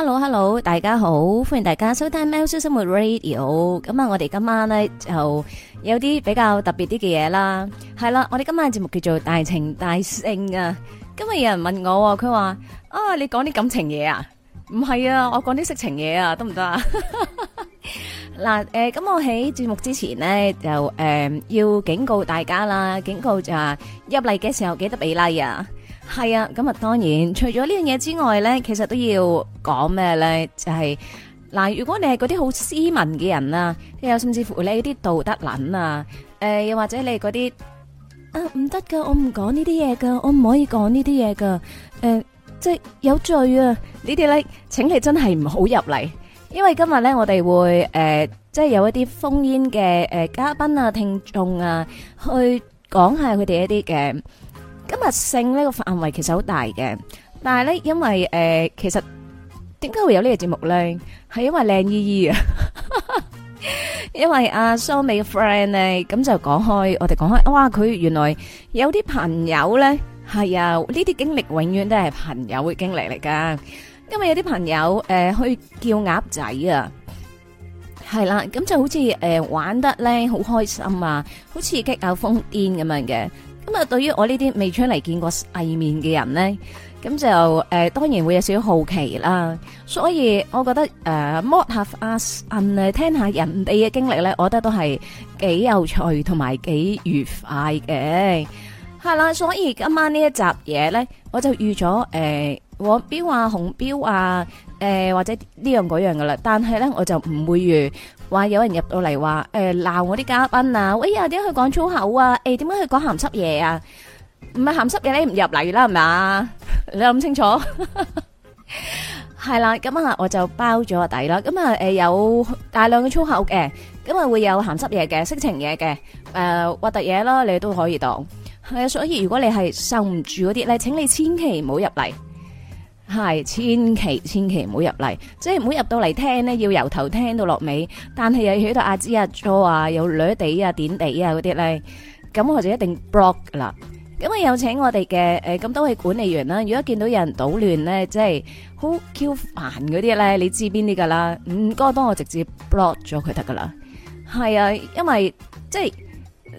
Hello Hello，大家好，歡迎大家收睇喵式生活 Radio。咁啊，我哋今晚咧就有啲比較特別啲嘅嘢啦。係啦，我哋今晚嘅節目叫做《大情大性》啊。今日有人問我，佢話啊，你講啲感情嘢啊？唔係啊，我講啲色情嘢啊，得唔得啊？嗱，誒，咁我喺節目之前咧，就誒要警告大家啦，警告就係入嚟嘅時候記得俾 like 啊。係啊，咁啊，當然除咗呢樣嘢之外咧，其實都要講咩咧？就係嗱，如果你係嗰啲好斯文嘅人啊，有甚至乎你啲道德捻啊，誒，又或者你係嗰啲啊，唔得噶，我唔講呢啲嘢噶，我唔可以講呢啲嘢噶，誒，即係有罪啊！呢啲咧，請你真係唔好入嚟，因為今日咧，我哋會誒，即係有一啲烽煙嘅誒嘉賓啊、聽眾啊，去講下佢哋一啲嘅。今日性呢個範圍其實好大嘅，但係咧因為誒，其實點解會有呢個節目咧？係因為靚姨姨啊，因為阿蘇美嘅 friend 咧，咁就講開，我哋講開，哇！佢原來有啲朋友咧，係啊，呢啲經歷永遠都係朋友嘅經歷嚟噶。因為有啲朋友誒去叫鴨仔啊，係啦，咁就好似誒玩得咧好開心啊，好刺激啊，瘋癲咁樣嘅。咁啊、嗯，對於我呢啲未出嚟見過世面嘅人咧，咁就誒、呃，當然會有少少好奇啦。所以我覺得誒、呃，more have us，and, 聽下人哋嘅經歷咧，我覺得都係幾有趣同埋幾愉快嘅。係啦，所以今晚呢一集嘢咧，我就預咗誒，黃、呃、標啊、紅標啊，誒、呃、或者呢樣嗰樣噶啦，但係咧我就唔會預。話有人入到嚟話，誒，鬧我啲嘉賓啊，哎呀點解佢講粗口啊？誒，點解佢講咸濕嘢啊？唔係咸濕嘢你唔入嚟啦係咪？你諗清楚係啦，咁啊我就包咗個底啦。咁啊誒，有大量嘅粗口嘅，咁啊會有咸濕嘢嘅，色情嘢嘅，誒，核突嘢咯，你都可以當係啊。所以如果你係受唔住嗰啲咧，請你千祈唔好入嚟。係，千祈千祈唔好入嚟，即係唔好入到嚟聽咧，要由頭聽到落尾。但係又喺度阿芝阿坐啊，又、啊、女地,、啊、地啊，點地啊嗰啲咧，咁我就一定 block 啦。咁啊，有請我哋嘅誒咁多位管理員啦。如果見到有人搗亂咧，即係好 Q 煩嗰啲咧，你知邊啲噶啦？唔、嗯、該，幫我直接 block 咗佢得噶啦。係啊，因為即係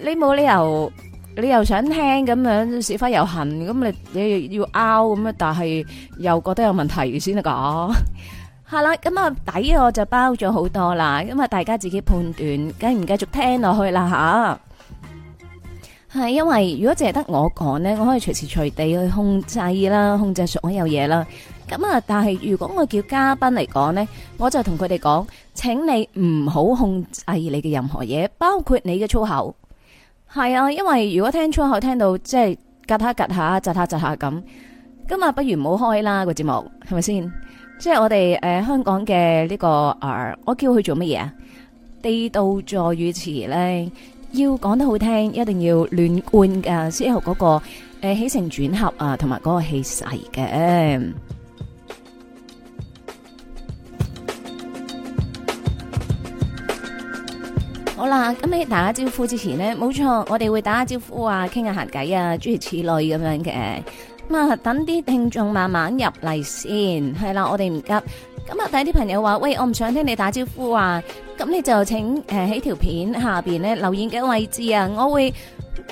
你冇理由。你又想聽咁樣，屎忽又痕，咁你你要拗咁樣，但係又覺得有問題先得噶係啦。咁啊、 嗯，底我就包咗好多啦，咁啊，大家自己判斷繼唔繼續聽落去啦吓。係、啊、因為如果淨係得我講呢，我可以隨時隨地去控制啦，控制所有嘢啦。咁、嗯、啊，但係如果我叫嘉賓嚟講呢，我就同佢哋講，請你唔好控制你嘅任何嘢，包括你嘅粗口。係啊，因為如果聽出口聽到即係夾下夾下，窒下窒下咁，今日不如唔好開啦個節目，係咪先？即係我哋誒，呃、香港嘅呢、這個誒，啊，我叫佢做乜嘢啊？地道助語詞咧，要講得好聽，一定要亂換嘅，先學嗰個誒，呃、起承轉合啊，同埋嗰個氣勢嘅。好啦，咁喺打下招呼之前呢，冇錯，我哋會打下招呼啊，傾下閒偈啊，諸如此類咁樣嘅。咁啊，等啲聽眾慢慢入嚟先，係啦，我哋唔急。咁啊，第啲朋友話，喂，我唔想聽你打招呼啊，咁你就請誒喺條片下邊咧，留言嘅位置啊，我會誒、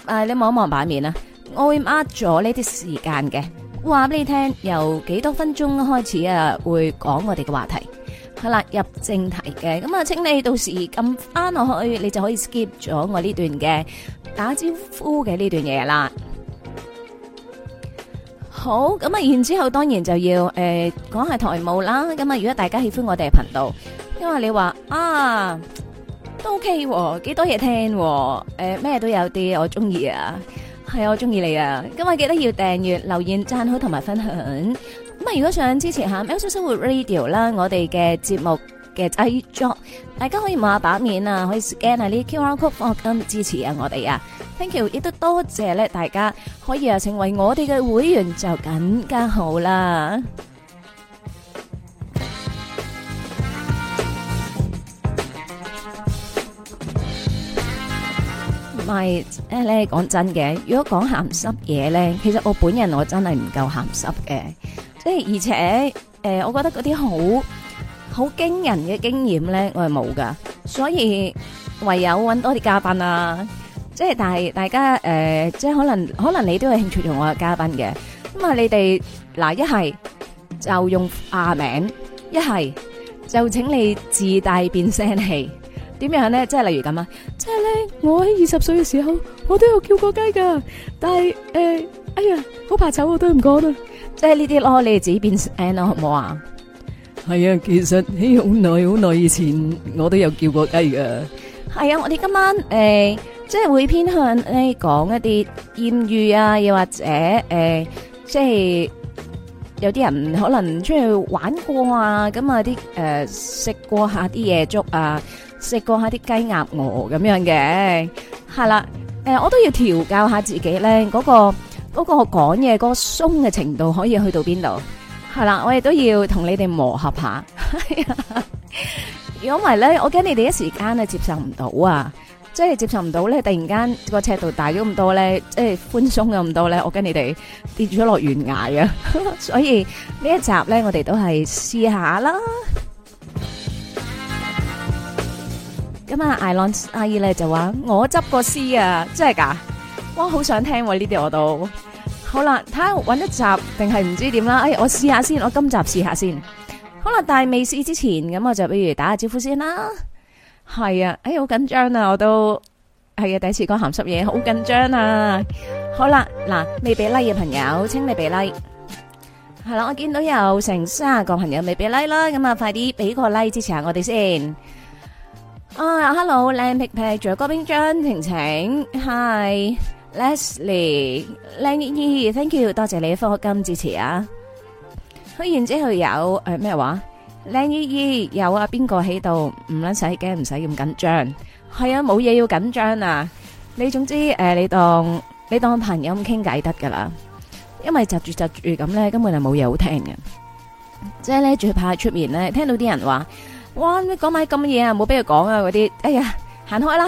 呃、你望一望版面啊，我會呃咗呢啲時間嘅，話俾你聽由幾多分鐘開始啊，會講我哋嘅話題。係啦，入正題嘅，咁啊，請你到時撳翻落去，你就可以 skip 咗我呢段嘅打招呼嘅呢段嘢啦。好，咁啊，然之後當然就要誒講下台務啦。咁啊，如果大家喜歡我哋嘅頻道，因為你話啊都 OK，幾多嘢聽誒，咩都有啲，我中意啊，係啊，我中意你啊。咁啊，記得要訂閱、留言、贊好同埋分享。咁啊！如果想支持下《喵式生活 Radio》啦，我哋嘅節目嘅 I Job，大家可以望下版面啊，可以 scan 下啲 QR code 跟支持啊，我哋啊，thank you，亦都多謝咧，大家可以啊成為我哋嘅會員就更加好啦。唔係誒，你講真嘅，如果講鹹濕嘢咧，其實我本人我真係唔夠鹹濕嘅。即係而且誒，我覺得嗰啲好好驚人嘅經驗咧，我係冇噶，所以唯有揾多啲嘉賓啊。即係但係大家誒，即係可能可能你都有興趣做我嘅嘉賓嘅。咁啊，你哋嗱一係就用化名，一係就請你自帶變聲器。點樣咧？即係例如咁啊，即係咧，我喺二十歲嘅時候，我都有叫過雞噶，但係誒，哎呀，好怕醜，我都唔講啦。即係呢啲咯，你哋自己變 n 咯，好唔好啊？係啊，其實喺好耐好耐以前，我都有叫過雞噶。係啊，我哋今晚誒，即係會偏向咧講一啲艷遇啊，又或者誒，即係有啲人可能出去玩過啊，咁啊啲誒食過下啲嘢粥啊，食過下啲雞鴨鵝咁樣嘅，係啦，誒，我都要調教下自己咧嗰個嗰個講嘢嗰個鬆嘅程度可以去到邊度？係啦，我亦都要同你哋磨合一下， 因為咧，我驚你哋一時間咧接受唔到啊！即係接受唔到咧，突然間個尺度大咗咁多咧，即係寬鬆咗咁多咧，我驚你哋跌咗落懸崖啊！ 所以呢一集咧，我哋都係試下啦。咁啊，艾朗阿姨咧就話：我執個詩啊，真係噶！我好想聽呢啲我都好啦，睇下搵一集定係唔知點啦。哎，我試下先，我今集試下先。好啦，但係未試之前，咁我就不如打下招呼先啦。係啊，哎，好緊張啊，我都係啊，第一次講咸濕嘢，好緊張啊。好啦，嗱，未俾 like 嘅朋友，請你俾 like。係啦，我見到有成卅個朋友未俾 like 啦，咁啊，快啲俾個 like 支持下我哋先。啊，hello，靚皮皮，仲有哥兵張晴晴，hi。Leslie，靚姨姨，thank you，多謝你嘅課金支持啊！好，然後有誒咩話？靚姨姨有啊，邊個喺度？唔撚使驚，唔使咁緊張。係啊，冇嘢要緊張啊！你總之誒，你當你當朋友咁傾偈得㗎啦。因為窒住窒住咁咧，根本就冇嘢好聽嘅。即係咧，最怕出面咧聽到啲人話：哇！你講埋咁嘢啊，冇俾佢講啊！嗰啲，哎呀，行開啦！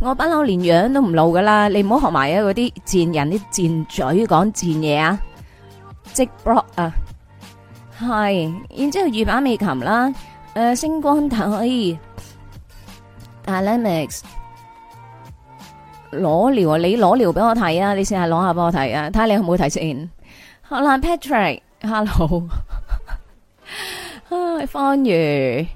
我班佬連樣都唔露噶啦，你唔好學埋啊嗰啲賤人啲賤嘴講賤嘢啊！即 block 啊，係、啊，然之後欲罷未琴啦，誒、呃，星光可以 dynamics 攞料啊，你攞料俾我睇啊，你可可先係攞下俾我睇啊，睇下你可唔可以睇先。好啦 Patrick，hello 唉，芳如。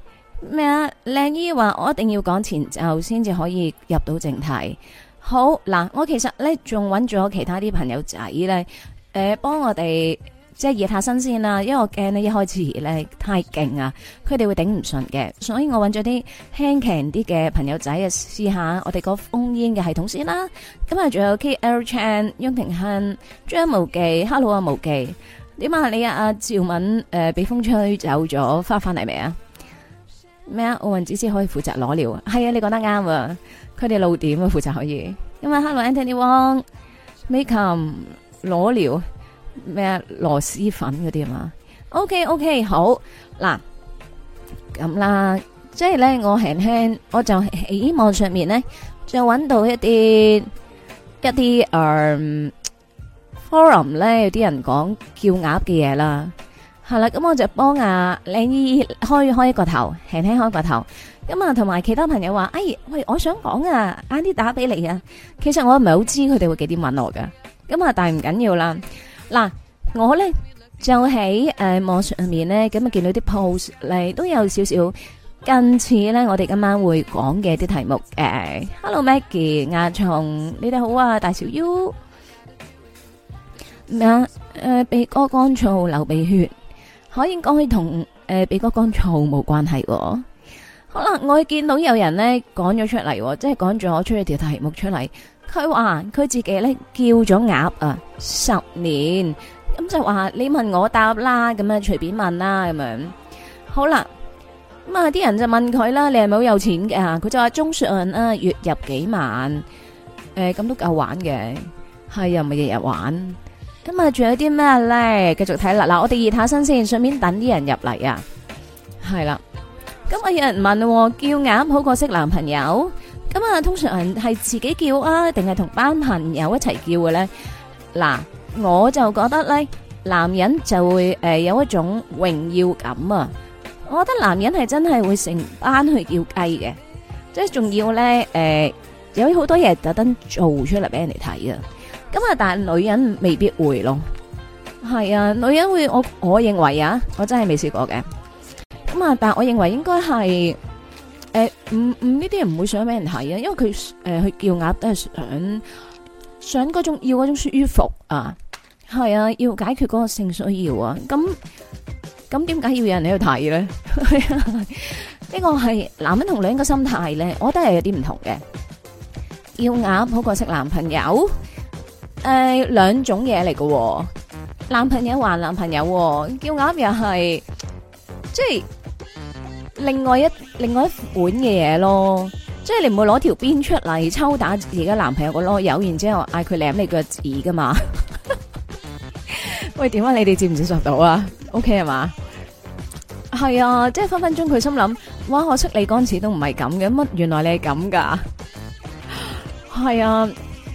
咩啊？靚姨話：我一定要講前奏先至可以入到正題。好嗱，我其實咧仲揾咗其他啲朋友仔咧，誒、呃、幫我哋即係熱下身先啦。因為我驚咧一開始咧太勁啊，佢哋會頂唔順嘅。所以我揾咗啲輕鬆啲嘅朋友仔啊，試下我哋個烽煙嘅系統先啦。咁啊，仲有 K L Chan、楊庭香、張無忌，hello 啊，無忌點啊？你啊，阿趙敏誒、呃、被風吹走咗，翻返嚟未啊？咩啊？奧運只是可以負責攞料啊，係啊，你講得啱啊。佢哋露點啊，負責可以。因為 Hello Anthony Wong，make up 攞料咩啊？螺螄粉嗰啲啊嘛。OK OK，好嗱咁啦，即係咧，我輕輕我就希望上面咧，就揾到一啲一啲誒、呃、forum 咧，有啲人講叫鴨嘅嘢啦。係啦，咁我就幫阿靚姨開開一個頭，輕輕開個頭。咁啊，同埋其他朋友話：哎，喂，我想講啊，快啲打俾你啊！其實我唔係好知佢哋會幾點揾我噶。咁啊，但係唔緊要啦。嗱，我咧就喺誒網上面咧，咁啊見到啲 post 嚟都有少少近似咧，我哋今晚會講嘅啲題目嘅。Hello Maggie，阿松，你哋好啊，大少 U，咩啊？誒，鼻哥乾燥，流鼻血。可以講起同誒、呃、畀哥講錯冇關係。哦，好啦，我見到有人咧講咗出嚟，哦，即係講咗出嚟一條題目出嚟，佢話佢自己咧叫咗鴨啊十年，咁就話你問我答啦，咁啊隨便問啦咁樣，好啦，咁啊啲人就問佢啦，你係咪好有錢嘅啊？佢就話中上啊，月入幾萬，誒、欸、咁都夠玩嘅，係又唔係日日玩。咁啊，仲有啲咩咧？繼續睇啦，嗱，我哋熱下身先，順便等啲人入嚟啊，係啦。咁啊，有人問，叫鴨好過識男朋友。咁啊，通常係自己叫啊，定係同班朋友一齊叫嘅咧？嗱，我就覺得咧，男人就會誒有一種榮耀感啊。我覺得男人係真係會成班去叫雞嘅，即係仲要咧誒、呃，有好多嘢特登做出嚟俾人哋睇啊。咁啊！但係女人未必會咯，係啊，女人會我我認為啊，我真係未試過嘅。咁啊，但我認為應該係誒，唔唔呢啲人唔會想俾人睇啊，因為佢誒要鴨都係想想嗰種要嗰種舒服啊，係啊，要解決嗰個性需要啊。咁咁點解要有人喺度睇咧？呢 個係男人同女人嘅心態咧，我覺得係有啲唔同嘅。要鴨好過識男朋友。誒，兩、呃、種嘢嚟嘅，男朋友還男朋友，哦，叫鴨又係即係另外一另外一款嘅嘢咯，即係你唔會攞條鞭出嚟抽打自己男朋友個囉柚然之後嗌佢舐你腳趾噶嘛？ 喂，點解，啊、你哋接唔接受到啊？OK 係嘛？係啊，即係分分鐘佢心諗，哇！我出你嗰時都唔係咁嘅，乜原來你係咁噶？係啊，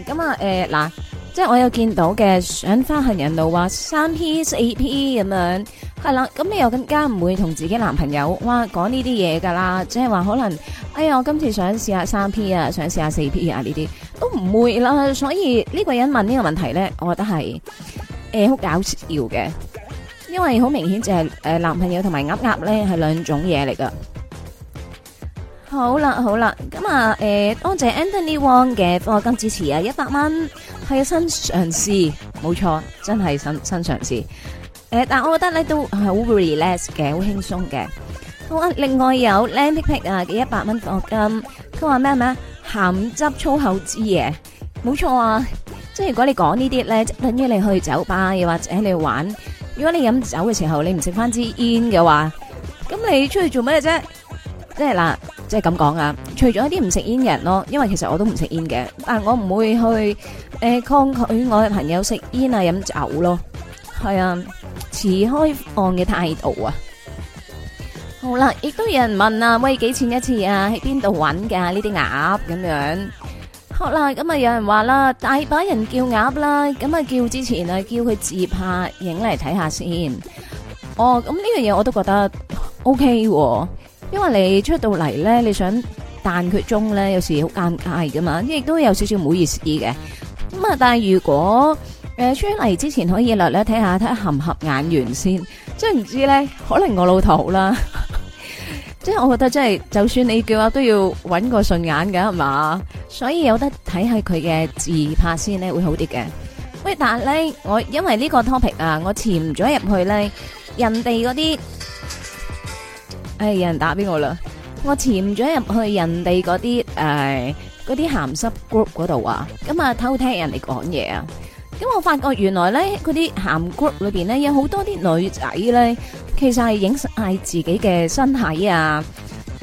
咁啊誒嗱。呃即係我有見到嘅，想翻，行人路話三 P 四 P 咁樣，係啦，咁你又更加唔會同自己男朋友話講呢啲嘢噶啦，即係話可能，哎呀，我今次想試下三 P 啊，想試下四 P 啊，呢啲都唔會啦，所以呢個人問呢個問題咧，我覺得係誒好搞笑嘅，因為好明顯就係誒男朋友同埋鴨鴨咧係兩種嘢嚟噶。好啦好啦，咁啊誒，多謝 Anthony Wong 嘅課金支持啊，一百蚊係新嘗試，冇錯，真係新新嘗試。誒，但我覺得咧都係好 relax 嘅，好輕鬆嘅。好啊，另外有 Landicat 啊嘅一百蚊課金，佢話咩咩鹹濕粗口之夜，冇錯啊。即係如果你講呢啲咧，等於你去酒吧又或者你去玩，如果你飲酒嘅時候你唔食翻支煙嘅話，咁你出去做咩啫？即係嗱，即係咁講啊！除咗一啲唔食煙嘅人咯，因為其實我都唔食煙嘅，但係我唔會去誒抗拒我嘅朋友食煙啊、飲酒咯。係啊，持開放嘅態度啊。好啦，亦都有人問啊，喂，幾錢一次啊？喺邊度搵噶呢啲鴨咁樣？好啦，咁啊有人話啦，大把人叫鴨啦，咁啊叫之前啊叫佢自拍影嚟睇下先。哦，咁呢樣嘢我都覺得 OK 喎。因為你出到嚟咧，你想彈佢鐘咧，有時好尷尬噶嘛，亦都有少少唔好意思嘅。咁啊，但係如果誒出嚟之前可以略略睇下睇下合唔合眼緣先，即係唔知咧，可能我老土啦。即 係我覺得真，即係就算你叫啊，都要搵個順眼噶係嘛，所以有得睇下佢嘅自拍先咧會好啲嘅。喂，但係咧，我因為呢個 topic 啊，我潛咗入去咧，人哋嗰啲。誒，有人打俾我啦，我潛咗入去人哋嗰啲誒，嗰啲鹹濕 group 嗰度啊，咁啊偷聽人哋講嘢啊，咁我發覺原來咧嗰啲鹹 group 裏邊咧有好多啲女仔咧，其實係影晒自己嘅身體啊，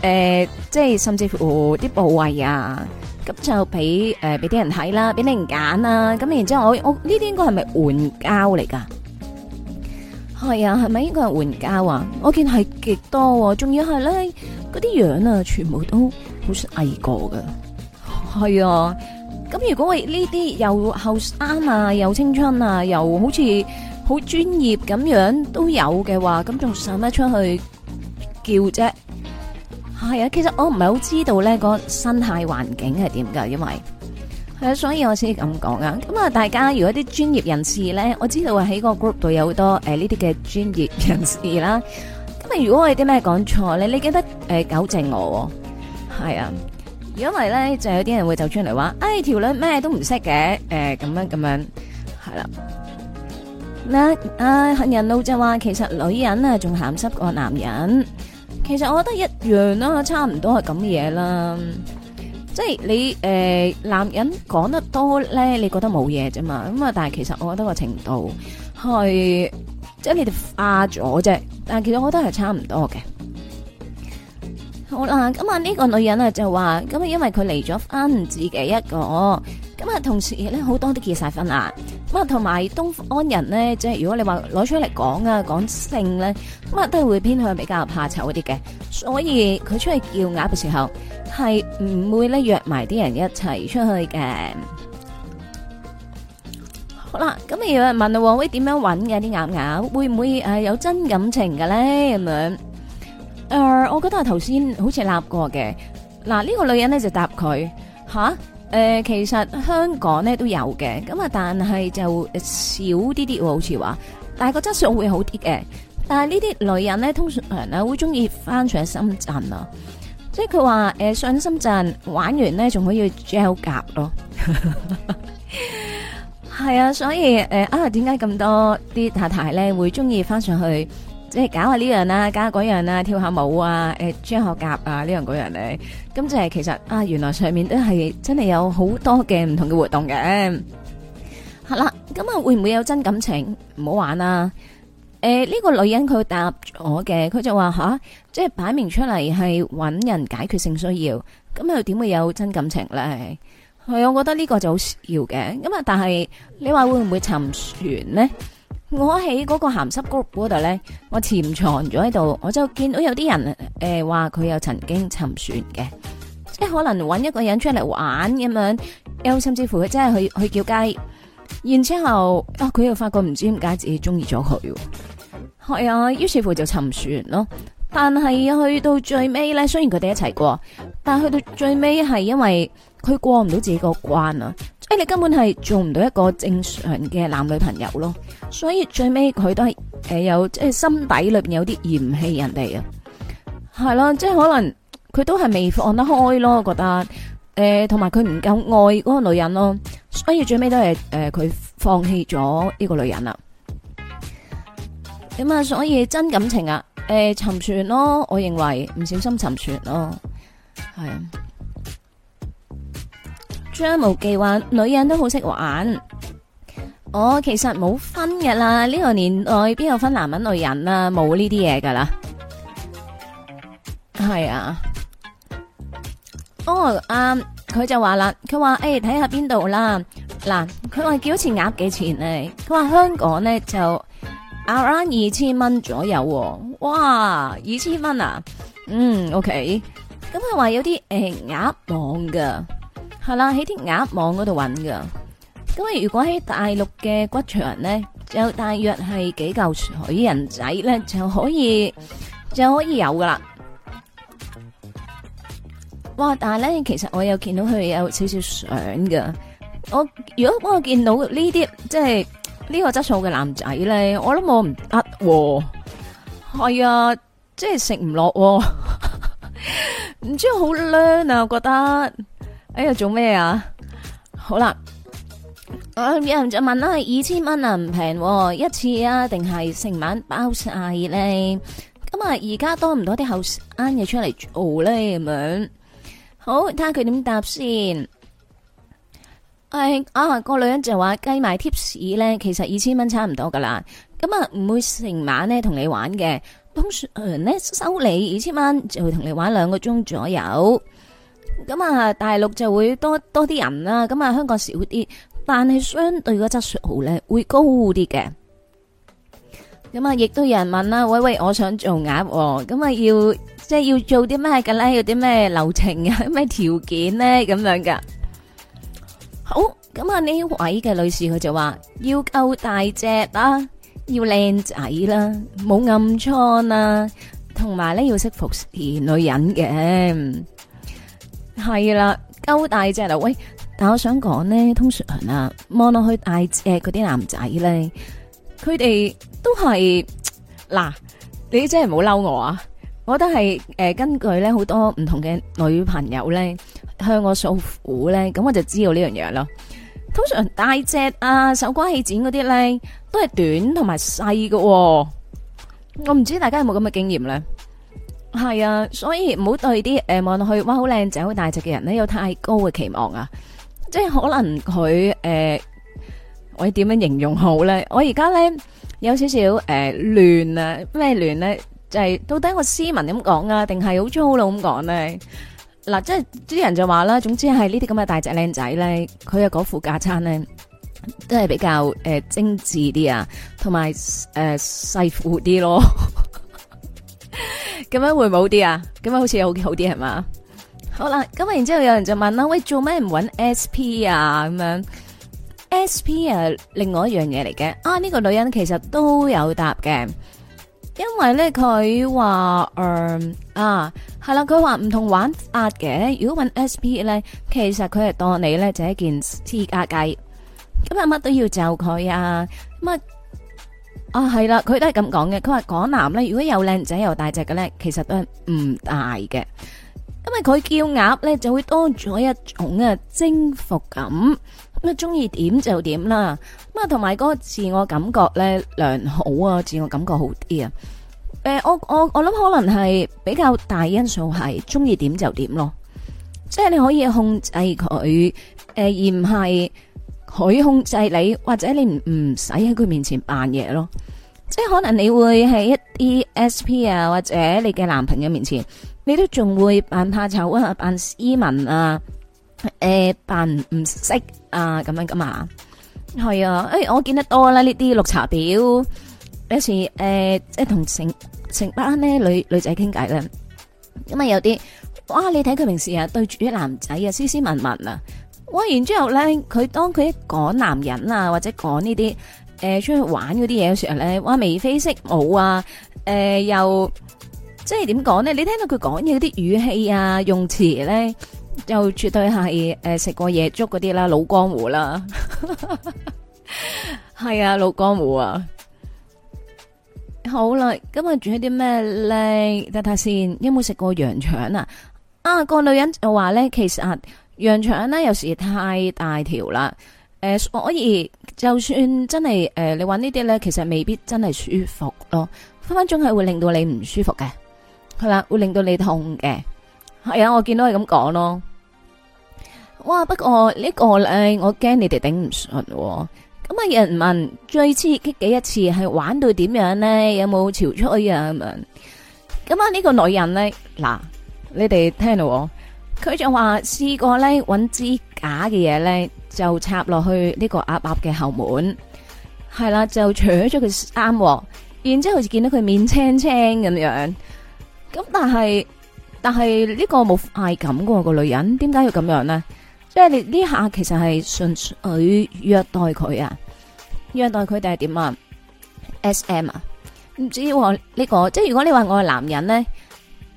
誒，即係甚至乎啲部位啊，咁就俾誒俾啲人睇啦，俾啲人揀啦，咁然之後我我呢啲應該係咪援交嚟噶？係啊，係咪一個人援交啊？我見係極多，仲要係咧嗰啲樣啊，全部都好似細個噶。係啊，咁如果我呢啲又後生啊，又青春啊，又好似好專業咁樣都有嘅話，咁仲使咩出去叫啫？係啊，其實我唔係好知道咧個生態環境係點噶，因為。係啊、嗯，所以我先咁講啊。咁啊，大家如果啲專業人士咧，我知道啊喺個 group 度有好多誒呢啲嘅專業人士啦。咁啊，如果我有啲咩講錯，你你記得誒糾、呃、正我、哦。係啊，如果唔係咧就有啲人會走出嚟話，誒、哎、條女咩都唔識嘅，誒、呃、咁樣咁樣係啦。嗱、啊，啊杏仁露就話，其實女人啊仲鹹濕過男人。其實我覺得一樣啦，差唔多係咁嘅嘢啦。即係你誒、呃，男人講得多咧，你覺得冇嘢啫嘛？咁啊，但係其實我覺得個程度是，係即係你哋化咗啫。但係其實我覺得係差唔多嘅。好啦，咁啊呢個女人啊就話，咁啊因為佢離咗婚，自己一個。咁啊，同時咧好多都結晒婚啦。乜同埋東安人咧，即係如果你話攞出嚟講啊，講性咧，乜都係會偏向比較怕醜啲嘅，所以佢出去叫鴨嘅時候係唔會咧約埋啲人一齊出去嘅。好啦，咁有人問啊，黃威點樣揾嘅啲鴨鴨會唔會誒有真感情嘅咧？咁樣誒，我覺得係，頭先好似答過嘅，嗱呢個女人咧就答佢吓。誒、呃，其實香港咧都有嘅，咁啊，但係就少啲啲喎，好似話，但係個質素會好啲嘅。但係呢啲女人咧，通常咧會中意翻上深圳啊，即係佢話誒上深圳玩完咧，仲可以 gel 夾咯，係 啊，所以誒啊，點解咁多啲太太咧會中意翻上去？即係搞下呢樣啦，搞下嗰樣啦，跳下舞啊，誒、呃，學甲啊，樣樣呢樣嗰樣咧，咁即係其實啊，原來上面都係真係有好多嘅唔同嘅活動嘅。好啦，咁、嗯、啊會唔會有真感情？唔好玩啦誒，呢、呃這個女人佢答我嘅，佢就話吓、啊，即係擺明出嚟係揾人解決性需要，咁又點會有真感情咧？係，我覺得呢個就好要嘅。咁、嗯、啊，但係你話會唔會沉船咧？我喺嗰個鹹濕 group 嗰度咧，我潛藏咗喺度，我就見到有啲人誒話佢有曾經沉船嘅，即係可能揾一個人出嚟玩咁樣，又甚至乎佢真係去去叫雞。然之後啊佢又發覺唔知點解自己中意咗佢，係、哎、啊，於是乎就沉船咯。但係去到最尾咧，雖然佢哋一齊過，但係去到最尾係因為佢過唔到自己個關啊！即係你根本係做唔到一個正常嘅男女朋友咯，所以最尾佢都係誒有即係心底裏邊有啲嫌棄人哋啊，係咯，即係可能佢都係未放得開咯，我覺得誒同埋佢唔夠愛嗰個女人咯，所以最尾都係誒佢放棄咗呢個女人啦。咁啊，所以真感情啊！誒、欸，沉船咯！我認為唔小心沉船咯，係、啊。張無忌話，女人都好識玩。我、哦、其實冇分噶啦，呢、這個年代邊有分男人女人啊？冇呢啲嘢噶啦。係啊。哦啊，佢就話啦，佢話誒，睇下邊度啦。嗱，佢話幾錢鴨幾錢呢？佢話香港呢就。a r 二千蚊左右，哦，哇，二千蚊啊，嗯，OK，咁佢話有啲誒鴨網噶，係啦，喺啲鴨網嗰度揾噶。咁啊，如果喺大陸嘅骨場咧，就大約係幾嚿水人仔咧，就可以就可以有噶啦。哇，但係咧，其實我有見到佢有少少相噶。我如果我見到呢啲，即係。呢個質素嘅男仔咧，我諗我唔得，係啊，哎、呀即係食唔落，唔知好攣啊， 我覺得、啊、哎呀做咩啊？好啦，有人就問啦，係二千蚊啊，唔平、啊、一次啊，定係成晚包晒咧？咁啊，而家多唔多啲後生嘢出嚟做咧？咁樣好，睇下佢點答先。係啊，那個女人就話計埋 tips 咧，其實二千蚊差唔多噶啦。咁啊，唔會成晚咧同你玩嘅，通常咧收你二千蚊就會同你玩兩個鐘左右。咁啊，大陸就會多多啲人啦，咁啊香港少啲，但係相對個質素好咧，會高啲嘅。咁啊，亦都有人問啦，喂喂，我想做鴨，咁啊要即係要做啲咩噶咧？有啲咩流程啊？咩條件咧？咁樣噶？好，咁啊呢位嘅女士佢就話要夠大隻啊，要靚仔啦，冇暗瘡啊，同埋咧要識服侍女人嘅，係啦，夠大隻啦、啊。喂，但我想講咧，通常啊望落去大隻嗰啲男仔咧，佢哋都係嗱，你真係唔好嬲我啊！我覺得係誒，根據咧好多唔同嘅女朋友咧。向我訴苦咧，咁我就知道呢樣嘢咯。通常大隻啊、手瓜起剪嗰啲咧，都係短同埋細喎。我唔知大家有冇咁嘅經驗咧？係啊，所以唔好對啲誒望落去，哇，好靚仔、好大隻嘅人咧，有太高嘅期望啊。即係可能佢誒、呃，我要點樣形容好咧？我而家咧有少少誒亂、呃、啊，咩亂咧？就係、是、到底我斯文點講啊，定係好粗魯咁講咧？嗱，即係啲人就話啦，總之係呢啲咁嘅大隻靚仔咧，佢嘅嗰副架餐咧，都係比較誒、呃、精致啲啊，同埋誒細富啲咯，咁 樣會唔會好啲啊，咁樣好似好好啲係嘛？好啦，咁啊然之後有人就問啦，喂，做咩唔搵 S P 啊？咁樣 S P 啊，另外一樣嘢嚟嘅，啊呢個女人其實都有答嘅。因為咧佢話，嗯、呃、啊係啦，佢話唔同玩法嘅，如果搵 S P 咧，其實佢係當你咧就一件私家雞，咁啊乜都要就佢啊，咁、嗯、啊係啦，佢都係咁講嘅。佢話港男咧，如果有靚仔又大隻嘅咧，其實都係唔大嘅，因為佢叫鴨咧就會多咗一種嘅、啊、征服感。咩中意點就點啦，咁啊同埋嗰個自我感覺咧良好啊，自我感覺好啲啊。誒、呃，我我我諗可能係比較大因素係中意點就點咯，即係你可以控制佢，誒而唔係佢控制你，或者你唔唔使喺佢面前扮嘢咯。即係可能你會喺一啲 SP 啊或者你嘅男朋友面前，你都仲會扮怕醜啊，扮斯文啊。誒，扮唔識啊，咁樣㗎嘛，係啊，誒、欸，我見得多啦，呢啲綠茶婊，有時誒、呃，即係同成成班咧女女仔傾偈咧，咁、嗯、啊有啲，哇，你睇佢平時啊對住啲男仔啊斯斯文文啊，哇，然之後咧，佢當佢一講男人啊，或者講呢啲誒出去玩嗰啲嘢嘅時候咧，哇，眉飛色舞啊，誒、呃，又即係點講咧？你聽到佢講嘢嗰啲語氣啊，用詞咧？就絕對係誒食過夜粥嗰啲啦，老江湖啦，係 啊，老江湖啊，好啦，今日煮咗啲咩咧？睇睇先，有冇食過羊腸啊？啊，個女人就話咧，其實、啊、羊腸咧有時太大條啦，誒、呃，所以就算真係誒、呃，你玩呢啲咧，其實未必真係舒服咯，分分鐘係會令到你唔舒服嘅，係啦，會令到你痛嘅。係啊，我見到係咁講咯。哇，不過呢個咧，我驚你哋頂唔順。咁啊，有人問最刺激嘅一次，係玩到點樣咧？有冇潮出去啊？咁樣。咁啊，呢個女人咧，嗱，你哋聽到喎，佢就話試過咧，揾支假嘅嘢咧，就插落去呢個鴨鴨嘅後門。係啦，就除咗佢衫，然之後就見到佢面青青咁樣。咁但係。但係呢個冇快感噶個女人，點解要咁樣呢？即係你呢下其實係純粹虐待佢啊，虐待佢定係點啊？S M 啊，唔知我呢個即係如果你話我係男人呢，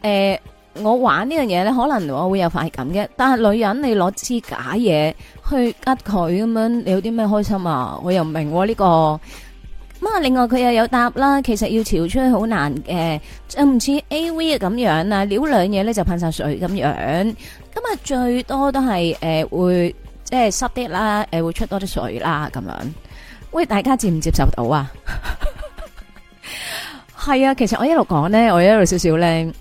誒、呃，我玩呢樣嘢咧，可能我會有快感嘅。但係女人你攞支假嘢去呃佢咁樣，你有啲咩開心啊？我又唔明呢個。咁啊！另外佢又有答啦，其實要潮出去好難嘅，就唔似 A V 咁樣啊，撩兩嘢咧就噴晒水咁樣。咁啊最多都係誒、呃、會即係濕啲啦，誒會出多啲水啦咁樣。喂，大家接唔接受到啊？係 啊，其實我一路講咧，我一路少少咧，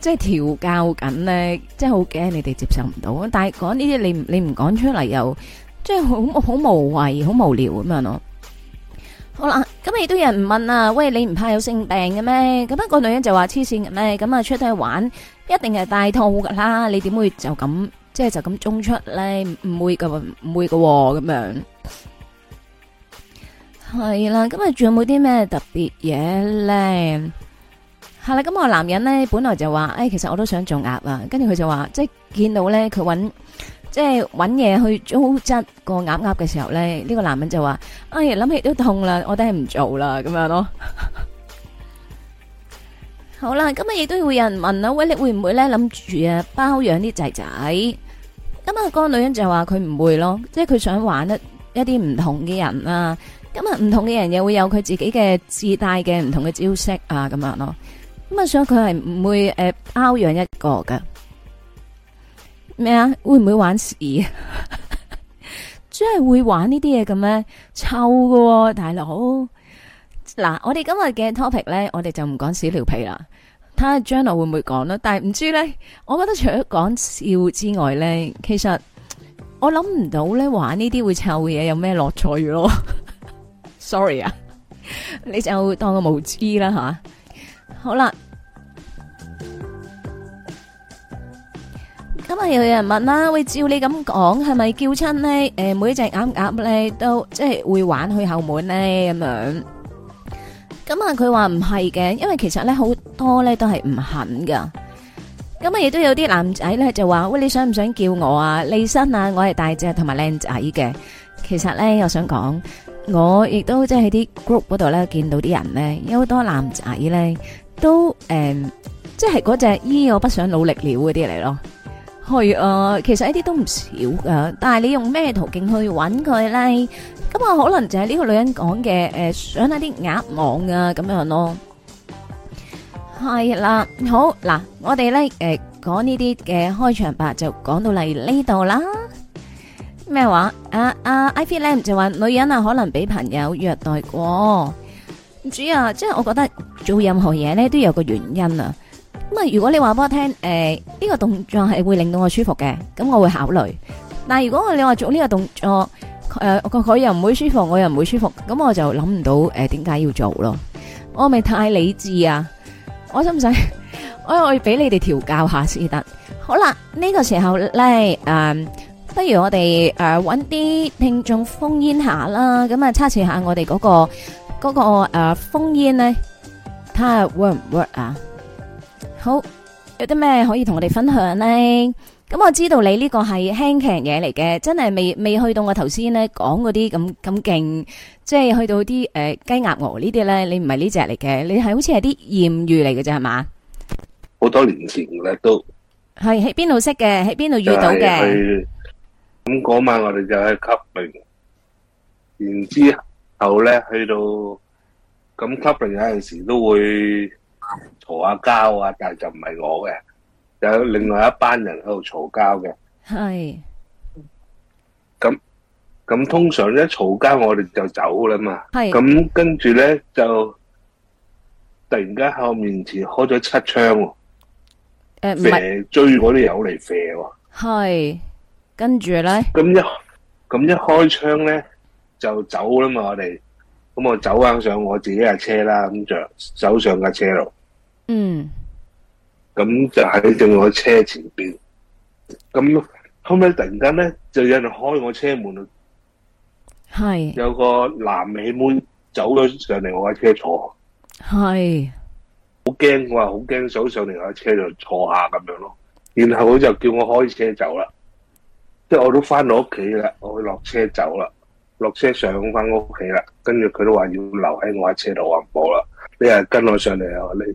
即係調教緊咧，即係好驚你哋接受唔到。但係講呢啲你你唔講出嚟又即係好好無謂，好無聊咁樣咯。好啦，咁亦都有人唔問啊？喂，你唔怕有性病嘅咩？咁一個女人就話黐線嘅咩？咁啊出得去玩，一定係戴套噶啦。你點會就咁即係就咁中出咧？唔會噶，唔會噶咁樣。係啦，咁啊仲有冇啲咩特別嘢咧？係啦，咁我男人咧本來就話，誒，其實我都想做鴨啊。跟住佢就話，即係見到咧，佢搵。即係揾嘢，去租質個鴨鴨嘅時候咧，呢、呢個男人就話，哎，諗起都痛啦，我都係唔做啦，咁樣咯。 好啦，咁啊亦都會有人問啊，喂，你會唔會咧諗住啊包養啲仔仔？咁啊個女人就話佢唔會咯，即係佢想玩一一啲唔同嘅人啊。咁啊唔同嘅人又會有佢自己嘅自帶嘅唔同嘅招式啊，咁樣咯。咁啊，想佢係唔會誒包養一個嘅。咩啊？會唔會玩屎？ 真係會玩呢啲嘢咁咩？臭㗎喎、哦，大佬。嗱，我哋今日嘅 topic 咧，我哋就唔講屎尿屁啦。睇下 Jenna 會唔會講囉，但係唔知咧，我覺得除咗講笑之外咧，其實我諗唔到咧玩呢啲會臭嘅嘢有咩樂趣咯。 Sorry 啊，你就當我無知啦，吓、啊。好啦。咁啊！又有人問啦，會照你咁講係咪叫親呢？誒，每一隻鴨鴨咧都即係會玩去後門咧咁樣。咁啊，佢話唔係嘅，因為其實咧好多咧都係唔肯噶。咁啊，亦都有啲男仔咧就話喂，你想唔想叫我啊？利申啊，我係大隻同埋靚仔嘅。其實咧，我想講我亦都即係喺啲 group 嗰度咧見到啲人咧，有好多男仔咧都誒、嗯，即係嗰隻依我不想努力了嗰啲嚟咯。去啊，其實一啲都唔少噶，但係你用咩途徑去揾佢咧？咁啊，可能就係呢個女人講嘅，誒，上下啲鴨網啊，咁樣咯。係啦，好嗱，我哋咧誒講呢啲嘅開場白就講到嚟呢度啦。咩話？阿阿 Ivy Lam 就話女人啊，可能俾朋友虐待過。主要即係我覺得做任何嘢咧都有個原因啊。咁啊，如果你話俾我聽，誒，呢個動作係會令到我舒服嘅，咁我會考慮。但係如果我你話做呢個動作，誒，佢又唔會舒服，我又唔會舒服，咁我就諗唔到誒，點解要做咯？我咪太理智啊！我使唔使，我我要俾你哋調教下先得？好啦，呢個時候咧，誒，不如我哋誒搵啲聽眾烽煙下啦，咁啊，測試下我哋嗰個嗰個誒烽煙咧，睇下 work 唔 work 啊？好，有啲咩可以同我哋分享咧？咁我知道你呢個係輕騎嘢，嚟嘅，真係未未去到我頭先咧講嗰啲咁咁勁，即係去到啲誒雞鴨鵝呢啲咧，你唔係呢隻嚟嘅，你係好似係啲艷遇嚟嘅啫係嘛？好多年前咧都係喺邊度識嘅，喺邊度遇到嘅。咁嗰晚我哋就去 Clubbing，然之後咧去到咁 Clubbing 有陣時都會。嘈下交啊，但係就唔係我嘅，有另外一班人喺度嘈交嘅。係，咁咁通常咧嘈交我哋就走啦嘛。係，咁跟住咧就突然間喺我面前開咗七槍，誒，咪追嗰啲友嚟射喎。係，跟住咧，咁一咁一開槍咧就走啦嘛，我哋咁我走翻上我自己架車啦，咁就走上架車度。嗯，咁就喺正我車前邊，咁後尾突然間咧，就有人開我車門，係是有個南尾妹走咗上嚟我架車坐，係好驚，我話好驚，走上嚟我車就坐下咁樣咯，然後佢就叫我開車走啦，即係我都翻到屋企啦，我去落車走啦，落車上翻屋企啦，跟住佢都話要留喺我架車度玩，唔好啦，你係跟我上嚟啊你。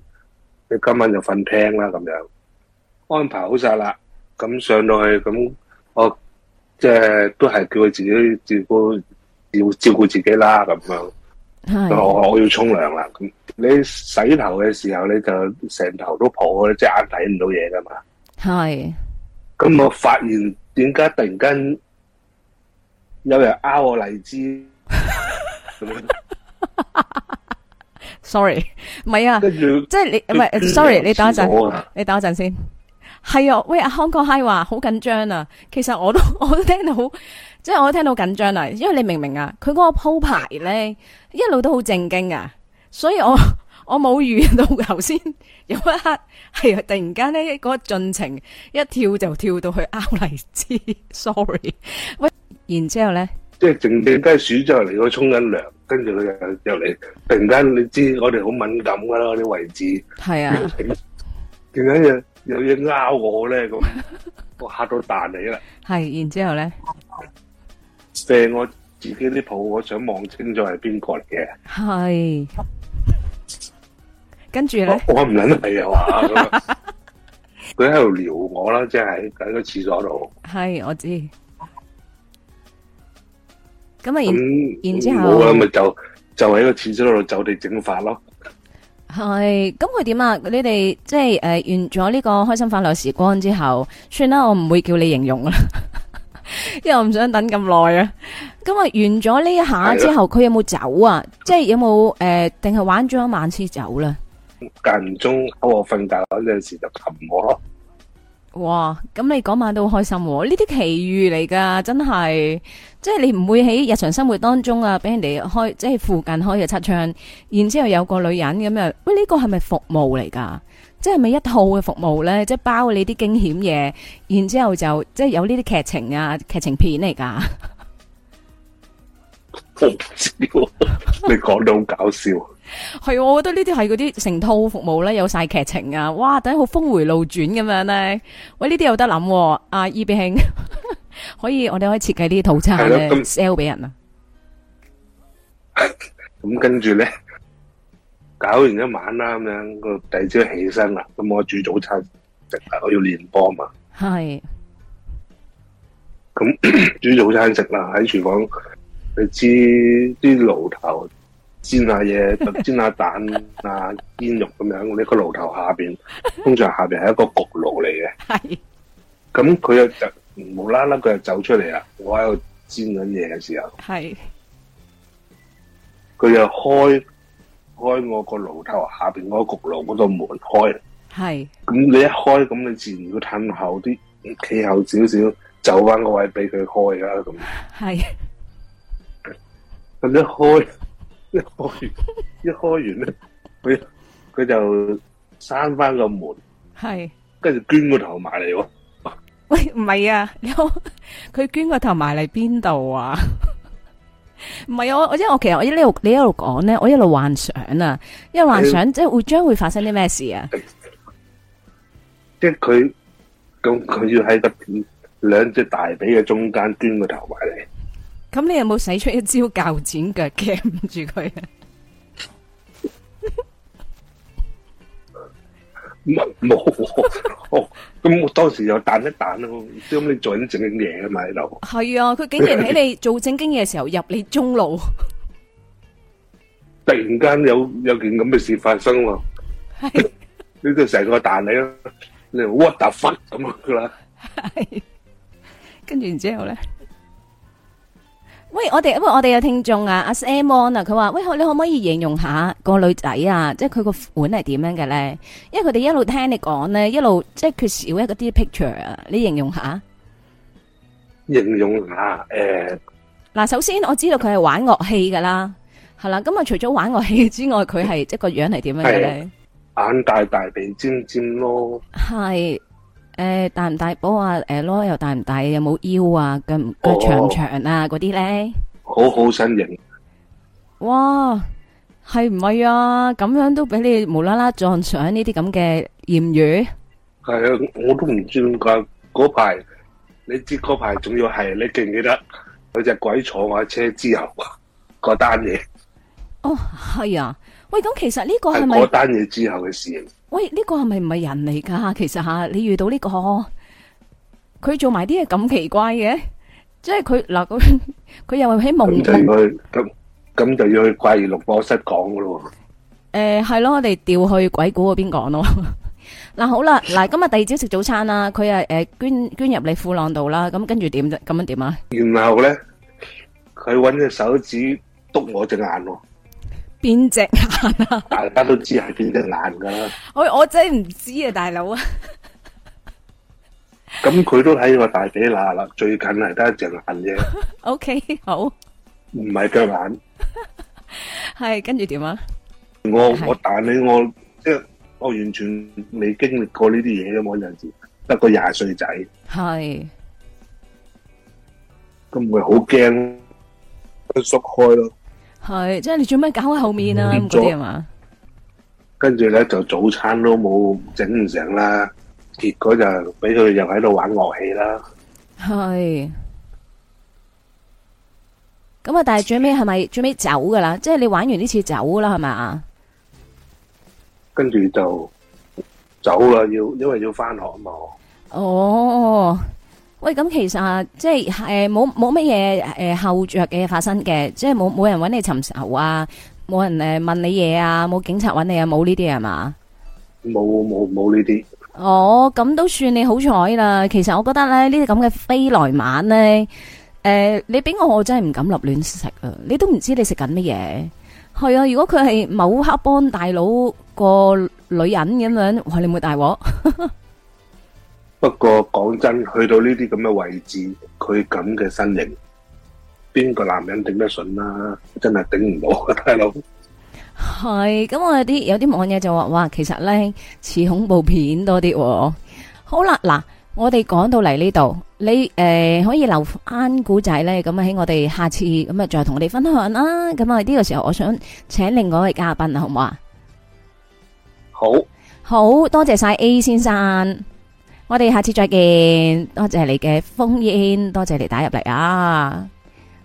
今晚就瞓廳啦，咁樣安排好晒啦。咁上到去，咁我即係、就是、都係叫佢自己照顧，要照顧自己啦。咁樣，的我我要沖涼啦。咁你洗頭嘅時候，你就成頭都破，你隻眼睇唔到嘢㗎嘛。係的。咁我發現點解突然間有人呃我荔枝？ sorry，唔係啊，嗯、即係你唔係，sorry，你等一陣，嗯、你等一陣先，係啊，喂，阿康哥，嗨話好緊張啊，其實我都我都聽到，即係我都聽到緊張啦，因為你明唔明啊？佢嗰個鋪排咧一路都好正經啊，所以我我冇預到頭先有一刻係啊，突然間咧嗰個進程一跳就跳到去拗嚟之。s o r r y 喂，然之後咧。即係靜靜雞鼠就嚟，我沖緊涼，跟住佢又又嚟，突然間你知我哋好敏感噶啦啲位置，係啊，突然間有有嘢咬我咧，咁我吓到彈你啦。係，然之後咧，射我自己啲抱，我想望清楚係邊個嚟嘅。係，跟住咧，我唔撚係啊，佢喺度撩我啦，即係喺個廁所度。係，我知。咁然之後啊，咪、嗯、後就就喺個廁所度就地正法咯。係，咁佢點啊？你哋即係誒、呃、完咗呢個開心快樂時光之後，算啦，我唔會叫你形容啦， 因為我唔想等咁耐啊。咁啊，完咗呢下之後，佢的有冇走啊？ 即係有冇誒，定、呃、係玩咗一晚先走啦。間唔中我瞓覺嗰陣時就擒我咯。哇！咁你嗰晚都開心喎、啊，呢啲奇遇嚟噶，真係，即係你唔會喺日常生活當中啊，俾人哋開，即係附近開嘅七窗，然之後有個女人咁樣。喂，呢個係咪服務嚟噶？即係咪一套嘅服務呢？即係包你啲驚險嘢，然之後就即係有呢啲劇情啊，劇情片嚟噶。好 你講得好搞笑。係，我覺得呢啲係嗰啲成套服務咧，有晒劇情啊！哇，等下好峰回路轉咁樣咧。喂，呢啲有得諗。阿、啊、伊邊兄， 可以我哋可以設計啲套餐咁 sell 俾人啊。咁、嗯嗯、跟住咧，搞完一晚啦，咁樣個第二朝起身啦，咁、嗯、我煮早餐食啦。我要練波嘛。係的。咁、嗯、煮早餐食啦，喺廚房你知啲爐頭。煎下嘢，就煎下蛋啊， 煎肉咁樣。呢、那個爐頭下邊，通常下邊係一個焗爐嚟嘅。係。 咁佢又就無啦啦，佢就走出嚟啦。我喺度煎緊嘢嘅時候，係 。佢就開開我個爐頭下邊嗰個焗爐嗰度門開。係。咁你一開，咁你自然要褪後啲，企後少少，走翻個位俾佢開㗎啦。咁。係。咁一開。一開完，一開完咧，佢佢 就閂翻個門。係是，跟住捐個頭埋嚟喎。喂，唔係啊，你好，佢捐個頭埋嚟邊度啊？唔係、啊、我，我因我其實我一路你一路講咧，我一路幻想啊，因為幻想、欸、即係會將會發生啲咩事啊？欸、即係佢咁，佢要喺個兩隻大髀嘅中間捐個頭埋嚟。咁、嗯、你有冇使出一招較剪腳夾住佢啊？乜冇，咁我、哦、當時又彈一彈咯。咁你做緊正經嘢啊嘛喺度？係啊，佢竟然喺你做正經嘢嘅時候入你中路。突然間有有件咁嘅事發生喎，呢個成個彈你啦，你 what the fuck 咁噶啦？跟住然之後咧。喂，我哋，因為我哋有聽眾啊，阿 Samon 啊，佢話，喂，可你可唔可以形容下個女仔啊，即係佢個款係點樣嘅咧？因為佢哋一路聽你講咧，一路即係缺少一個啲 picture 啊，你形容下。形容下，誒、呃，嗱，首先我知道佢係玩樂器噶啦，係啦，咁、嗯、啊，除咗玩樂器之外，佢係 即個樣係點樣嘅咧？眼大大，鼻尖尖咯。係。誒、呃，大唔大波啊？誒、呃，攞又大唔大？有冇腰啊？腳腳長唔長啊？嗰啲咧，好好身形。哇，係唔係啊？咁樣都俾你無啦啦撞上呢啲咁嘅艷遇？係啊，我都唔知點解嗰排，你知嗰排仲要係你記唔記得有隻鬼坐我車之後嗰單嘢？哦，係啊。喂，咁其實呢個係咪？嗰單嘢之後嘅事。喂，呢個係咪唔係人嚟噶？其實吓，你遇到呢個，佢做埋啲嘢咁奇怪嘅，即係佢嗱佢佢又喺夢境，咁咁就要去怪異錄播室講噶咯。誒，係咯，我哋調去鬼故嗰邊講咯。嗱，好啦，嗱，今日第二朝食早餐啦，佢啊誒捐捐入你褲浪度啦，咁跟住點啫？咁樣點啊？然後咧，佢搵隻手指督我隻眼。邊隻眼啊？ 大家都知係邊隻眼噶啦。我我真係唔知啊，大佬啊。咁 佢都睇我大髀喇啦，最近係得一隻眼啫。 o Okay , K，好。唔係腳眼。係跟住點啊？我我但你我即係我完全未經歷過呢啲嘢嘅，我陣時得個廿歲仔。係是。咁咪好驚，佢縮開咯。係，即係你做咩搞喺後面啊，咁嗰啲係嘛？跟住咧就早餐都冇整唔成啦，結果就俾佢又喺度玩樂器啦。係，咁啊，但係最尾係咪最尾走噶啦？即係你玩完呢次走啦，係咪？跟住就走啦，要因為要翻學啊嘛。哦。喂，咁其實即係誒，冇冇乜嘢誒後著嘅嘢發生嘅，即係冇冇人揾你尋仇啊，冇人誒問你嘢啊，冇警察揾你啊，冇呢啲係嘛？冇冇冇呢啲。哦，咁都算你好彩啦。其實我覺得咧，呢啲咁嘅飛來晚咧，誒、呃，你俾我，我真係唔敢立亂食啊！你都唔知你食緊乜嘢。係啊，如果佢係某黑幫大佬個女人咁樣，喂，你冇大鑊。 不過講真，去到呢啲咁嘅位置，佢咁嘅身形，邊個男人頂得順啦，啊？真係頂唔到，大佬。係咁，嗯，我有啲有啲網友就話，哇，其實咧似恐怖片多啲。哦。好啦，嗱，我哋講到嚟呢度，你誒、呃、可以留翻古仔咧，咁啊喺我哋下次咁啊，再同我哋分享啦。咁啊呢個時候，我想請另外一位嘉賓，好唔好啊？好，好多謝晒 A 先生。我哋下次再見，多謝你嘅烽煙，多謝你打入嚟啊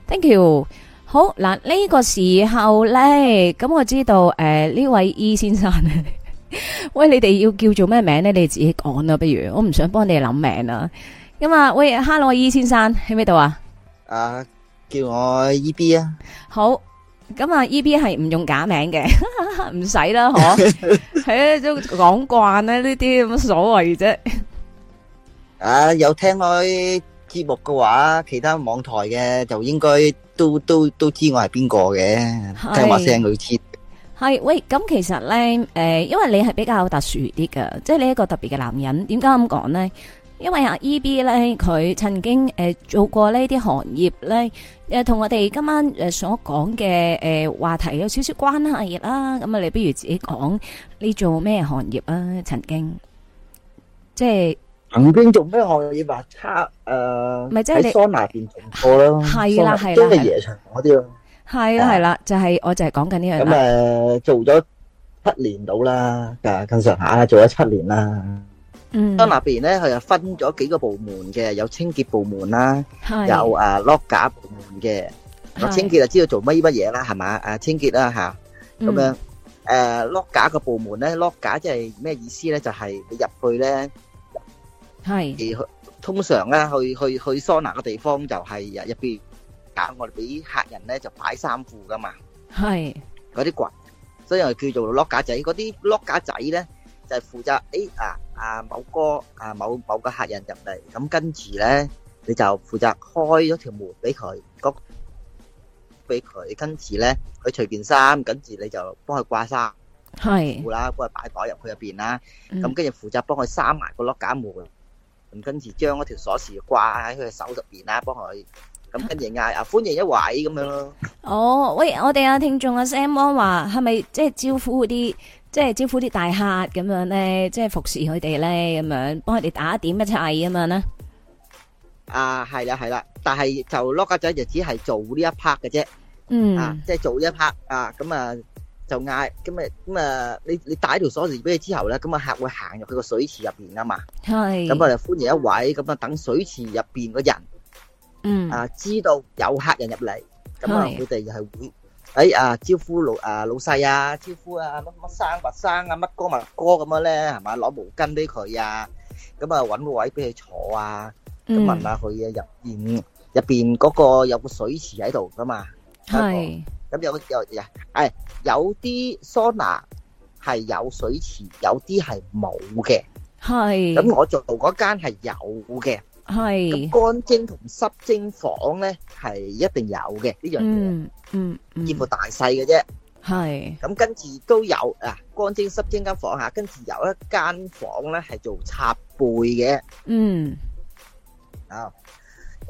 ，thank you。好嗱，呢、這個時候咧，咁我知道誒呢、呃、位 E 先生， 喂，你哋要叫做咩名咧？你哋自己講啦，不如我唔想幫你哋諗名啊。咁啊，喂，hello，E 先生喺唔喺度啊？啊，uh, 叫我 E B 啊。好，咁啊，E B 係唔用假名嘅，唔使啦，嗬。 啊，哎、都講慣啦，呢啲咁乜所謂啫？啊！有聽開節目嘅話，其他網台嘅就應該都都都知我係邊個嘅，是聽話聲佢知係喂。咁其實咧，誒、呃，因為你係比較特殊啲㗎，即係你一個特別嘅男人。點解咁講呢？因為阿 E B 咧，佢曾經誒、呃、做過呢啲行業咧，誒、呃，同我哋今晚誒所講嘅誒話題有少少關係啦。咁啊，你不如自己講你做咩行業啊？曾經即係。曾經做咩行業？話差誒，咪即係喺桑拿邊做過咯，係啦係啦，即係夜場嗰啲咯。係啊係啦，就係我就係講緊呢樣嘢。咁誒，做咗七年到啦，噶近上下做咗七年啦。桑拿邊咧，佢又分咗幾個部門嘅，有清潔部門啦，有誒 lock 架部門嘅。我清潔就知道做乜依乜嘢啦，係嘛？誒，清潔啦吓，咁樣誒 lock 架個部門咧，lock 架即係咩意思咧？就係你入去咧。係，通常咧去去去桑拿嘅地方就係入入邊揀，我哋俾客人咧就擺衫褲噶嘛。係嗰啲櫃，所以叫做碌架仔。嗰啲碌架仔咧就係負責，哎啊啊某個啊某某個客人入嚟，咁跟住咧你就負責開咗條門俾佢，個俾佢跟住咧佢隨便衫，跟住你就幫佢掛衫，係褲啦幫佢擺袋入去入邊啦，咁跟住負責幫佢閂埋個碌架門。咁跟住將嗰條鎖匙掛喺佢手入邊啦，幫佢咁跟住嗌啊歡迎一位咁樣咯。哦，喂，我哋有聽眾阿 sam 話係咪即係招呼啲即係招呼啲大客咁樣咧，即係服侍佢哋咧，咁樣幫佢哋打點一切咁樣咧？啊，係啦係啦，但係就 lock 仔就只係做呢一 part 嘅啫。嗯，啊，即係做呢一 part 啊，咁啊。就嗌咁啊咁啊！你你帶一條鎖匙俾佢之後咧，咁啊客會行入佢個水池入邊啊嘛。係。咁啊就歡迎一位，咁啊等水池入邊個人，嗯啊知道有客人入嚟，咁啊佢哋又係會喺啊招呼老啊老細啊招呼啊乜乜生或生啊乜哥或哥咁樣咧，係嘛，攞毛巾俾佢啊，咁啊揾個位俾佢坐啊，咁問下佢啊入邊入邊嗰個有個水池喺度噶嘛。係。咁有有誒，有啲桑拿係有水池，有啲係冇嘅。係。咁我做嗰間係有嘅。係。咁乾蒸同濕蒸房咧係一定有嘅呢樣嘢。嗯嗯嗯，依副大細嘅啫。係。咁跟住都有啊，乾蒸濕蒸間房吓，跟住有一間房咧係做插背嘅。嗯。啊。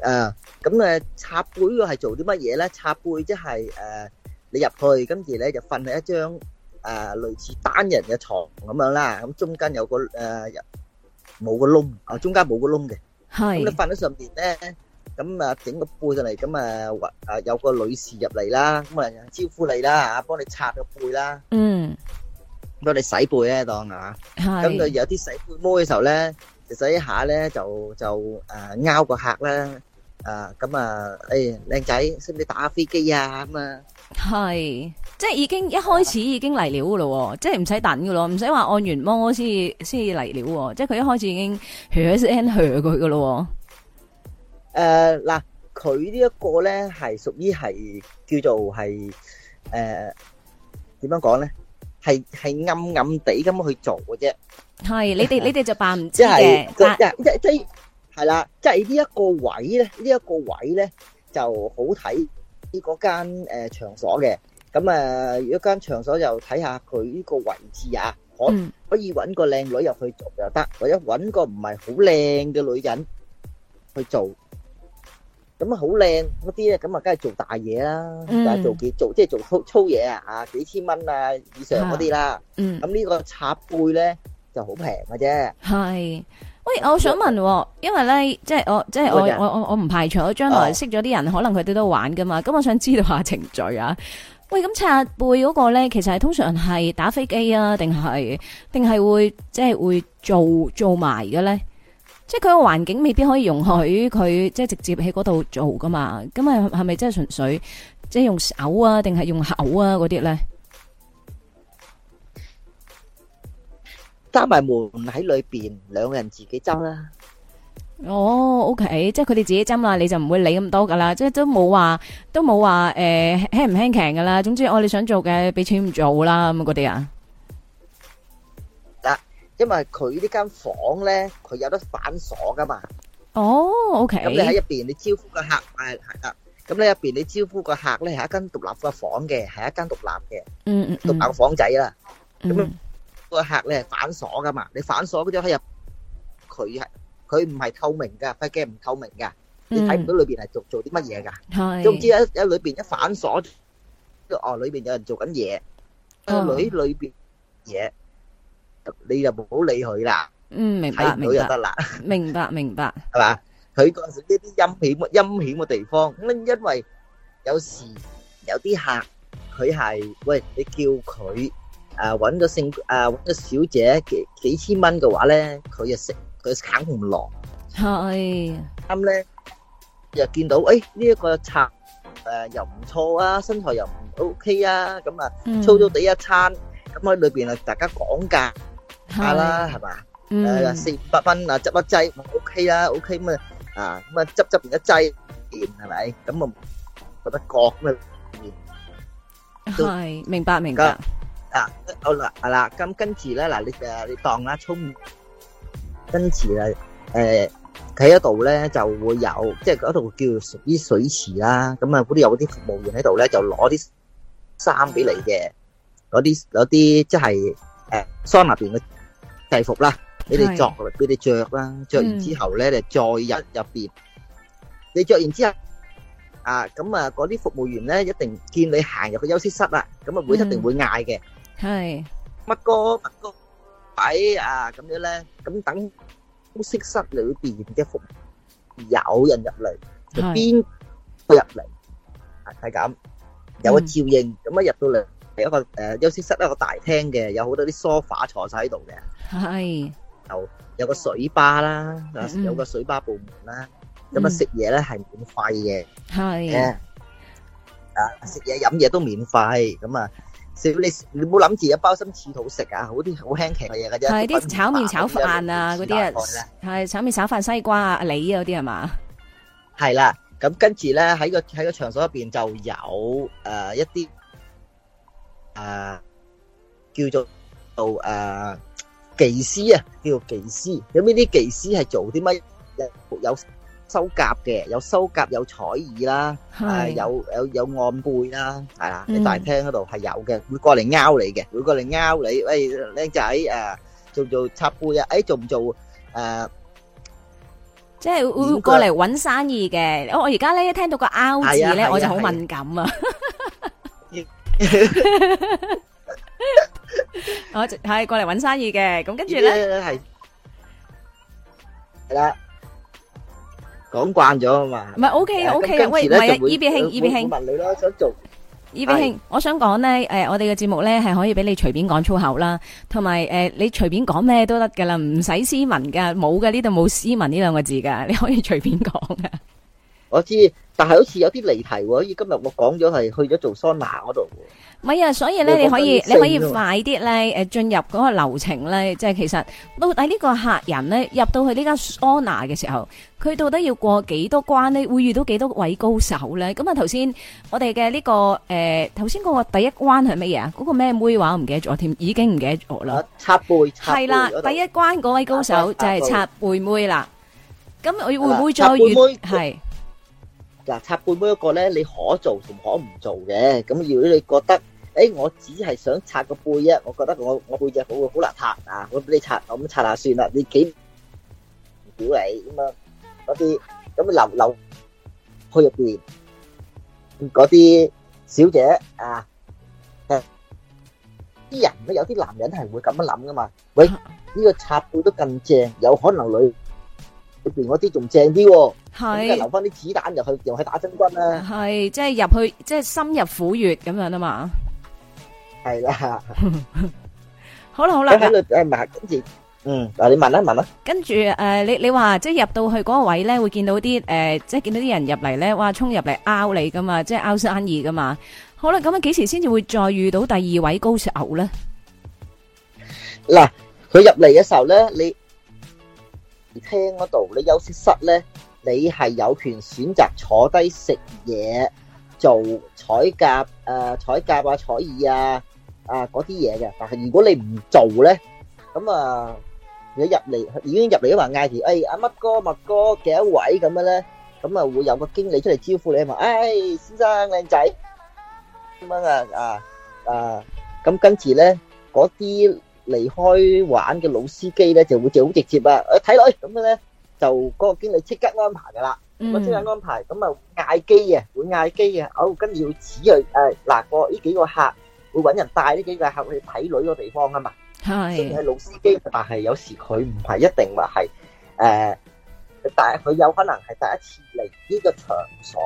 啊。咁誒擦背個係做啲乜嘢咧？擦背即係誒你入去，跟住咧就瞓喺一張誒類似單人嘅牀咁樣啦。咁中間有個誒冇個窿，啊中間冇個窿嘅。係咁你瞓喺上邊咧，咁啊整個背上嚟，咁啊或啊有個女士入嚟啦，咁啊招呼你啦嚇，幫你擦個背啦，嗯，幫你洗背咧當嚇，咁啊有啲洗背摩嘅時候咧，就洗一下咧就就誒拗個客啦。誒，咁啊，誒，靚仔，識唔識打飛機啊？咁啊，係，即係已經一開始已經嚟料嘅咯，即係唔使等嘅咯，唔使話按完摩先先嚟料，即係佢一開始已經噓一聲噓佢嘅咯。誒，嗱，佢呢一個咧係屬於係叫做係誒，點樣講咧？係係暗暗地咁去做嘅啫。係你哋你哋就扮唔知嘅。即係即係。係啦，即係呢一個位咧，呢一個位咧就好睇呢嗰間誒場所嘅。咁啊，如果間場所就睇下佢呢個位置啊，可可以揾個靚女入去做又得，或者揾個唔係好靚嘅女人去做。咁啊，好靚嗰啲咧，咁啊，梗係做大嘢啦，做幾做即係做粗粗嘢啊，啊幾千蚊啊以上嗰啲啦。嗯，咁呢個插背咧就好平嘅啫。係。喂，我想問，因為咧，即係我，即係我，我我我唔排除，我將來識咗啲人，可能佢哋都玩噶嘛。咁我想知道下程序啊。喂，咁拆背嗰個咧，其實係通常係打飛機啊，定係定係會即係會做做埋嘅咧？即係佢個環境未必可以容許佢即係直接喺嗰度做噶嘛？咁啊，係咪即係純粹即係用手啊，定係用口啊嗰啲咧？加埋門喺裏邊，兩個人自己執啦。哦，O K，即係佢哋自己執啦，你就唔會理咁多噶啦，即係都冇話，都冇話誒輕唔輕強噶啦。總之，我、哦、哋想做嘅，俾錢唔做啦咁嗰啲啊。嗱，因為佢呢間房咧，佢有得反鎖噶嘛。哦，O K。咁你喺入邊，你招呼個客係係啦。咁、啊啊、你入邊，你招呼個客咧係一間獨立嘅房嘅，係一間獨立嘅，嗯嗯、mm，獨、mm. 立房仔啦。嗯。個客呢係反鎖噶嘛？你反鎖嗰張喺入，佢係佢唔係透明噶，塊鏡唔透明噶，你睇唔到裏邊係做做啲乜嘢噶。總之一一裏邊一反鎖，哦，裏邊有人做緊嘢，裏裏邊嘢，你就唔好理佢啦。嗯，明白明白。睇到就得啦。明白明白。係嘛？佢陣時呢啲陰險陰險嘅地方，咁因為有時有啲客佢係喂，你叫佢。啊，搵咗性，啊搵咗小姐幾幾千蚊嘅話咧，佢又食，佢啃唔落。係啱咧，又見到誒呢一個餐誒又唔錯啊，身材又唔 OK 啊，咁啊，粗粗地一餐，咁喺裏邊啊大家講價下啦，係嘛？誒四五百蚊啊，執一劑 OK 啦，OK 咁啊啊咁啊執執邊一劑掂，係咪？咁啊覺得過咁啊？係，明白明白。啊，好啦，係啦，咁跟住咧，嗱，你誒，你當啦沖，跟住咧，誒，喺嗰度咧就會有，即係嗰度叫屬於水池啦，咁啊，嗰啲有啲服務員喺度咧，就攞啲衫俾你嘅，攞啲攞啲即係誒，桑拿邊嘅制服啦，你哋着，俾你着啦，着完之後咧，你再入入邊，你着完之後，啊，咁啊，嗰啲服務員咧一定見你行入個休息室啦，咁啊，會一定會嗌嘅。係乜歌乜歌，哎呀咁樣咧，咁等休息室裏邊嘅服務有人入嚟，就邊都入嚟，係咁有個照應。咁一入到嚟係一個誒休息室一個大廳嘅，有好多啲梳化坐晒喺度嘅，係有有個水吧啦，有個水吧部門啦。咁啊食嘢咧係免費嘅，係啊食嘢飲嘢都免費，咁啊。少你你冇諗住啊，包心翅好食啊，好啲好輕奇嘅嘢嘅啫，係啲炒麵炒飯啊，嗰啲啊，係炒麵炒飯西瓜啊，梨嗰啲啊嘛，係啦，咁跟住咧喺個喺個場所入邊就有誒一啲誒叫做做誒技師啊，叫做技師，有邊啲技師係做啲乜有？收甲嘅有收甲有彩耳啦，係有有有按背啦，係啊！喺大廳嗰度係有嘅，會過嚟勾你嘅，會過嚟勾你。喂，靚仔啊！做唔做插背啊！哎做唔做啊？即係會過嚟搵生意嘅，我我而家咧一聽到個勾字咧，我就好敏感啊！我係過嚟搵生意嘅，咁跟住咧係係啦。講慣咗啊嘛，唔係 O K O K，喂，依邊興依邊興，兄兄問你啦，想做依邊興，我想講咧，誒，我哋嘅節目咧係可以俾你隨便講粗口啦，同埋誒，你隨便講咩都得噶啦，唔使斯文噶，冇㗎呢度冇斯文呢兩個字噶，你可以隨便講噶。我知，但係好似有啲離題喎，因為今日我講咗係去咗做桑拿嗰度。唔係啊，所以咧你可以你可以快啲咧誒，進入嗰個流程咧，即係其實到底呢個客人咧入到去呢間桑拿嘅時候，佢到底要過幾多關呢？會遇到幾多位高手咧？咁啊頭先我哋嘅呢個誒頭先嗰個第一關係乜嘢啊？嗰個咩妹話我唔記得咗添，已經唔記得咗啦。擦背係啦，第一關嗰位高手就係擦背，背，背妹啦。咁我會唔會再遇係？嗱，擦背妹一個咧，你可做同可唔做嘅。咁如果你覺得，誒，我只係想擦個背啫，我覺得我我背脊會好邋遢啊，我俾你擦，我咁擦下算啦。你幾屌你咁啊？嗰啲咁流流去入邊，嗰啲小姐啊，啲人咧有啲男人係會咁樣諗噶嘛？喂，呢個擦背都咁正，有可能女？邊嗰啲仲正啲，係是留翻啲子彈入去，又去打真軍啦，係即係入去，即係深入虎穴咁樣啊嘛。係啦， 啦，好啦好啦，跟住嗯嗱，你問一問啦。跟住誒，你你話即係入到去嗰個位咧，會見到啲誒、呃，即係見到啲人入嚟咧，哇，衝入嚟拗你噶嘛，即係拗生意噶嘛。好啦，咁啊，幾時先至會再遇到第二位高手咧？嗱，佢入嚟嘅時候咧，你。廳嗰度，你休息室咧，你係有權選擇坐低食嘢、做採甲、誒採甲啊採耳啊啊嗰啲嘢嘅。但係如果你唔做咧，咁啊，你入嚟已經入嚟都話嗌住，誒阿乜哥、乜哥，幾多位咁樣咧？咁啊會有個經理出嚟招呼你啊嘛？誒，先生靚仔，點樣啊？啊啊，咁跟住咧嗰啲。離開玩嘅老司機咧，就會就好直接啊！誒睇女咁樣咧，就嗰個經理即刻安排㗎啦。我即刻安排咁啊，嗌機啊，會嗌機啊。哦，跟住要指佢誒嗱個呢幾個客，會揾人帶呢幾個客去睇女個地方㗎嘛。係雖然係老司機，但係有時佢唔係一定話係誒，但係佢有可能係第一次嚟呢個場所，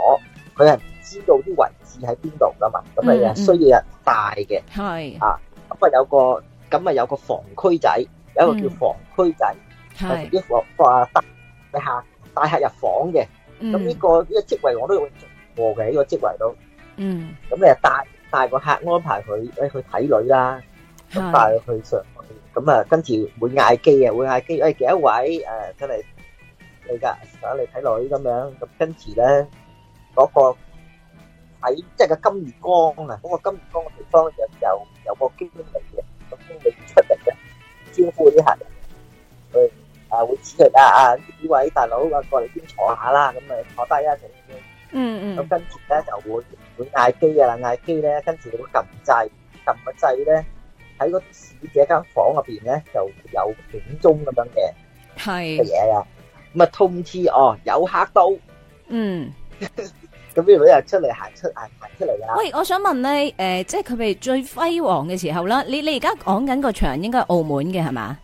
佢係唔知道啲位置喺邊度㗎嘛，咁係需要人帶嘅。係啊，咁啊有個。咁咪有個房區仔，有一個叫房區仔，啲房話帶客帶客入房嘅。咁呢個呢個職位我都做過嘅，呢個職位都。嗯。咁你啊帶帶個客安排佢誒去睇女啦，咁帶佢去上去。咁啊跟住會嗌機啊，會嗌機誒幾多位誒睇嚟嚟㗎，上嚟睇女咁樣。咁跟住咧嗰個喺即係個金魚缸啊，嗰個金魚缸嘅地方又又有個經理嚟嘅。我哋出嚟咧招呼啲客人，佢啊會請佢哋啊，呢位大佬啊過嚟先坐下啦，咁啊坐低一陣先，嗯嗯，咁跟住咧就會會嗌機噶啦，嗌機咧，跟住會撳掣，撳個掣咧，喺嗰啲小姐間房入邊咧就有警鐘咁樣嘅係嘅嘢啊，咁啊通知哦有客到嗯。咁啲女又出嚟行出行行出嚟啦！喂，我想問你，誒、呃，即係佢哋最輝煌嘅時候啦，你你而家講緊個場應該係澳門嘅係嘛？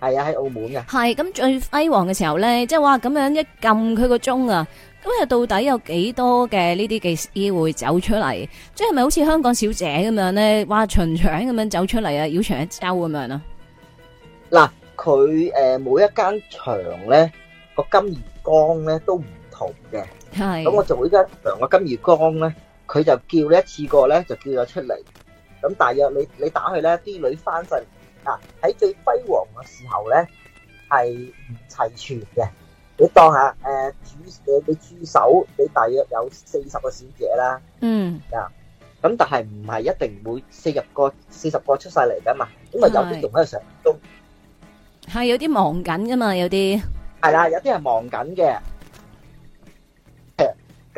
係啊，喺澳門嘅。係咁最輝煌嘅時候咧，即係哇咁樣一撳佢個鐘啊，咁又到底有幾多嘅呢啲技師會走出嚟？即係咪好似香港小姐咁樣咧，哇巡場咁樣走出嚟啊，繞場一周咁樣啊？嗱，佢誒、呃、每一間場咧個金魚缸咧都唔同嘅。咁我就依家量個金魚缸咧，佢就叫你一次過咧就叫咗出嚟。咁大約你你打佢咧啲女返晒，啊喺最輝煌嘅時候咧係唔齊全嘅。你當下誒主你你主手你大約有四十個小姐啦，嗯啊，咁但係唔係一定每四十個四十個出晒嚟噶嘛，因為有啲仲喺度上鐘，係有啲忙緊噶嘛，有啲係啦，有啲係忙緊嘅。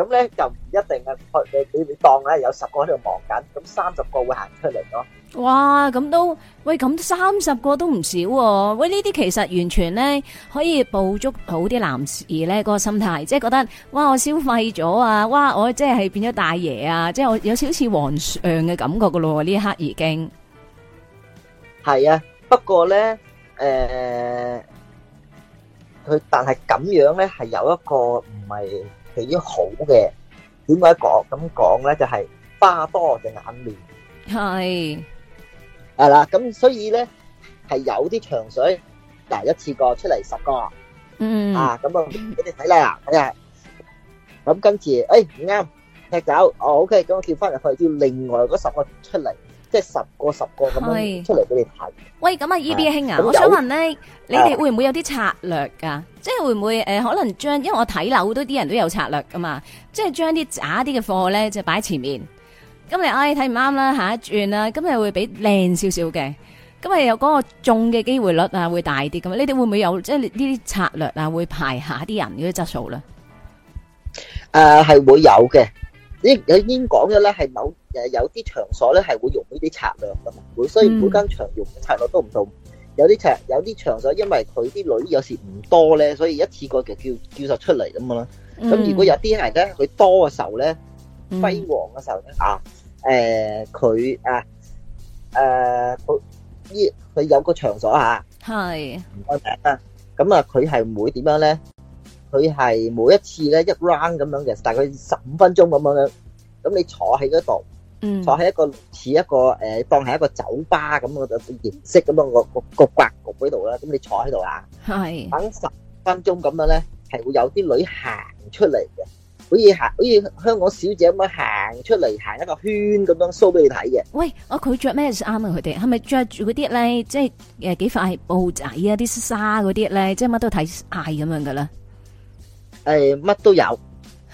咁咧就唔一定啊！你你當咧有十個喺度忙緊，咁三十個會行出嚟咯。哇！咁都喂，咁三十個都唔少喎。喂，呢啲其實完全咧可以捕捉到啲男士咧嗰個心態，即係覺得哇，我消費咗啊！哇，我即係變咗大爺啊！即係我有少少似皇上嘅感覺噶咯，呢一刻已經。係啊，不過咧，誒，佢但係咁樣咧，係有一個唔係。幾好嘅，點解講咁講咧？就係花多隻眼面，係係啦。咁所以咧係有啲長水，嗱一次過出嚟十個，嗯啊咁啊，俾你睇啦，係啊。咁今次誒唔啱踢走哦，OK，咁我跳翻入去叫另外嗰十個出嚟。即係十個十個咁樣出嚟俾你睇。喂，咁啊，E B 兄啊，我想問咧，你哋會唔會有啲策略噶？呃、即係會唔會誒、呃，可能將因為我睇樓都啲人都有策略噶嘛，即係將啲渣啲嘅貨咧就擺喺前面。咁你唉睇唔啱啦，下一轉啦，咁你會俾靚少少嘅。咁啊有嗰個中嘅機會率啊會大啲，咁你哋會唔會有即係呢啲策略啊？會排下啲人啲質素咧？誒、呃，係會有嘅。依有已經講咗咧，係某誒有啲場所咧，係會用呢啲策略噶嘛，所以每間場用嘅策略都唔同。嗯、有啲場有啲場所，因為佢啲女有時唔多咧，所以一次過就叫叫曬出嚟咁嘛。啦、嗯。咁如果有啲人咧，佢多嘅時候咧，輝煌嘅時候咧、嗯、啊，誒、呃、佢啊誒佢佢有個場所嚇，係唔該請啦。咁啊，佢係唔會點樣咧？佢係每一次咧一 round 咁樣嘅，大概十五分鐘咁樣。咁你坐喺嗰度，嗯、坐喺一個似一個誒、欸，當係一個酒吧咁嘅形式咁樣個個個格局喺度啦。咁你坐喺度啊，係是等十分鐘咁樣咧，係會有啲女行出嚟嘅，好似行好似香港小姐咁樣行出嚟行一個圈咁樣 show 俾你睇嘅。喂，我佢着咩衫啊？佢哋係咪着住嗰啲咧？即係誒幾塊布仔啊，啲沙嗰啲咧，即係乜都睇曬咁樣噶啦？誒，乜都有，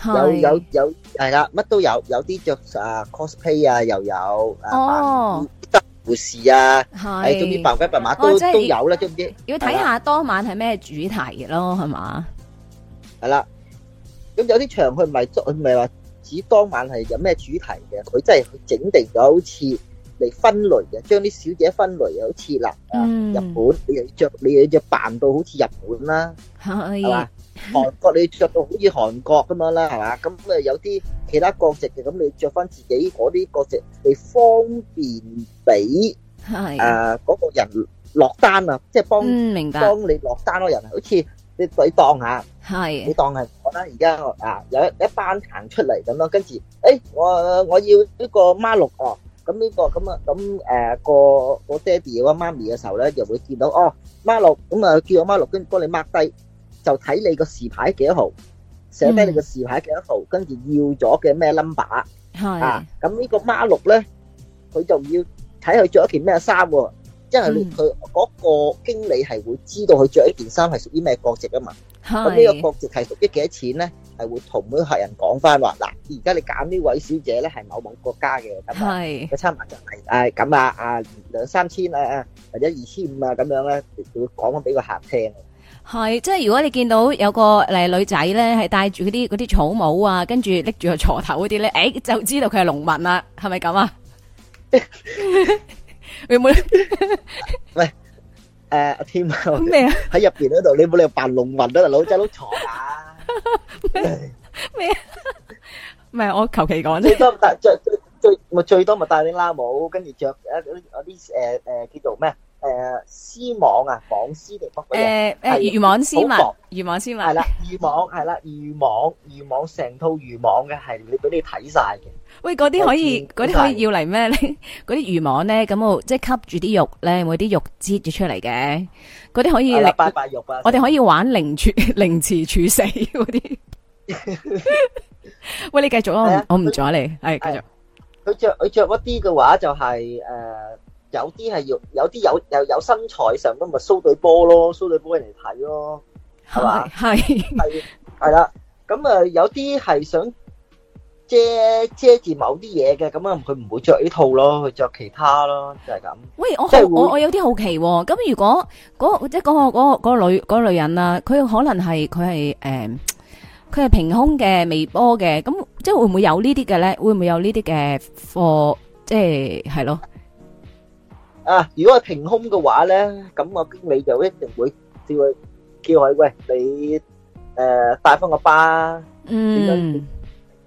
有有有係啦，乜都有，有啲着啊 cosplay 啊，又有哦，啊護士啊，係，總之扮鬼扮馬都都有啦，知唔知？要睇下當晚係咩主題嘅咯，係嘛？係啦，咁有啲場佢唔係作，唔係話指當晚係有咩主題嘅，佢真係整定咗好似嚟分類嘅，將啲小姐分類啊，好似啦，日本你又着你要扮到好似日本啦，係嘛？韓國你着到好似韓國咁樣啦，係嘛？咁誒有啲其他國籍嘅，咁你着翻自己嗰啲國籍你方便俾誒嗰個人落單啊，即係幫幫你落單嗰個人好似你水當吓，係你當係可能而家啊有一一班行出嚟咁咯，跟住誒我我要呢個媽六哦，咁呢個咁啊咁誒個個爹哋或者媽咪嘅時候咧，就會見到哦媽六咁啊叫我媽六跟住幫你 mark 低。就睇你個時牌幾多號，寫低你個時牌幾多號？跟住要咗嘅咩 number 啊？咁呢個孖六咧，佢就要睇佢着一件咩衫，因為佢嗰個經理係會知道佢着一件衫係屬於咩國籍啊嘛。咁呢個國籍係屬於幾多錢咧，係會同每客人講翻話嗱，而家你揀呢位小姐咧，係某某國家嘅，咁個差唔多就係誒咁啊，啊兩三千啊，或者二千五啊咁樣咧，就會講翻俾個客聽。係，即係如果你見到有個誒女仔咧，係戴住嗰啲嗰啲草帽啊，跟住拎住個鋤頭嗰啲咧，誒就知道佢係農民啦，係咪咁啊？你有冇？喂，誒，阿添啊，咩啊？喺入邊嗰度，你冇理由扮農民啊？老仔攞鋤噶咩？唔係我求其講啫，最多帶最最最，咪最多咪帶頂喇帽，跟住着啲誒誒叫做咩？誒，絲網啊，網絲定乜鬼嘢？誒誒，漁網絲襪，漁網絲襪係啦，漁網係啦，漁網漁網成套漁網嘅係，你俾你睇晒嘅。喂，嗰啲可以，嗰啲可以要嚟咩？嗰啲漁網咧，咁我即係吸住啲肉咧，我啲肉擠住出嚟嘅。嗰啲可以零白白肉啊！我哋可以玩凌遲凌遲處死嗰啲。喂，你繼續咯，我唔阻你，係繼續。佢着佢着一啲嘅話就係誒。有啲係要，有啲有又有身材上咁咪 show 對波咯，show 對波人哋睇咯，係嘛？係係係啦，咁啊有啲係想遮遮住某啲嘢嘅，咁啊佢唔會着呢套咯，佢着其他咯，就係咁。喂，我即係我我有啲好奇，咁如果嗰即係嗰個嗰個嗰個女嗰個女人啊，佢可能係佢係誒，佢係平胸嘅微波嘅，咁即係會唔會有呢啲嘅咧？會唔會有呢啲嘅貨？即係係咯。啊！如果係平胸嘅話咧，咁我經理就一定會叫佢叫佢喂，你誒帶翻個 Bra，嗯，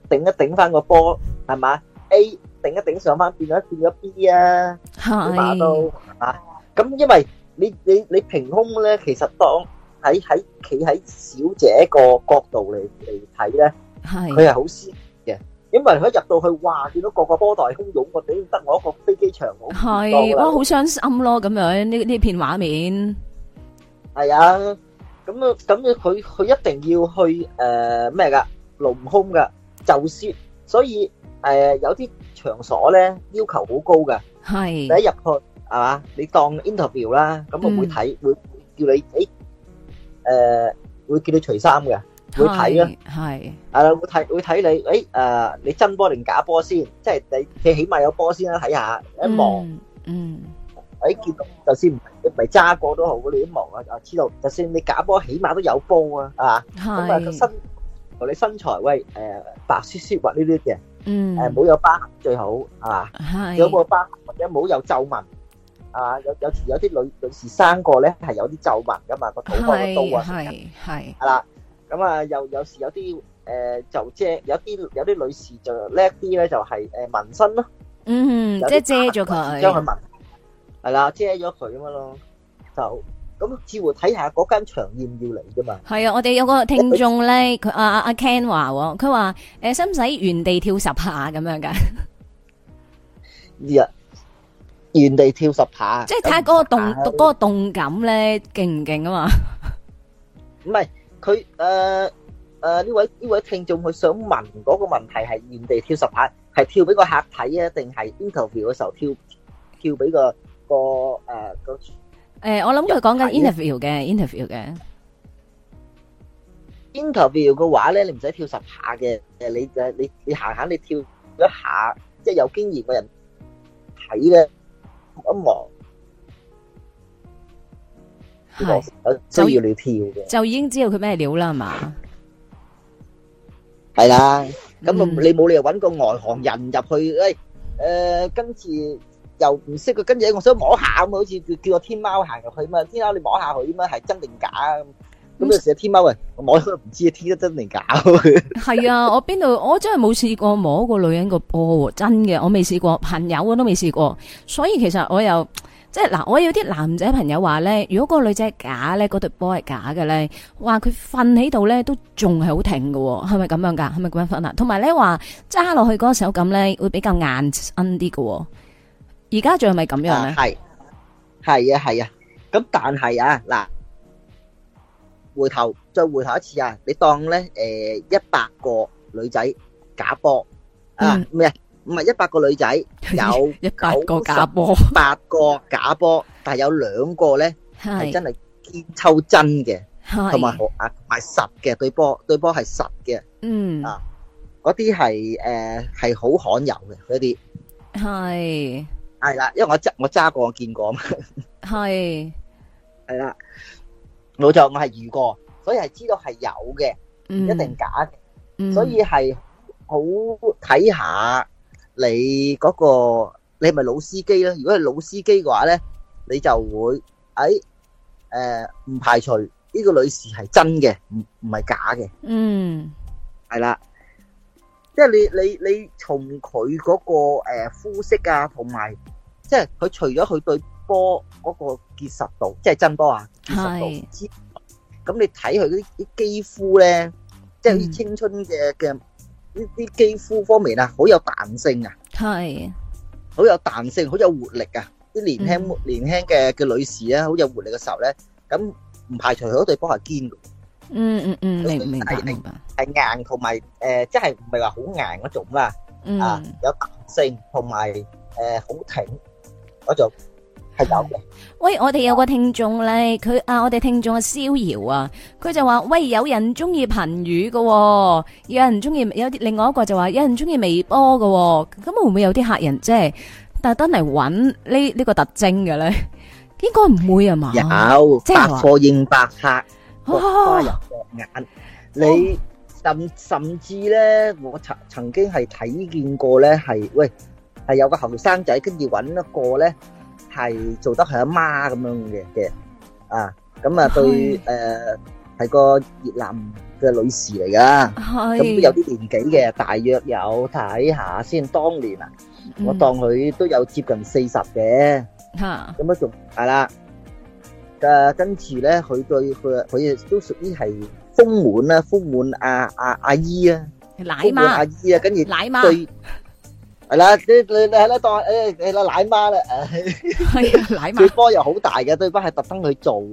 頂一頂翻個波係咪？A 頂一頂上翻，變咗變咗 B 啊！你話都係嘛？咁因為你你你平胸咧，其實當喺喺企喺小姐個角度嚟嚟睇咧，係佢係好蝕。因為佢一入到去，哇！見到個個波台都擁個頂，得我一個飛機場好係哇，好傷心咯，咁樣呢呢片畫面係啊，咁啊，咁佢佢一定要去誒咩噶露胸噶就算，所以誒有啲場所咧要求好高噶係第一入去係嘛，你當 interview 啦，咁我會睇會叫你誒，會叫你除衫噶。會睇咯，係，係啦，會睇會睇你，誒，誒，你真波定假波先，即係你你起碼有波先啦，睇下，一望，嗯，誒，見到就算唔唔係揸過都好，你一望啊，啊，知道，就算你假波，起碼都有波啊，啊，咁啊個身，你身材喂，誒，白雪雪滑溜溜嘅，嗯，誒，冇有疤痕最好，係嘛，有冇疤痕或者冇有皺紋，係嘛，有有時有啲女女士生過咧係有啲皺紋噶嘛，個肚皮個刀啊，係係係啦。咁啊，有有時有啲誒就遮，有啲有啲女士就叻啲咧，就係誒紋身咯。嗯，即係遮咗佢，將佢紋。係啦，遮咗佢咁咯。就咁，似乎睇下嗰間場要唔要嚟噶嘛。係啊，我哋有個聽眾咧，佢阿阿阿 Ken 話，佢話誒，使唔使原地跳十下咁樣噶？啊，原地跳十下，即係睇下嗰個動嗰個動感咧，勁唔勁啊嘛？唔係。佢誒誒，呢位呢位聽眾佢想問嗰個問題係原地跳十下，係跳俾個客睇啊，定係 Interview 嘅時候跳跳俾個個誒個誒，我諗佢講緊 Interview 嘅 Interview 嘅 Interview 嘅話咧，你唔使跳十下嘅，誒，你就你你行行你跳一下，即係有經驗嘅人睇咧，唔同。係，需要你跳嘅就已經知道佢咩料啦，係嘛？係啦，咁你冇理由揾個外行人入去，誒，誒，跟住又唔識佢，跟住我想摸下咁，好似叫叫我天貓行入去嘛，天貓你摸下佢嘛，係真定假？咁你成日天貓啊，我摸都唔知啊，天貓真定假？係啊，我邊度我真係冇試過摸個女人個波，真嘅我未試過，朋友我都未試過，所以其實我又。即係嗱，我有啲男仔朋友話咧，如果個女仔係假咧，嗰對波係假嘅咧，話佢瞓喺度咧都仲係好挺嘅，係咪咁樣噶？係咪咁樣瞓啊？同埋咧話揸落去嗰個手感咧會比較硬身啲嘅，而家仲係咪咁樣咧？係係啊係啊，咁、啊啊、但係啊嗱，回頭再回頭一次啊，你當咧誒一百個女仔假波啊咩啊？唔係一百個女仔，有九個假波，八個假波，但係有兩個咧係是真係抽真嘅，同埋好啊，埋實嘅對波對波係實嘅，嗯啊嗰啲係誒係好罕有嘅，嗰啲係係啦，因為我揸我揸過，我見過嘛係係 是啦冇錯，我係遇過，所以係知道係有嘅，嗯、一定假嘅，嗯、所以係好睇下。你嗰個你係咪老司機啦，如果係老司機嘅話咧，你就會誒誒唔排除呢個女士係真嘅，唔唔係假嘅。嗯，係啦，即係你你你從佢嗰個誒膚色啊，同埋即係佢除咗佢對波嗰個結實度，即係真波啊，結實度之，咁你睇佢嗰啲啲肌膚咧，即係啲青春嘅嘅。啲肌膚方面啦，好有彈性啊，係，好有彈性，好有活力啊！啲年輕年輕嘅嘅女士咧，好有活力嘅時候咧，咁唔排除佢嗰對波係堅嘅，嗯嗯嗯，明明白明白，係硬同埋誒，即係唔係話好硬嗰種啦，啊，有彈性同埋誒，好挺嗰種。喂，我哋有個聽眾咧，佢啊，我哋聽眾啊，逍遙啊，佢就話，喂，有人中意頻語㗎喎，有人中意有啲另外一個就話有人中意微波㗎喎。咁會唔會有啲客人即係特登嚟搵呢呢個特徵㗎咧？應該唔會啊嘛，有即百貨應百客，各花入各眼。你甚甚至咧，我曾曾經係睇見過咧，係喂係有個後生仔跟住搵一個咧。係做得係阿媽咁樣嘅嘅。啊咁啊對誒，係個越南嘅女士嚟噶，咁都有啲年紀嘅，大約有睇下先。當年啊，我當佢都有接近四十嘅，嚇咁啊仲係啦。誒跟住咧，佢對佢佢亦都屬於係豐滿啦，豐滿阿阿阿姨啊，奶媽阿姨啊，跟住對。係啦，你你你係啦，當誒你啦奶媽啦，係啊奶媽。對波又好大嘅，對波係特登去做，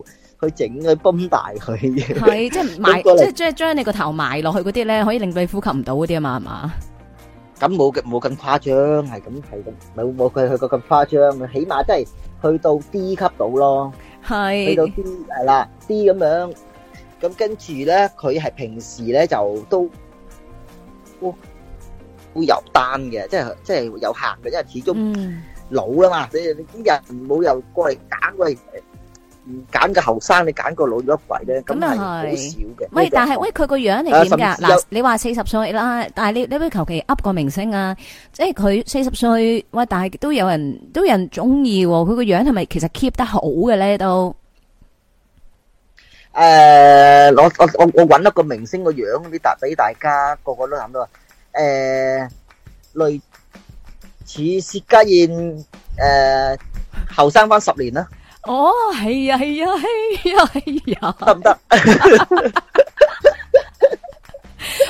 去整去泵大佢。係即係埋，即係即係將你個頭埋落去嗰啲咧，可以令到你呼吸唔到嗰啲啊嘛，係嘛？咁冇咁冇咁誇張，係咁係咁，冇冇佢去過咁誇張，起碼即係去到 D 級度咯。係去到 D 係啦 D 咁樣，咁跟住咧，佢係平時咧就都。都有單嘅，即係即係有限嘅，因為始終老啦嘛。你你啲人唔好又過嚟揀，過嚟揀個後生，你揀個老咗一輩咧，咁係好少嘅。喂，但係喂佢個樣係點噶？嗱，你話四十歲啦，但係你你會求其噏個明星啊？即係佢四十歲，喂，但係都有人都有人中意。佢個樣係咪其實 keep 得好嘅咧？都誒，我我我我搵一個明星個樣，你達俾大家，個個都諗到。誒，類似薛家燕誒後生翻十年啦。哦，係啊，係啊，係啊，係啊，得唔得？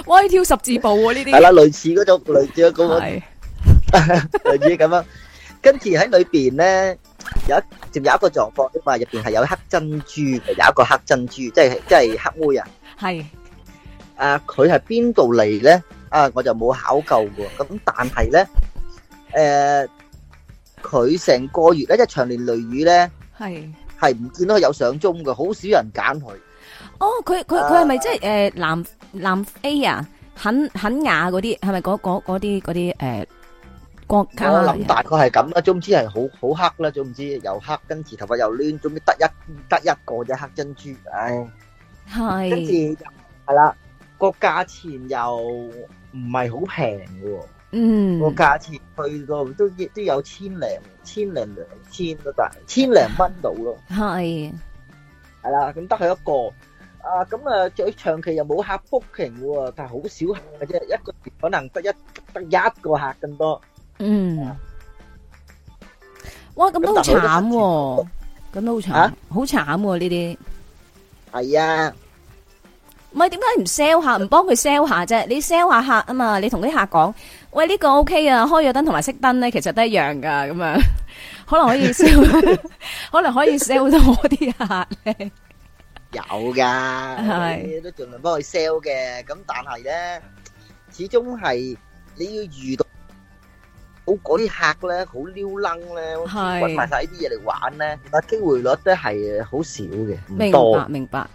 我跳十字步喎，呢啲係啦，類似嗰種類似咁樣。類似咁樣，跟住喺裏邊咧，有一仲有一個狀況啫嘛，入邊係有黑珍珠嘅，有一個黑珍珠，即係即係黑妹啊。係啊。誒，佢係邊度嚟咧？啊，我就冇考究噶，咁但係咧，誒，佢成個月咧，即係長年累月咧，係係唔見到有上鐘噶，好少人揀佢。哦，佢佢佢係咪即係誒南南非啊，肯肯雅嗰啲，係咪嗰嗰嗰啲嗰啲誒國家？我諗大概係咁啦，總之係好好黑啦，總之又黑，跟住頭髮又亂，總之得一得一個隻黑珍珠，唉，係跟住係啦。個價錢又唔係好平嘅，嗯，個價錢去到都亦都有千零、千零兩千嗰度，千零蚊到咯，係，係啦，咁得佢一個，啊，咁啊再長期又冇客 booking 嘅，但係好少客嘅啫，一個月可能得一得一個客咁多，嗯，哇，咁都好慘喎，咁都好慘，好慘呢啲，係啊。唔係，點解唔 sell 下，唔幫佢 sell 下啫？你 sell 下客啊嘛，你同啲客講，喂，呢個 OK 啊，開咗燈同埋熄燈咧,其實都一樣噶，咁樣可能可以 sell，可能可以 sell 到我啲客咧。有噶，係，都盡量幫佢 sell 嘅。咁但係咧，始終係你要遇到好嗰啲客咧，好撩楞咧，搵埋晒啲嘢嚟玩咧，但係機會率都係好少嘅，唔多，明白，明白。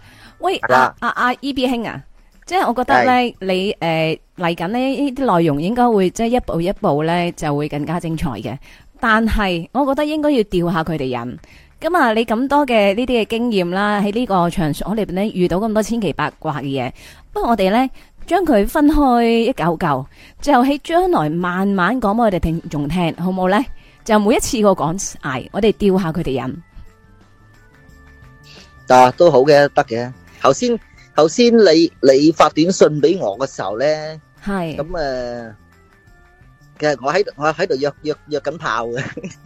喂阿阿阿 E B 兄啊，即係我覺得咧，是你誒嚟緊呢呢啲內容應該會即係一步一步咧就會更加精彩嘅。但係我覺得應該要吊下佢哋癮。咁啊，你咁多嘅呢啲嘅經驗啦，喺呢個場所裏邊咧遇到咁多千奇百怪嘅嘢，不過我哋咧將佢分開一嚿嚿，就後喺將來慢慢講俾我哋聽眾聽，好唔好咧？就每一次我講，哎，我哋吊下佢哋癮。但、啊、都好嘅，得嘅。頭先頭先你你發短信俾我嘅時候咧，係咁誒，其實我喺我喺度約約約緊炮嘅，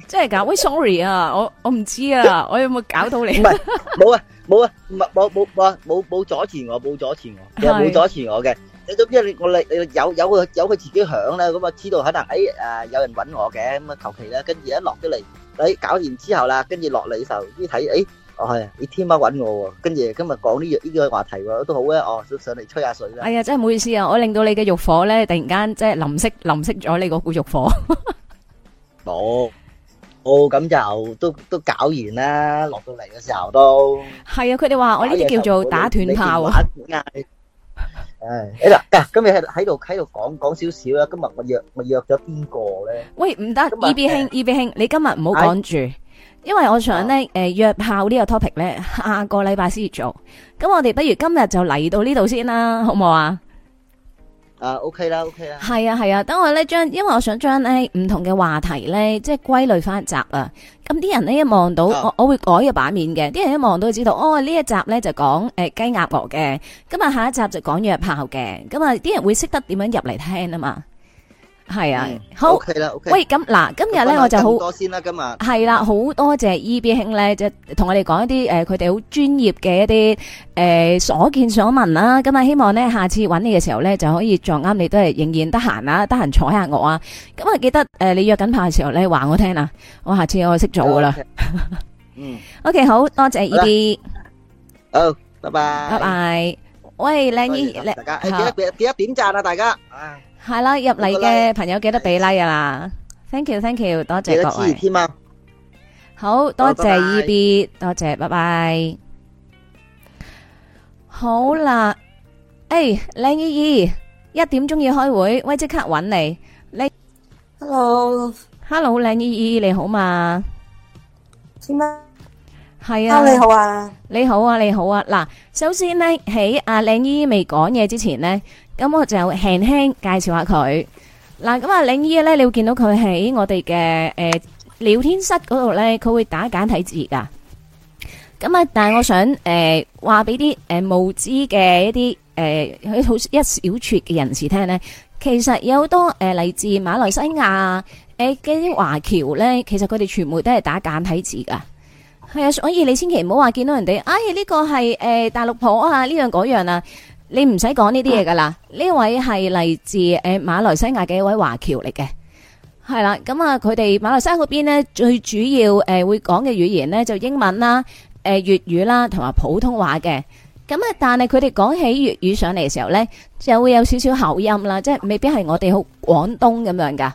真係㗎？喂，sorry 啊，我我唔知啊，我有冇搞到你？唔係，冇啊冇啊，冇冇冇冇冇阻住我，冇阻住我，又冇阻住我嘅。你做咩？你我你有有佢有佢自己響咧，咁啊知道可能誒誒有人搵我嘅，咁啊求其啦，跟住一落咗嚟，誒搞完之後啦，跟住落嚟嘅時候先睇誒。哦係，你天晚揾我喎，跟住今日講呢個呢個話題喎，都好啊哦，上上嚟吹下水啦。係啊，真係唔好意思啊，我令到你嘅欲火咧，突然間即係淋熄淋熄咗你個股欲火。冇，哦咁就都都搞完啦，落到嚟嘅時候都係啊。佢哋話我呢啲叫做打斷炮啊。哎嗱，今日喺喺度喺度講講少少啦，今日我約我約咗邊個咧？喂，唔得，E B 兄 E B 兄，你今日唔好講住。因為我想咧，誒、oh. 呃、約炮呢個 topic 咧，下個禮拜先做。咁我哋不如今日就嚟到呢度先啦，好唔好、uh, okay okay、啊？啊 OK 啦，OK 啦。係啊係啊，等我咧將，因為我想將咧唔同嘅話題咧，即係歸類翻一集啊。咁啲人咧一望到，oh. 我我會改個版面嘅。啲人一望到就知道，哦呢一集咧就講誒雞鴨鵝嘅，咁、呃、啊下一集就講約炮嘅，咁啊啲人會識得點樣入嚟聽啊嘛。係啊，好。喂，咁嗱，今日咧我就好，多先啦，今日係啦，好多謝 E B 兄咧，即係同我哋講一啲誒，佢哋好專業嘅一啲誒所見所聞啦。咁啊，希望咧下次揾你嘅時候咧，就可以撞啱你都係仍然得閒啊，得閒坐下我啊。咁啊記得誒，你約緊拍嘅時候咧，話我聽啊，我下次我識做噶啦。嗯，OK，好多謝 E B。好，拜拜。拜拜。喂，靚姨，大家，記得點讚啊，大家。係啦，入嚟嘅朋友記得俾 like 啊，啦，thank you，thank you，多謝各位。記得支持添啊！好多謝 EB，多謝，拜拜。好啦，誒，靚姨姨，一點鐘要開會，我即刻揾你。你，hello，hello，靚姨姨，你好嘛？聽咩？係啊。你好啊。你好啊，你好啊。嗱，首先咧，喺阿靚姨姨未講嘢之前咧。咁我就輕輕介紹下佢嗱，咁啊，領依嘅咧，你會見到佢喺我哋嘅誒聊天室嗰度咧，佢會打簡體字噶。咁啊，但係我想誒話俾啲誒無知嘅一啲誒，好、呃、一小撮嘅人士聽咧，其實有好多誒嚟，呃、自馬來西亞誒啲華僑咧，其實佢哋全部都係打簡體字噶。係啊，所以你千祈唔好話見到人哋，哎呀呢、呢個係誒、呃、大陸婆啊，呢樣嗰樣啊。你唔使講呢啲嘢噶啦，呢位係嚟自誒馬來西亞嘅一位華僑嚟嘅，係啦，咁啊，佢哋馬來西亞嗰邊呢，最主要誒會講嘅語言呢，就英文啦、誒、呃、粵語啦同埋普通話嘅，咁啊但係佢哋講起粵語上嚟嘅時候呢，就會有少少口音啦，即係未必係我哋好廣東咁樣噶，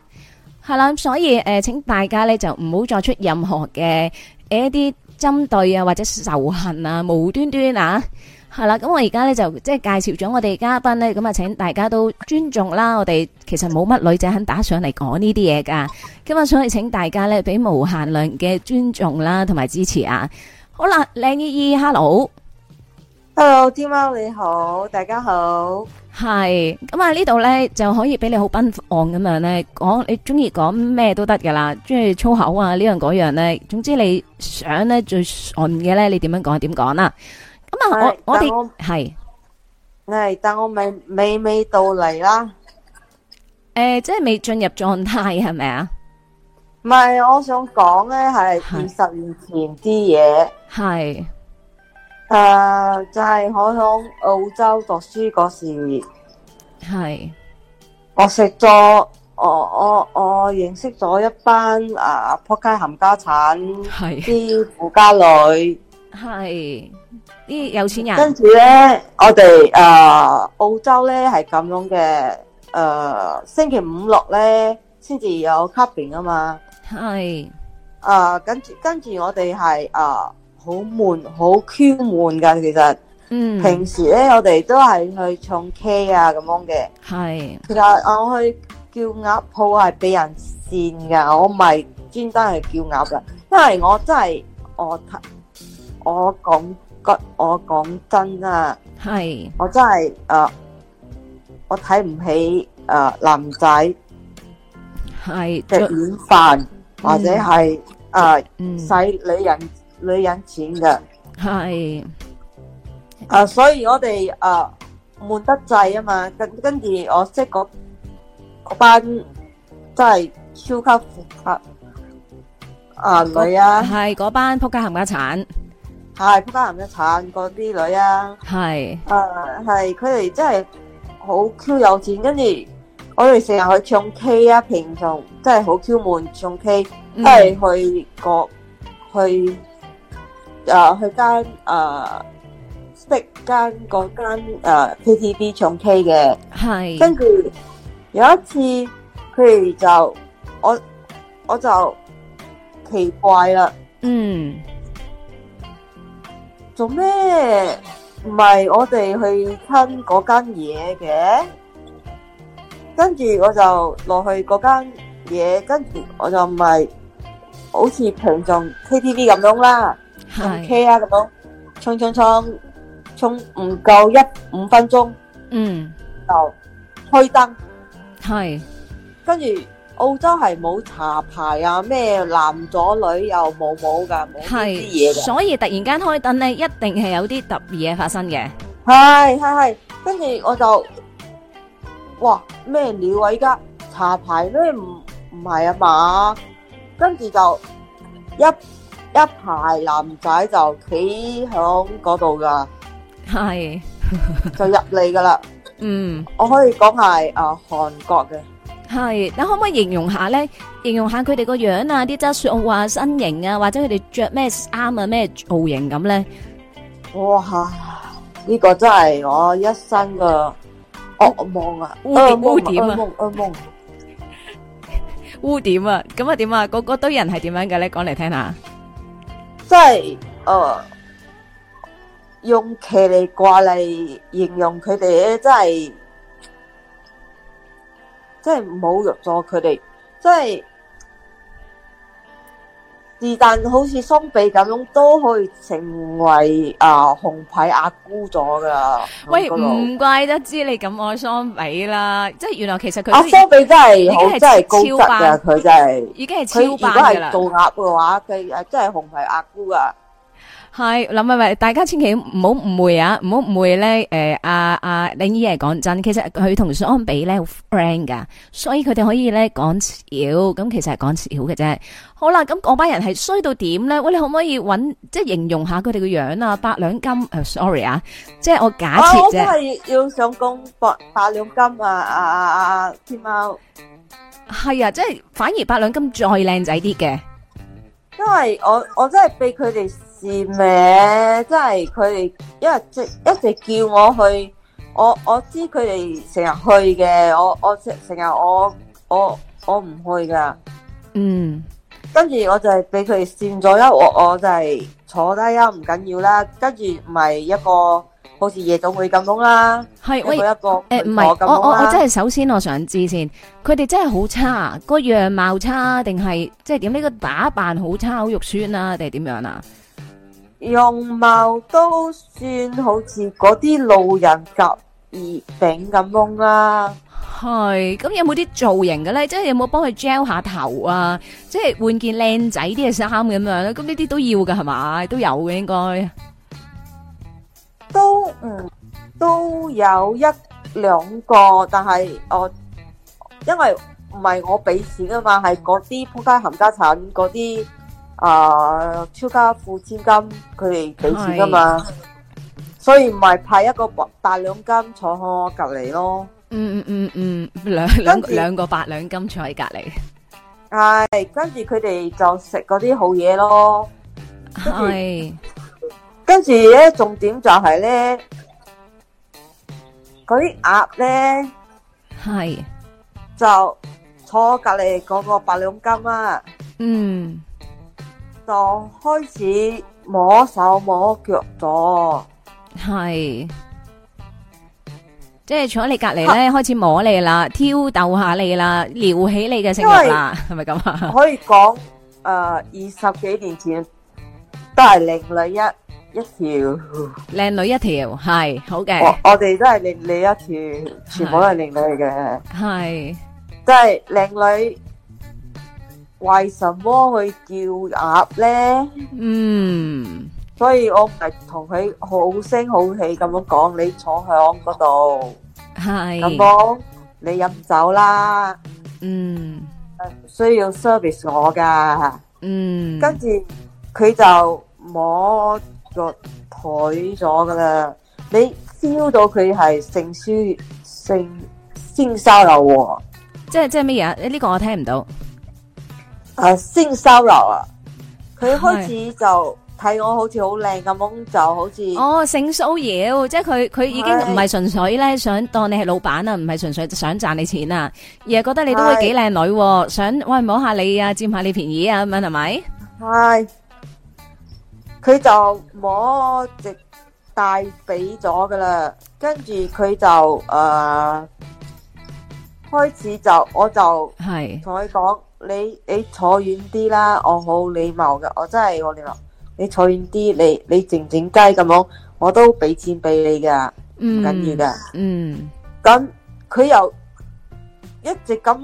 係啦，所以誒、呃、請大家呢，就唔好作出任何嘅一啲針對啊或者仇恨啊無端端啊。係啦，咁、嗯、我而家咧就即係介紹咗我哋嘉賓咧，咁啊，請大家都尊重啦。我哋其實冇乜女仔肯打上嚟講呢啲嘢噶，今日所以請大家咧俾無限量嘅尊重啦，同埋支持啊！好啦，靚姨姨，hello，hello，天喵你好，大家好，係咁啊，呢度咧就可以俾你好奔放咁樣咧講，你中意講咩都得噶啦，中意粗口啊呢樣嗰樣咧，總之你想咧最順嘅咧，你點樣講就點講啦。咁啊、嗯！我我哋係，係，但我未未未到嚟啦。誒，即係未進入狀態係咪啊？唔係，我想講咧係二十年前啲嘢。係，誒，就係我響澳洲讀書嗰時，係，我食咗，我我我認識咗一班啊撲街冚家產，啲富家女，係。啲有錢人跟住咧，我哋誒澳洲咧係咁樣嘅誒，星期五六咧先至有 cupping 啊嘛。係啊，跟住跟住我哋係啊，好悶，好 Q 悶噶。其實嗯，平時咧我哋都係去唱 K 啊咁樣嘅。係其實我去叫鴨鋪係俾人扇噶，我唔係專登係叫鴨噶，因為我真係我我我講。我我講真啊，係我真係誒，我睇唔起誒男仔係食軟飯或者係誒使女人女人錢嘅係啊，所以我哋誒悶得滯啊嘛，跟跟住我識嗰嗰班真係超級複雜啊女啊，係嗰班撲街冚家鏟。係撲街男嘅產，嗰啲女啊，係，誒，係，佢哋真係好 Q 有錢，跟住我哋成日去唱 K 啊，平常真係好 Q 悶，唱 K 即係去個去誒去間誒識間嗰間誒 KTV 唱 K 嘅，係。跟住有一次佢哋就我我就奇怪啦，嗯。做咩？唔係我哋去親嗰間嘢嘅，跟住我就落去嗰間嘢，跟住我就唔係好似平常 KTV 咁樣啦，唱 K 啊咁樣，唱唱唱，唱唔夠一五分鐘，嗯，就開燈，係，跟住。澳洲係冇查牌啊，咩男左女右冇冇噶，冇呢啲嘢嘅。所以突然間開燈咧，一定係有啲特別嘢發生嘅。係係係，跟住我就，哇咩料啊！依家查牌咩？唔唔係啊嘛，跟住就一一排男仔就企響嗰度噶，係就入嚟噶啦。嗯，我可以講係啊韓國嘅。係，你可唔可以形容下咧？形容下佢哋個樣啊，啲質素啊，身形啊，或者佢哋着咩衫啊，咩造型咁咧？哇！呢個真係我一生嘅噩夢啊，污污點啊，污污點啊！污點啊！咁啊點啊？嗰嗰堆人係點樣嘅咧？講嚟聽下。即係誒，用騎呢怪嚟形容佢哋咧，真係。即係侮辱咗佢哋，即係而但好似雙比咁樣，都可以成為啊、呃、紅牌阿姑咗噶。喂，唔怪得知你咁愛雙比啦！即係原來其實佢阿雙比真係好真係高質噶，佢真係已經係超棒噶啦。佢如果係做鴨嘅話，佢真係紅牌阿姑啊！係，林咪咪，大家千祈唔好誤會啊！唔好誤會咧，誒，阿阿玲姨係講真，其實佢同安比咧好 friend 噶，所以佢哋可以咧講少，咁其實係講少嘅啫。好啦，咁嗰班人係衰到點咧？喂，你可唔可以搵即係形容下佢哋嘅樣啊？八兩金誒，sorry 啊，即係我假設啫。我真係要想講八八兩金啊！阿阿阿阿天喵係啊，即係反而八兩金再靚仔啲嘅，因為我我真係俾佢哋。咩？真係佢哋，因為直一直叫我去，我我知佢哋成日去嘅，我我成日我我我唔去噶。嗯，跟住我就係俾佢哋扇咗一我，我就係坐低啊，唔緊要啦。跟住唔係一個好似夜總會咁樣啦，我一個誒唔係我我我真係首先我想知先，佢哋真係好差，個樣貌差，定係即係點呢？個打扮好差，好肉酸啊，定係點樣啊？容貌都算好似嗰啲路人甲乙丙咁樣啊，係咁有冇啲造型嘅咧？即係有冇幫佢 gel 下頭啊？即係換件靚仔啲嘅衫咁樣咧？咁呢啲都要噶係嘛？都有嘅應該，都嗯都有一兩個，但係我因為唔係我俾錢啊嘛，係嗰啲撲街冚家鏟嗰啲。啊！超家富千金，佢哋俾錢噶嘛，所以唔係派一個八大兩金坐我隔籬咯。嗯嗯嗯嗯，兩兩兩個八兩金坐喺隔籬，係跟住佢哋就食嗰啲好嘢咯。係跟住咧，重點就係咧，嗰啲鴨咧係就坐我隔籬嗰個八兩金啊。嗯。就開始摸手摸腳咗，係，即係坐喺你隔籬咧，開始摸你啦，挑逗下你啦，撩起你嘅性慾啦，係咪咁啊？可以講，誒，二十幾年前都係靚女一一條，靚女一條，係，好嘅，我我哋都係靚女一條，全部都係靚女嘅，係，即係靚女。為什麼去叫鴨咧？嗯，所以我係同佢好聲好氣咁樣講，你坐響我度係，咁寶是你飲酒啦，嗯，需要 service 我噶，嗯，跟住佢就摸個腿咗噶啦，你 feel 到佢係性書性性騷擾，即係即係咩嘢？呢、呢個我聽唔到。誒，性騷擾啊！佢、啊、開始就睇我好似好靚咁，的就好似哦，性騷擾，即係佢佢已經唔係純粹咧，的想當你係老闆啊，唔係純粹想賺你錢啊，而係覺得你都會幾靚女，啊，的想喂摸下你啊，佔下你便宜啊咁樣啊，係咪？係，佢就摸直大髀咗噶啦，跟住佢就誒、呃、開始就我就係同佢講。你你坐遠啲啦，我好禮貌嘅，我真係我哋話，你坐遠啲，你你靜靜雞咁樣，我都俾錢俾你噶，唔緊要噶。嗯，咁佢、嗯、又一直咁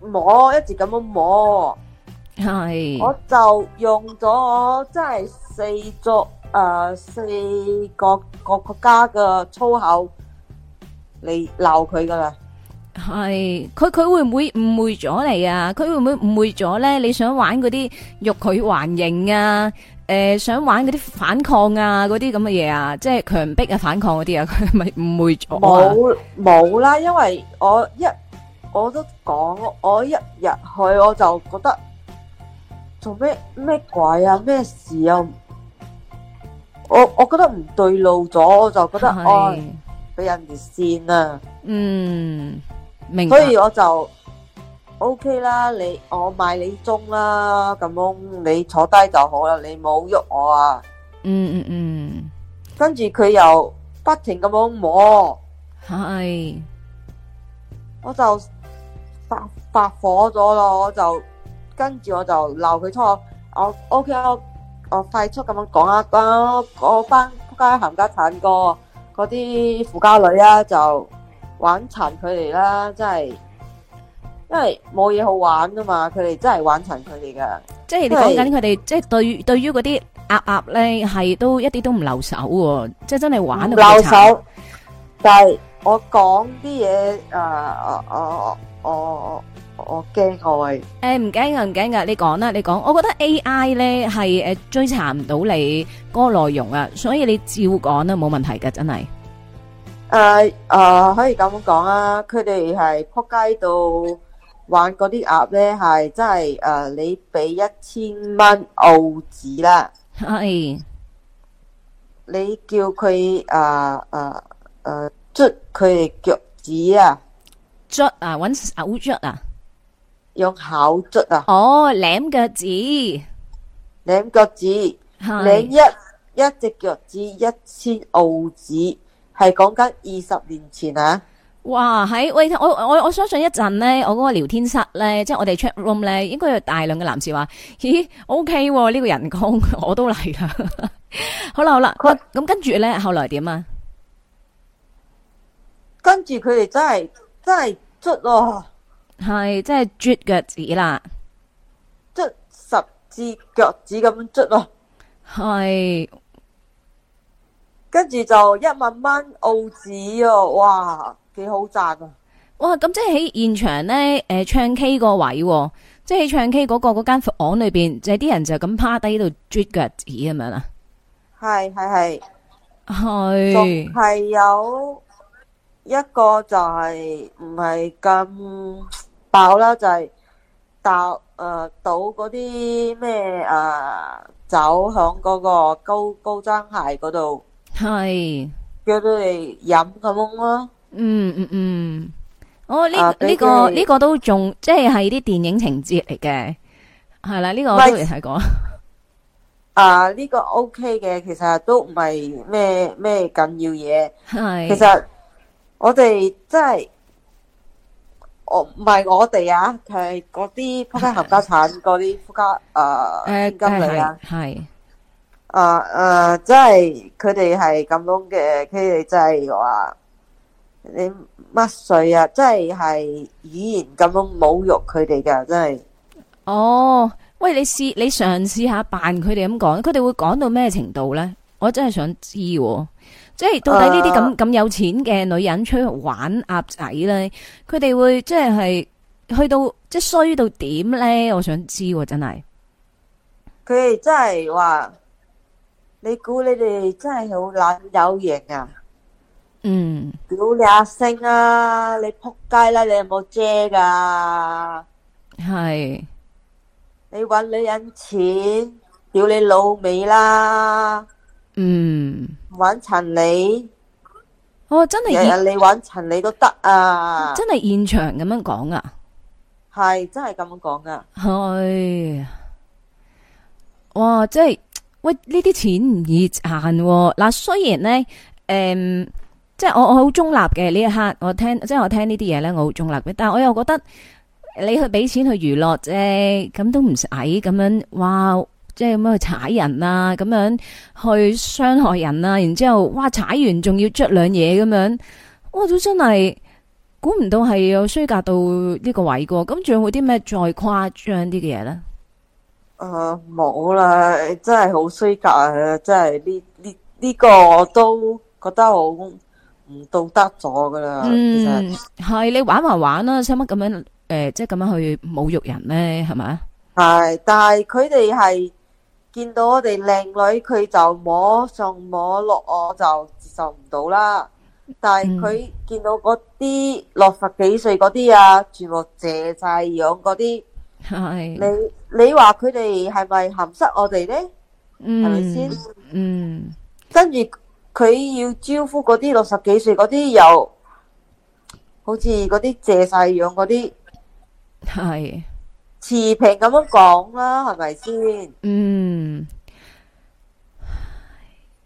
摸，一直咁樣摸，係是，我就用咗真係四作誒、呃、四個個國家嘅粗口嚟鬧佢噶啦。係，佢佢會唔會誤會咗你啊？佢會唔會誤會咗咧？你想玩嗰啲欲拒還迎啊？誒，想玩嗰啲反抗啊，嗰啲咁嘅嘢啊，即係強逼啊，反抗嗰啲啊，佢係咪誤會咗啊？冇冇啦，因為我一我都講，我一入去我就覺得做咩咩鬼啊？咩事啊？我我覺得唔對路咗，我就覺得哎俾人哋線啊，嗯。所以我就 OK 啦，你我買你鐘啦，咁樣你坐低就好啦，你冇喐我啊。嗯嗯嗯，跟住佢又不停咁樣摸，係，我就發發火咗咯，我就跟住我就鬧佢出我，我 OK 啊，我快速咁樣講啊，嗰嗰班仆街冚家鏟哥嗰啲富家女啊就。玩殘佢哋啦，真係，因為冇嘢好玩㗎嘛，佢哋真係玩殘佢哋噶。即係你講緊佢哋，即係對對於嗰啲鴨鴨咧，係都一啲都唔留手，即係真係玩到唔留手，但係我講啲嘢，誒誒誒誒，我我我驚各位。誒唔驚噶唔驚噶，你講啦你講，我覺得 A I 咧係誒追查唔到你嗰個內容啊，所以你照講都冇問題㗎，真係。誒誒，可以咁講啊！佢哋係撲街度玩嗰啲鴨咧，係真係誒，你俾一千蚊澳紙啦，係你叫佢誒誒誒捽佢哋腳趾啊，捽啊，搵手捽啊，用口捽啊，哦，舐腳趾，舐腳趾，舐一一隻腳趾一千澳紙。係講緊二十年前啊！哇，喺喂，我我我相信一陣呢，我嗰個聊天室呢，即係我哋 chat room 呢，應該有大量嘅男士話：咦，O K，呢個人工我都嚟啦！ 好啦好啦，咁他跟住呢，後來點啊？跟住佢哋真係真係捽，係真係捽腳趾啦，捽十字腳趾咁樣捽咯，係。跟住就一萬蚊澳紙喎，哇，幾好賺啊！哇，咁即係喺現場呢誒、呃，唱 K 個位，即係喺唱 K 嗰、嗰個嗰間房裏邊，就啲人就咁趴低度啜腳趾咁樣啦。係係係係係有一個就係唔係咁爆啦，就係搭誒到嗰啲咩啊，走響嗰個高高踭鞋嗰度。係叫佢哋飲個窿咯。嗯嗯嗯，哦呢呢個呢個都仲即係係啲電影情節嚟嘅，係啦，呢個我都未睇過。啊，呢個 OK 嘅，其實都唔係咩咩緊要嘢。係其實我哋即係我唔係我哋啊，係嗰啲扑街冚家鏟，嗰啲扑街誒經理啊，係。誒誒，即係佢哋係咁樣嘅，佢、呃、哋真係話你乜水啊，真係係語言咁樣侮辱佢哋噶，真係。哦，喂，你試你嘗試下扮佢哋咁講，佢哋會講到咩程度咧？我真係想知、啊，即係到底呢啲咁咁有錢嘅女人出去玩鴨仔咧，佢哋會即係去到即係衰到點咧？我想知、啊，真係。佢哋真係話。你估你哋真係好懶有型啊？嗯，屌你阿星啊！你仆街啦！你有冇遮噶？係是。你搵女人錢，屌你老味啦！嗯，搵陳李。哦，真係日日你搵陳李都得啊！真係現場咁樣講啊？係真係咁樣講噶、啊。係。哇！即係。喂，呢啲錢唔易賺。嗱，雖然咧，誒、嗯，即係我我好中立嘅呢一刻，我聽即係我聽呢啲嘢咧，我好中立嘅。但係我又覺得你去俾錢去娛樂啫，咁都唔使咁樣。哇，即係咁樣去踩人啊，咁樣去傷害人啊，然之後哇踩完仲要捽兩嘢咁樣，我都真係估唔到係有衰格到呢個位嘅、啊。咁仲有冇啲咩再誇張啲嘅嘢咧？誒，冇啦，真係好衰格啊！真係呢呢呢個我都覺得好唔道德咗噶啦。其實，係你玩還玩啦，使乜咁樣誒，即係咁樣去侮辱人咧？係咪？係，但係佢哋係見到我哋靚女，佢就摸上摸落，我就接受唔到啦。但係佢見到嗰啲六十幾歲嗰啲啊，全部謝晒樣嗰啲，係你。你話佢哋係咪鹹濕我哋咧？係咪先？嗯，跟住佢要招呼嗰啲六十幾歲嗰啲，又好似嗰啲謝晒樣嗰啲，係持平咁樣講啦，係咪先？嗯。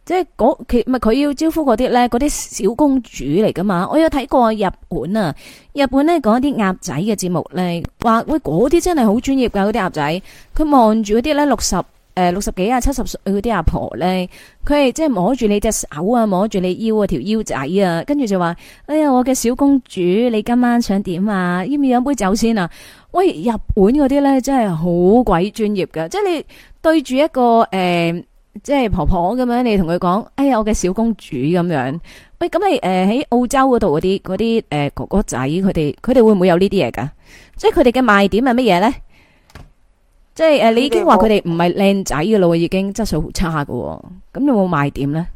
即係嗰佢咪佢要招呼嗰啲咧，嗰啲小公主嚟噶嘛？我有睇過日本啊，日本咧講一啲鴨仔嘅節目咧，話喂嗰啲真係好專業噶，嗰啲鴨仔，佢望住嗰啲咧六十誒六十幾啊七十歲嗰啲阿婆咧，佢係即係摸住你隻手啊，摸住你腰啊條腰仔啊，跟住就話，哎呀我嘅小公主，你今晚想點啊？要唔要飲杯酒先啊？喂，日本嗰啲咧真係好鬼專業噶，即係你對住一個誒。呃即係婆婆咁樣，你同佢講，哎呀，我嘅小公主咁樣。喂，咁你誒喺澳洲嗰度嗰啲嗰啲誒哥哥仔，佢哋佢哋會唔會有呢啲嘢噶？即係佢哋嘅賣點係乜嘢呢？即係誒，你已經話佢哋唔係靚仔噶啦，已經質素好差噶，咁有冇賣點呢？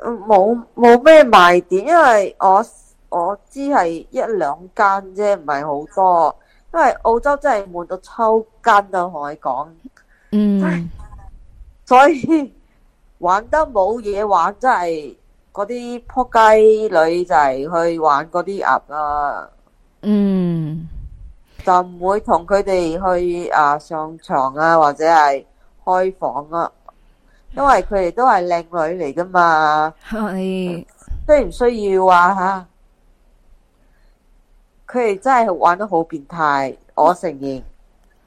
冇冇咩賣點？因為我我知係一兩間啫，唔係好多。因為澳洲真係悶到抽筋啊！可以講，嗯。所以玩得冇嘢玩，真係嗰啲撲街女就係去玩嗰啲鴨啊，嗯，就唔會同佢哋去啊上床啊或者係開房啊，因為佢哋都係靚女嚟噶嘛，係需唔需要啊吓？佢哋真係玩得好變態，我承認。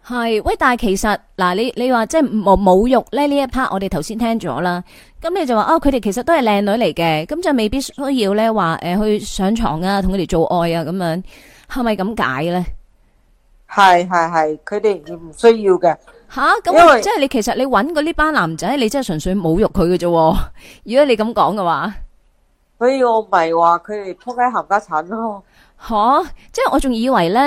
係喂，但係其實嗱，你你話即係唔侮辱咧呢一 part，我哋頭先聽咗啦。咁你就話啊，哦，佢哋其實都係靚女嚟嘅，咁就未必需要咧話誒去上床啊，同佢哋做愛啊，咁樣係咪咁解咧？係係係，佢哋唔需要嘅。吓咁、啊，即係你其實你揾過呢班男仔，你真係純粹侮辱佢嘅啫。如果你咁講嘅話，所以我咪話佢哋扑街冚家鏟咯。吓、啊！即係我仲以為咧，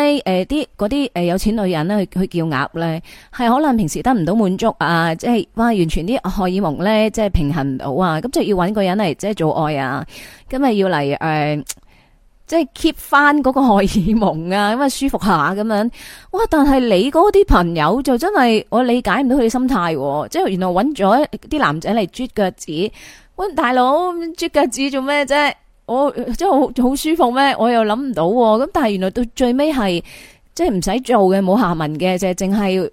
誒啲嗰啲誒有錢女人咧去去叫鴨咧，係可能平時得唔到滿足啊！即係哇，完全啲荷爾蒙咧，即係平衡唔到啊！咁即係要搵個人嚟即係做愛啊！咁咪要嚟誒、呃，即係 keep 翻嗰個荷爾蒙啊！咁啊舒服下咁樣。哇！但係你嗰啲朋友就真係我理解唔到佢嘅心態，啊，即係原來搵咗啲男仔嚟啜腳趾。喂，大佬啜腳趾做咩啫？我即係好好舒服咩？我又諗唔到咁，但係原來到最尾係即係唔使做嘅，冇下文嘅，就淨係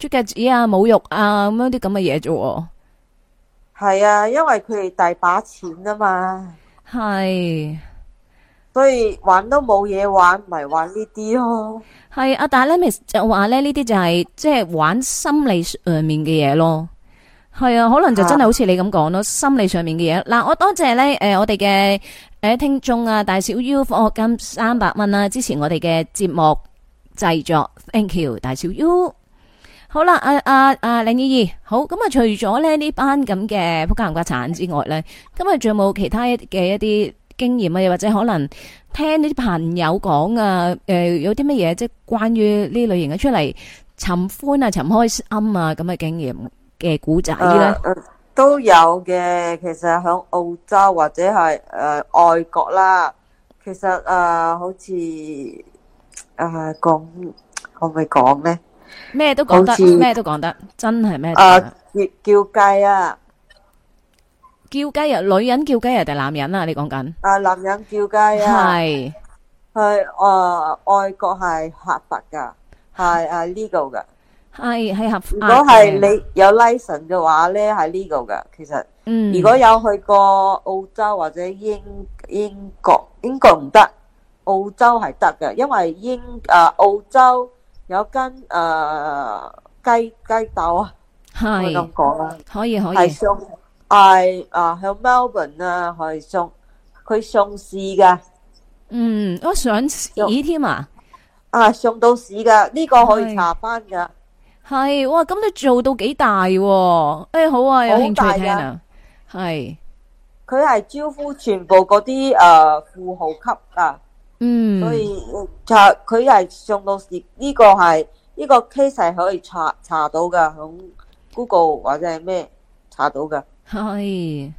誒腳趾啊、侮辱啊咁樣啲咁嘅嘢啫。係啊，因為佢哋大把錢啊嘛。係是，所以玩都冇嘢玩，咪玩呢啲咯。係啊，但係咧就話咧呢啲就係即係玩心理上面嘅嘢咯。係啊，可能就真係好似你咁講咯，啊、心理上面嘅嘢嗱。我多謝咧，誒、呃，我哋嘅誒聽眾啊，大小、y、U 科學金三百蚊啦。支持我哋嘅節目製作，thank you，大小、y、U。好啦，阿阿阿玲姨姨好咁啊。啊啊嗯、除咗咧呢這班咁嘅撲街冚家鏟之外咧，今日仲有冇其他嘅一啲經驗啊？又或者可能聽呢啲朋友講啊？誒、呃，有啲乜嘢即係關於呢類型嘅出嚟尋歡啊、尋開心啊咁嘅經驗？嘅古仔咧，都有嘅。其實喺澳洲或者係誒外國啦，其實誒好似誒講可唔可以講呢？咩都講得，咩都講得，真係咩都。啊！叫叫雞啊！叫雞啊！女人叫雞啊定男人啊？你講緊？啊！男人叫雞啊！係，係誒外國係合法噶，係啊 legal 噶。係係合。如果係你有 license 嘅話咧，喺呢個噶，其實。嗯。如果有去過澳洲或者英英國，英國唔得，澳洲係得嘅，因為英誒澳洲有間誒雞雞豆啊。係。咁講啦。可以可以。係上，係啊響 Melbourne 啊，係上佢上市嘅。嗯，我上市添啊。啊，上到市嘅，呢個可以查翻噶。係，哇！咁你做到幾大啊？誒、哎，好啊，有興趣聽啊？係，佢係是招呼全部嗰啲誒富豪級啊嗯，所以查佢係上到時呢，這個係呢，這個 case 係可以查查到噶，喺 Google 或者係咩查到噶。係是，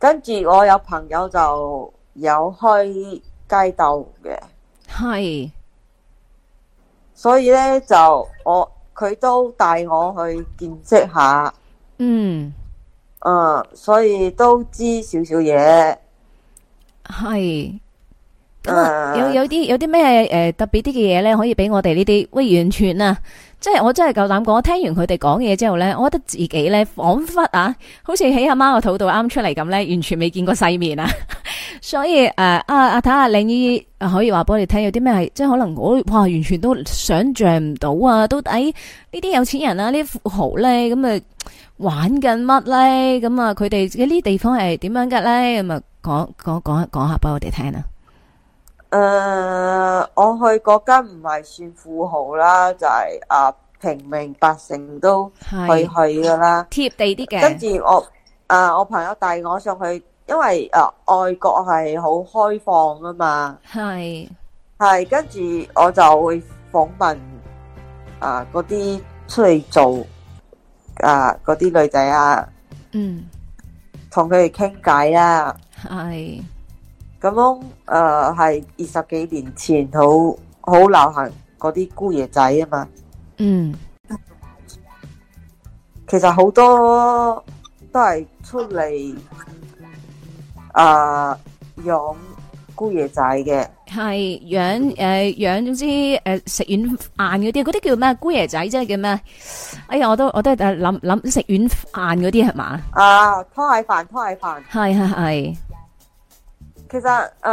跟住我有朋友就有開雞竇嘅，係。所以咧就我佢都帶我去見識下，嗯，誒、嗯，所以都知少少嘢，係。咁、嗯、有有啲有啲咩誒特別啲嘅嘢咧，可以俾我哋呢啲，喂，完全啊，即係我真係夠膽講。我聽完佢哋講嘢之後咧，我覺得自己咧，仿佛啊，好似喺阿媽個肚度啱出嚟咁咧，完全未見過世面啊。 所以誒啊啊，睇下令姨可以話，俾你聽有啲咩係，即係可能我哇，完全都想象唔到啊。到底呢啲有錢人啊，呢啲富豪咧，咁啊玩緊乜咧？咁啊，佢哋嘅呢啲地方係點樣噶咧？咁啊，講講講講下，俾我哋聽啊。誒、呃，我去嗰間唔係算富豪啦，就係、是、啊平民百姓都去去噶啦，貼地啲嘅。跟住我、啊、我朋友帶我上去，因為誒外、啊、國係好開放噶嘛，係係是跟住我就會訪問啊嗰啲出嚟做啊嗰啲女仔啊，啊啊嗯，同佢哋傾偈啦，係。咁樣，誒、嗯，係二十幾年前好好流行嗰啲姑爺仔啊嘛、呃。嗯，其實好多都係出嚟，誒，養姑爺仔嘅。係養誒養，總之誒食軟飯嗰啲，嗰啲叫咩姑爺仔啫？叫咩？哎呀，我都我都諗諗食軟飯嗰啲係嘛？啊，拖鞋飯，拖鞋飯。係係係。其實誒，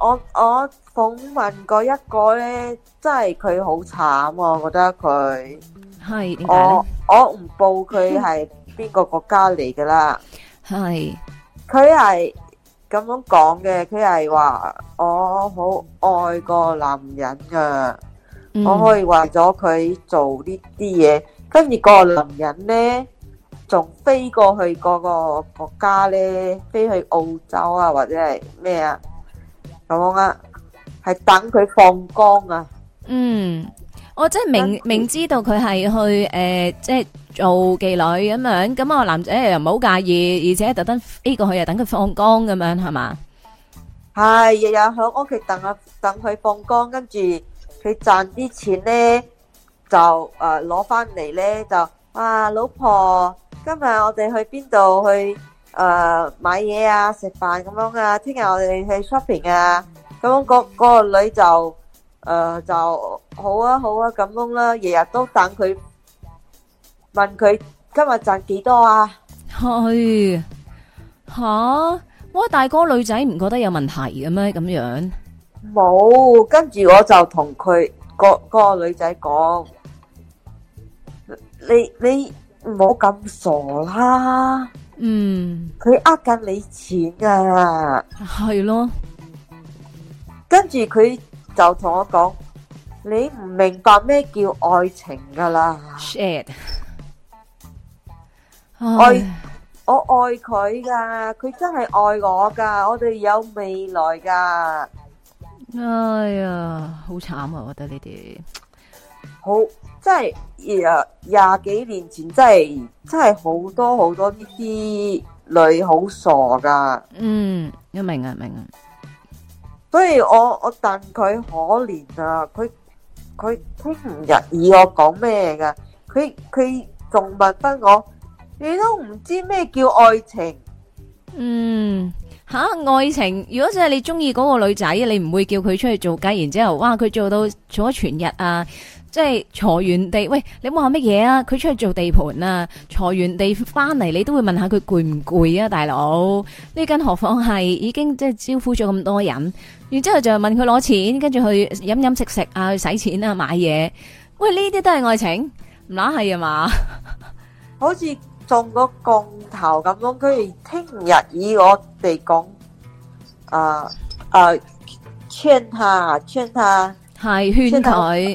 我我訪問過一個咧，真係佢好慘啊！我覺得佢係我我唔報佢係邊個國家嚟噶啦。係佢係咁樣講嘅，佢係話我好愛個男人啊，我可以為咗佢做呢啲嘢，跟住個男人咧。仲飛過去個個國家咧，飛去澳洲啊，或者係咩啊？咁啊，係等佢放工啊！嗯，我即係明他明知道佢係去誒、呃，即係做妓女咁樣。咁啊，男仔又冇介意，而且特登飛過去又等佢放工咁樣係嘛？係日日響屋企等啊，等佢放工，跟住佢賺啲錢咧，就誒攞翻嚟咧，就哇、啊、老婆。今日我哋去邊度去誒買嘢啊，食飯咁樣啊，聽日我哋去 shopping 啊，咁樣嗰嗰個女就誒就好啊好啊咁樣啦，日日都等佢問佢今日賺幾多啊？去吓，我大哥女仔唔覺得有問題嘅咩？咁樣冇，跟住我就同佢嗰嗰個女仔講，你你。唔好咁傻啦，嗯，佢呃緊你錢噶，係咯，跟住佢就同我講，你唔明白咩叫愛情噶啦，Shed，愛我愛佢噶，佢真係愛我噶，我哋有未來噶，哎呀，好慘啊，我覺得你哋。好。即係廿廿幾年前，真係真係好多好多呢啲女好傻噶。嗯，你明啊，明啊。所以我我戥佢可憐啊，佢佢聽唔入耳我講咩㗎？佢佢仲問翻我，你都唔知咩叫愛情。嗯，吓愛情，如果真係你中意嗰個女仔，你唔會叫佢出去做雞，然之後哇，佢做到做咗全日啊！即係鋤完地，喂，你冇話乜嘢啊？佢出去做地盤啊，鋤完地翻嚟，你都會問下佢攰唔攰啊，大佬？呢間何況係已經即係招呼咗咁多人，然之後就問佢攞錢，跟住去飲飲食食啊，去使錢啊，買嘢。喂，呢啲都係愛情，唔乸係啊嘛？好似中個降頭咁樣，佢聽日以我哋講，啊呃、呃，勸下，勸下，係勸佢。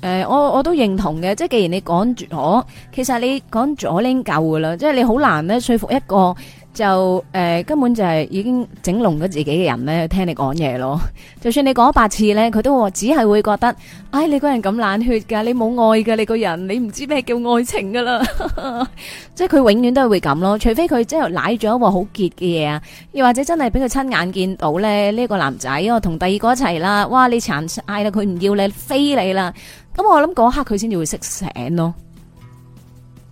誒、呃，我我都認同嘅，即係既然你講咗，其實你講咗拎夠噶啦，即係你好難咧說服一個就誒、呃、根本就係已經整聾咗自己嘅人咧聽你講嘢咯。 就算你講百次咧，佢都只係會覺得，哎你個人咁冷血噶，你冇愛噶，你個人你唔知咩叫愛情噶啦， 即係佢永遠都係會咁咯，除非佢真係舐咗一個好結嘅嘢啊，又或者真係俾佢親眼見到咧呢、這個男仔哦同第二個一齊啦，哇你殘晒啦，佢唔要你，飛你啦。咁我諗嗰刻佢先至會識醒咯。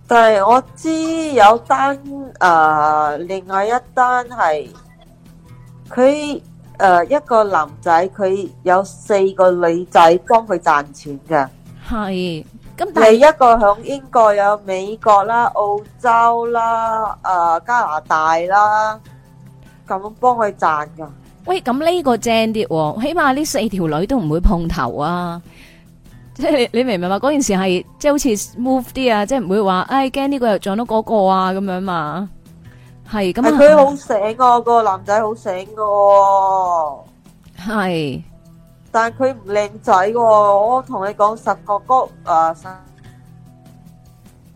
但係我知有單誒，另外一單係佢誒，一個男仔佢有四個女仔幫佢賺錢嘅。係，但係一個響英國有美國啦、澳洲啦、誒加拿大啦，咁幫佢賺噶。喂，咁呢個正啲，起碼呢四條女都唔會碰頭啊！即係你，你明唔明嘛？嗰件事係即係好似 move 啲啊，即係唔會話唉驚呢個又撞到嗰個啊咁樣嘛。係咁佢好醒個、啊個男仔好醒個、啊，係是，但係佢唔靚仔。我同你講十個哥啊，十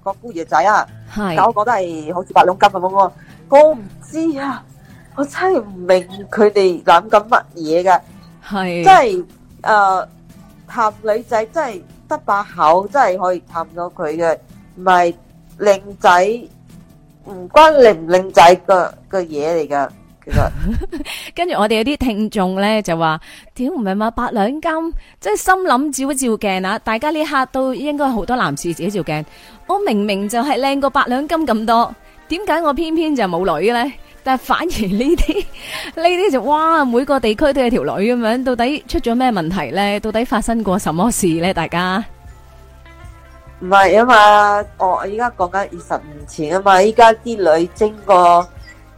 個姑爺仔啊，是但我覺得係好似八兩金咁咯、啊。我唔知啊，我真係唔明佢哋諗緊乜嘢噶。係是，即係誒。呃氹女仔真係得把口，真係可以氹到佢嘅，唔係靚仔唔關靚唔靚仔個個嘢嚟㗎。其實，跟住我哋有啲聽眾咧就話，屌唔係嘛，八兩金，即係心諗照一照鏡啊！大家呢刻都應該好多男士自己照鏡，我明明就係靚過八兩金咁多，點解我偏偏就冇女嘅咧？但係反而呢啲呢啲就哇每個地區都有條女咁樣，到底出咗咩問題咧？到底發生過什麼事咧？大家唔係啊嘛，我我依家講緊二十年前啊嘛，依家啲女精過，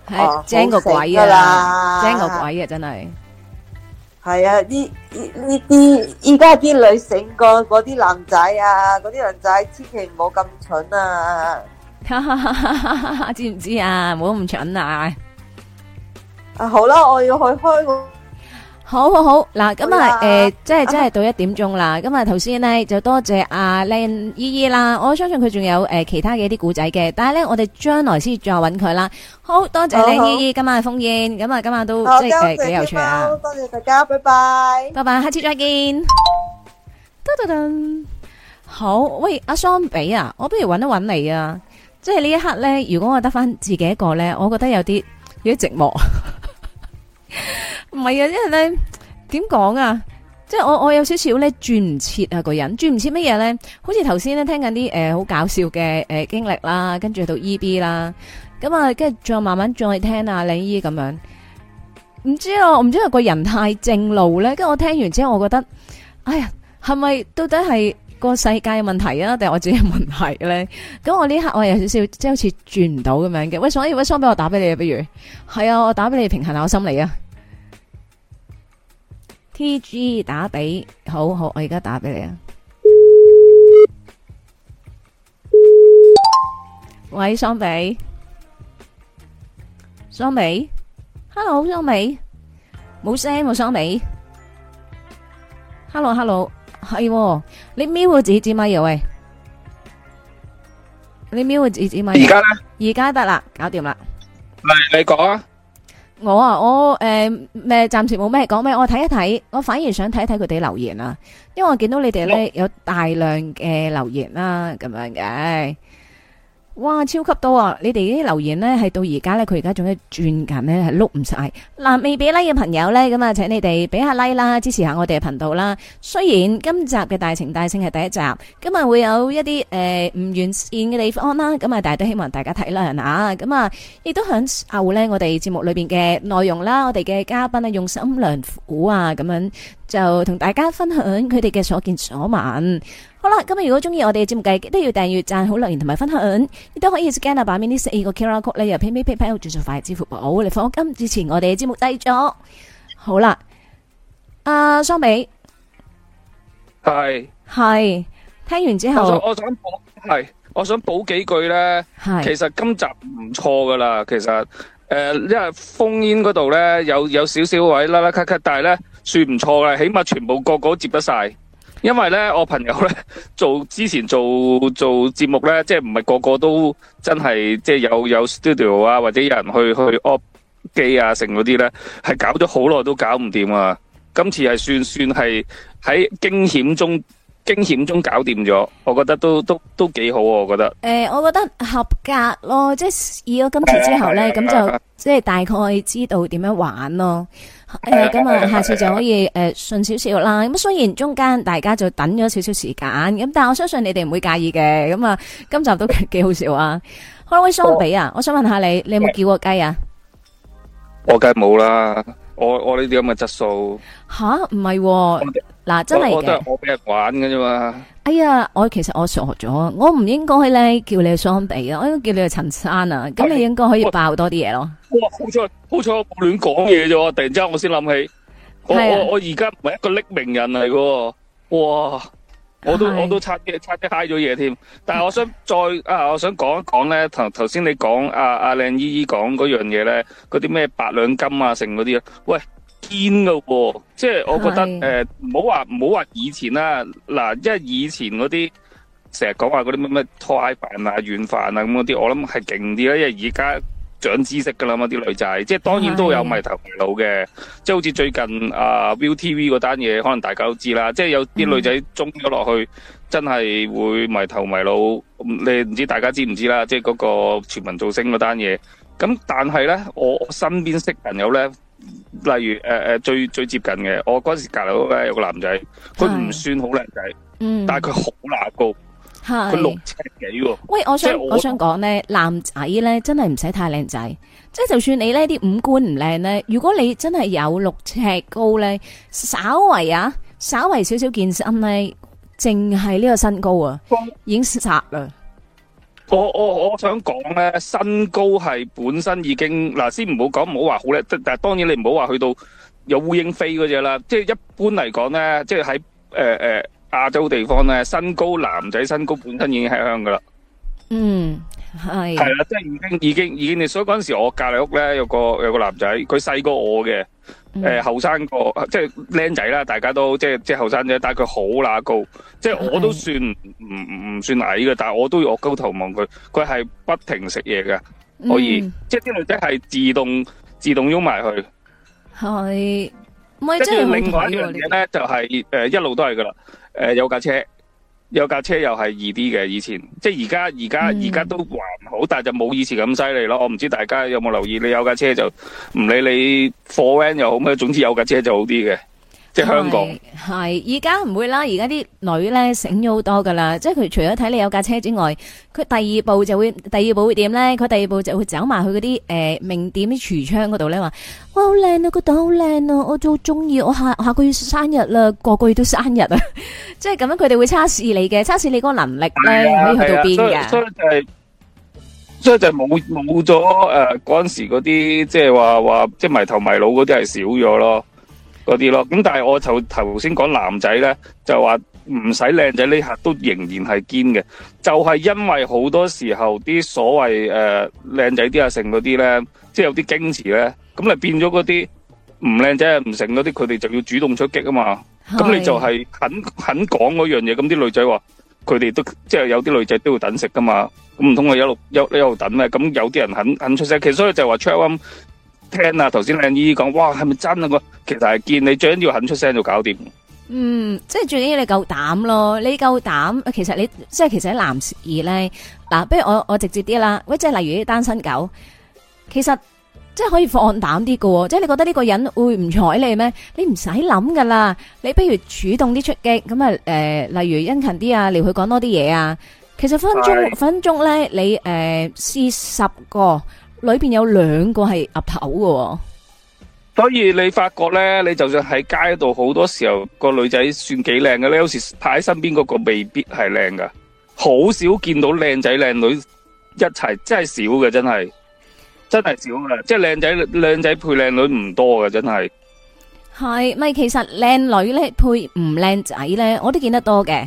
係精過鬼噶啦，精過鬼啊真係，係啊呢呢啲依家啲女醒過嗰啲男仔啊，嗰啲男仔千祈唔好咁蠢啊！哈哈， 知唔知啊？唔好咁蠢啊！啊好啦，我要去開個好好嗱好，咁啊誒，即係即係到一點鐘啦。咁啦、呃、啊頭先咧就多謝阿靚姨姨啦，我相信佢仲有誒、呃、其他嘅一啲古仔嘅，但係咧我哋將來先再揾佢啦。好多謝靚姨姨，今晚嘅烽煙，咁啊今晚都即係幾有趣啊！多謝，謝大家，拜拜，拜拜，下次再見。噠噠噠好，喂阿桑比啊，我不如揾一揾你啊！即係呢一刻咧，如果我得返自己一個咧，我覺得有啲有啲寂寞。唔係啊，因為咧點講啊？即係我我有少少咧轉唔切啊個人，轉唔切乜嘢咧？好似頭先咧聽緊啲誒好搞笑嘅誒經歷啦，跟住到 EB 啦，咁啊跟住再慢慢再聽聽啊李姨咁樣。唔知啊，唔知係個人太正路咧，跟住我聽完之後，我覺得，哎呀，係咪到底係？個世界有問題啊，定係我自己有問題咧？咁我呢刻我有少少即係好似轉唔到咁樣嘅。喂，雙儀，喂，雙比，我打俾你啊，不如？係啊，我打俾你平衡下我心理啊。T G 打俾，好好，我而家打俾你啊。喂，雙比，雙比，hello，雙比，冇聲，冇雙比，hello，hello。Hello, Hello. 係，你瞄下自己支咪又，喂，你瞄下自己支咪。而家啦，而家得啦，搞掂啦。咪你講啊！我啊，我誒咩暫時冇咩講咩，我睇一睇，我反而想睇一睇佢哋留言啊，因為我見到你哋咧有大量嘅留言啦，啊，咁樣嘅。哇，超級多！啊！你哋啲留言呢，係到而家呢，佢而家仲喺轉緊呢係碌唔晒。嗱、啊，未俾 like 嘅朋友呢，咁啊，請你哋俾下 like 啦，支持下我哋嘅頻道啦。雖然今集嘅大情大性係第一集，今日會有一啲誒唔完善嘅地方啦，咁啊，但係都希望大家體諒。下。咁啊，亦都享受啊我哋節目裏邊嘅內容啦，我哋嘅嘉賓用心良苦啊，咁樣就同大家分享佢哋嘅所見所聞。好啦，今日如果中意我哋嘅節目計，都要訂閱、贊好留言同埋分享。你都可以 scan 下版面啲十二個 QR code 咧，又 Pay Pay Pay Pay 住最快支付寶嚟放。今之前我哋嘅節目低咗，好啦，阿桑美係係聽完之後，我想補係，我想補幾句咧。係其實今集唔錯噶啦，其實誒，因為烽煙嗰度咧有有少少位甩甩咳咳，但係咧算唔錯嘅，起碼全部個個都接得晒。因為咧，我朋友咧做之前做做節目咧，即係唔係個個都真係即係有有 studio 啊，或者有人去去 op 機啊，成嗰啲咧，係搞咗好耐都搞唔掂啊！今次係算算係喺驚險中。驚險中搞掂咗，我覺得都都都幾好喎、啊。我覺得，誒、欸，我覺得合格咯，即係以咗今次之後咧，咁 就即係大概知道點樣玩咯。誒、 欸，咁啊，下次就可以誒，順、 呃、少少啦。咁雖然中間大家就等咗少少時間，咁但係我相信你哋唔會介意嘅。咁啊，今集都幾好笑啊！ 好啦，威雙比啊，我想問下你，你有冇叫過雞啊？ 我雞冇啦，我我呢啲咁嘅質素吓，唔係。 嗱、啊，真係我，我都係我俾人玩嘅啫嘛。哎呀，我其實我傻咗，我唔應該去咧叫你去雙比啊，我應該叫你去陳生啊。咁你應該可以爆多啲嘢咯。哎、哇哇好彩，好彩，我冇亂講嘢啫。突然之間我、啊我，我先諗起，我我而家唔係一個匿名人嚟嘅。哇，我都是我都差啲差啲嗨咗嘢添。但係我想再啊，我想講一講咧，頭頭先你講阿阿靚姨姨講嗰樣嘢咧，嗰啲咩八兩金啊，剩嗰啲啊，喂。癲噶喎，即係、哦就是、我覺得誒，唔好話唔好話以前啦，嗱，因為以前嗰啲成日講話嗰啲咩咩拖鞋飯啊軟飯啊咁嗰啲，我諗係勁啲啦，因為而家長知識噶啦嘛，啲女仔，即、就、係、是、當然都有迷頭迷腦嘅，即係的好似最近啊、呃、Viu TV 嗰單嘢，可能大家都知啦，即、就、係、是、有啲女仔中咗落去，嗯、真係會迷頭迷腦，你唔知大家知唔知啦，即係嗰個全民造星嗰單嘢，咁但係咧，我我身邊識朋友咧。例如誒誒、呃，最最接近嘅，我嗰時隔樓咧有個男仔，佢唔算好靚仔，是但係佢好撚高，佢是六尺幾喎。喂，我想我，我想講咧，男仔咧真係唔使太靚仔，即係就算你呢啲五官唔靚咧，如果你真係有六尺高咧，稍為啊，稍為少少健身咧，淨係呢個身高啊，我已經殺啦。我我我想講咧，身高係本身已經嗱，先唔好講，唔好話好叻，但係當然你唔好話去到有烏蠅飛嗰隻啦。即係一般嚟講咧，即係喺誒誒亞洲地方咧，身高男仔身高本身已經係香噶啦。嗯，係係啦，即係已經已經已經，所以嗰陣時我隔籬屋咧有個有個男仔，佢細過我嘅。誒，後生個即係僆仔啦，大家都即係即係後生仔，但係佢好乸高，即係我都算唔唔的算矮嘅，但係我都要我高頭望佢，佢係不停食嘢嘅，可以，嗯、即係啲女仔係自動自動喐埋去，係唔係？跟住另外一呢樣嘢咧，的就係、是、誒、呃、一路都係噶啦，誒、呃、有架車。有架車又係易啲嘅，以前即係而家而家而家都還好，但係就冇以前咁犀利咯。我唔知大家有冇留意，你有架車就唔理你貨 Van 又好咩，總之有架車就好啲嘅。即係香港係，而家唔會啦。而家啲女咧醒咗好多噶啦，即係佢除咗睇你有架車之外，佢第二步就會第二步會點咧？佢第二步就會走埋去嗰啲誒名店啲櫥窗嗰度咧，話哇好靚啊，個袋好靚啊，我都中意。我下下個月生日啦，個個月都生日啊！即係咁樣，佢哋會測試你嘅，測試你嗰個能力咧，可以去到邊噶。所以就係，所以就係冇冇咗誒嗰陣時嗰啲，即係話話即係迷頭迷腦嗰啲係少咗咯。嗰啲咯，咁但係我就頭先講男仔咧，就話唔使靚仔呢下都仍然係堅嘅，就係、是、因為好多時候啲所謂誒靚仔啲啊剩嗰啲咧，即係有啲矜持咧，咁咪變咗嗰啲唔靚仔唔剩嗰啲，佢哋就要主動出擊啊嘛，咁是你就係肯肯講嗰樣嘢，咁啲女仔話佢哋都即係有啲女仔都要等食噶嘛，咁唔通我一路一路等咩？咁有啲人肯肯出聲，其實所以就話 charm。聽啦、啊，頭先靚姨講，哇，係咪真啊？其實係見你最緊要肯出聲就搞掂。嗯，即係最緊要你夠膽咯，你夠膽。其實你即係其實喺男士咧，嗱、啊，不如我我直接啲啦，喂，即係例如啲單身狗，其實即係可以放膽啲噶，即係你覺得呢個人會唔睬你咩？你唔使諗噶啦，你不如主動啲出擊，咁啊，誒、呃，例如殷勤啲啊，撩佢講多啲嘢啊。其實分鐘是分鐘咧，你誒試十個。裏邊有兩個係岌頭嘅、哦，所以你發覺咧，你就算喺街度，好多時候個女仔算幾靚嘅，咧有時拍喺身邊嗰個未必係靚噶好少見到靚仔靚女一齊，真係少嘅，真係真係少嘅啦，即係靚仔靚仔配靚女唔多嘅，真係係咪？其實靚女咧配唔靚仔咧，我都見得多嘅，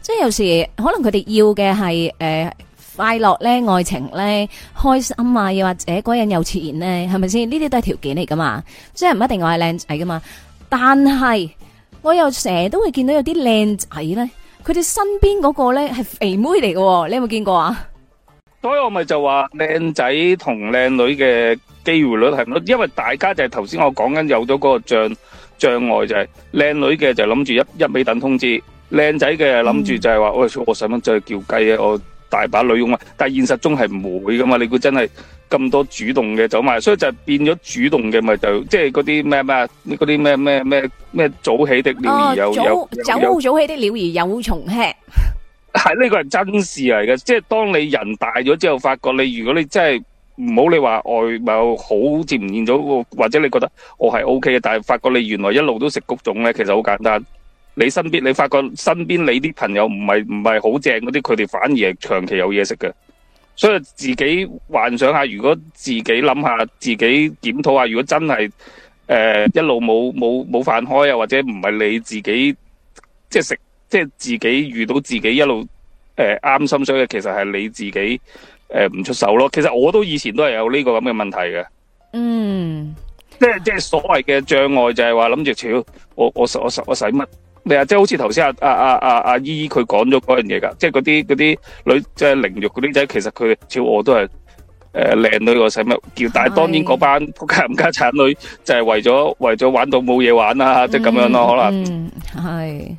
即係有時可能佢哋要嘅係誒。呃快樂咧，愛情咧，開心啊，又或者嗰人有錢咧、啊，係咪先？呢啲都係條件嚟噶嘛，即係唔一定話係靚仔噶嘛。但係我又成日都會見到有啲靚仔咧，佢哋身邊嗰個咧係肥妹嚟噶、哦，你有冇見過啊？所以我咪就話靚仔同靚女嘅機會率係唔同。因為大家就係頭先我講緊有咗嗰個障障礙就係靚女嘅就諗住一一味等通知，靚仔嘅諗住就係話喂，我使乜再叫雞啊我？大把女用啊，但係現實中係唔會㗎嘛，你估真係咁多主動嘅走埋，所以就變咗主動嘅咪就即係嗰啲咩咩，嗰啲咩咩咩咩早起的鳥兒有有有、啊、早，早起的鳥兒有蟲吃，呢、呢個係真事嚟嘅，即係當你人大咗之後，發覺你如果你真係唔好你話外貌好似唔然咗，或者你覺得我係 OK 嘅，但係發覺你原來一路都食谷種咧，其實好簡單。你身邊，你發覺身邊你啲朋友唔係唔係好正嗰啲，佢哋反而係長期有嘢食嘅。所以自己幻想下，如果自己諗下，自己檢討下，如果真係誒、呃、一路冇冇冇飯開啊，或者唔係你自己即係食即係自己遇到自己一路誒啱、呃、心水嘅，其實係你自己誒唔、呃、出手咯。其實我都以前都係有呢個咁嘅問題嘅。嗯、mm.，即係即係所謂嘅障礙就係話諗住，瞧我我我我使乜？咩啊？即係好似頭先阿阿阿阿阿姨佢講咗嗰樣嘢㗎，即係嗰啲啲女即係凌辱嗰啲仔，其實佢朝我都係誒靚女或係乜，但係當然嗰班仆街唔家殘女就係為咗為咗玩到冇嘢玩啦、啊，即係咁樣咯，可能嗯，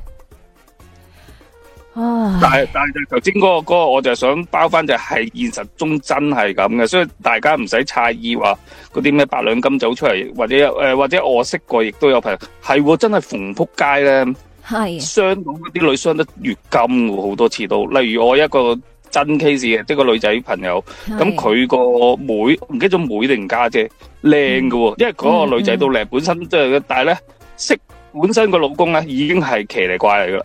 嗯但係是唉但係就頭先嗰個我就想包翻就係現實中真係咁嘅，所以大家唔使猜疑話嗰啲咩八兩金走出嚟，或者誒、呃、或者我識過，亦都有朋友係真係逢仆街咧。係，是傷到嗰啲女傷得越深，好多次都。例如我一個真 case 嘅，即個女仔朋友，咁佢個妹，唔記得咗妹定家姐，姐，靚㗎喎。嗯、因為嗰個女仔都靚，本身即、就、係、是，嗯、但係咧識本身個老公咧已經係奇嚟怪嚟㗎喇。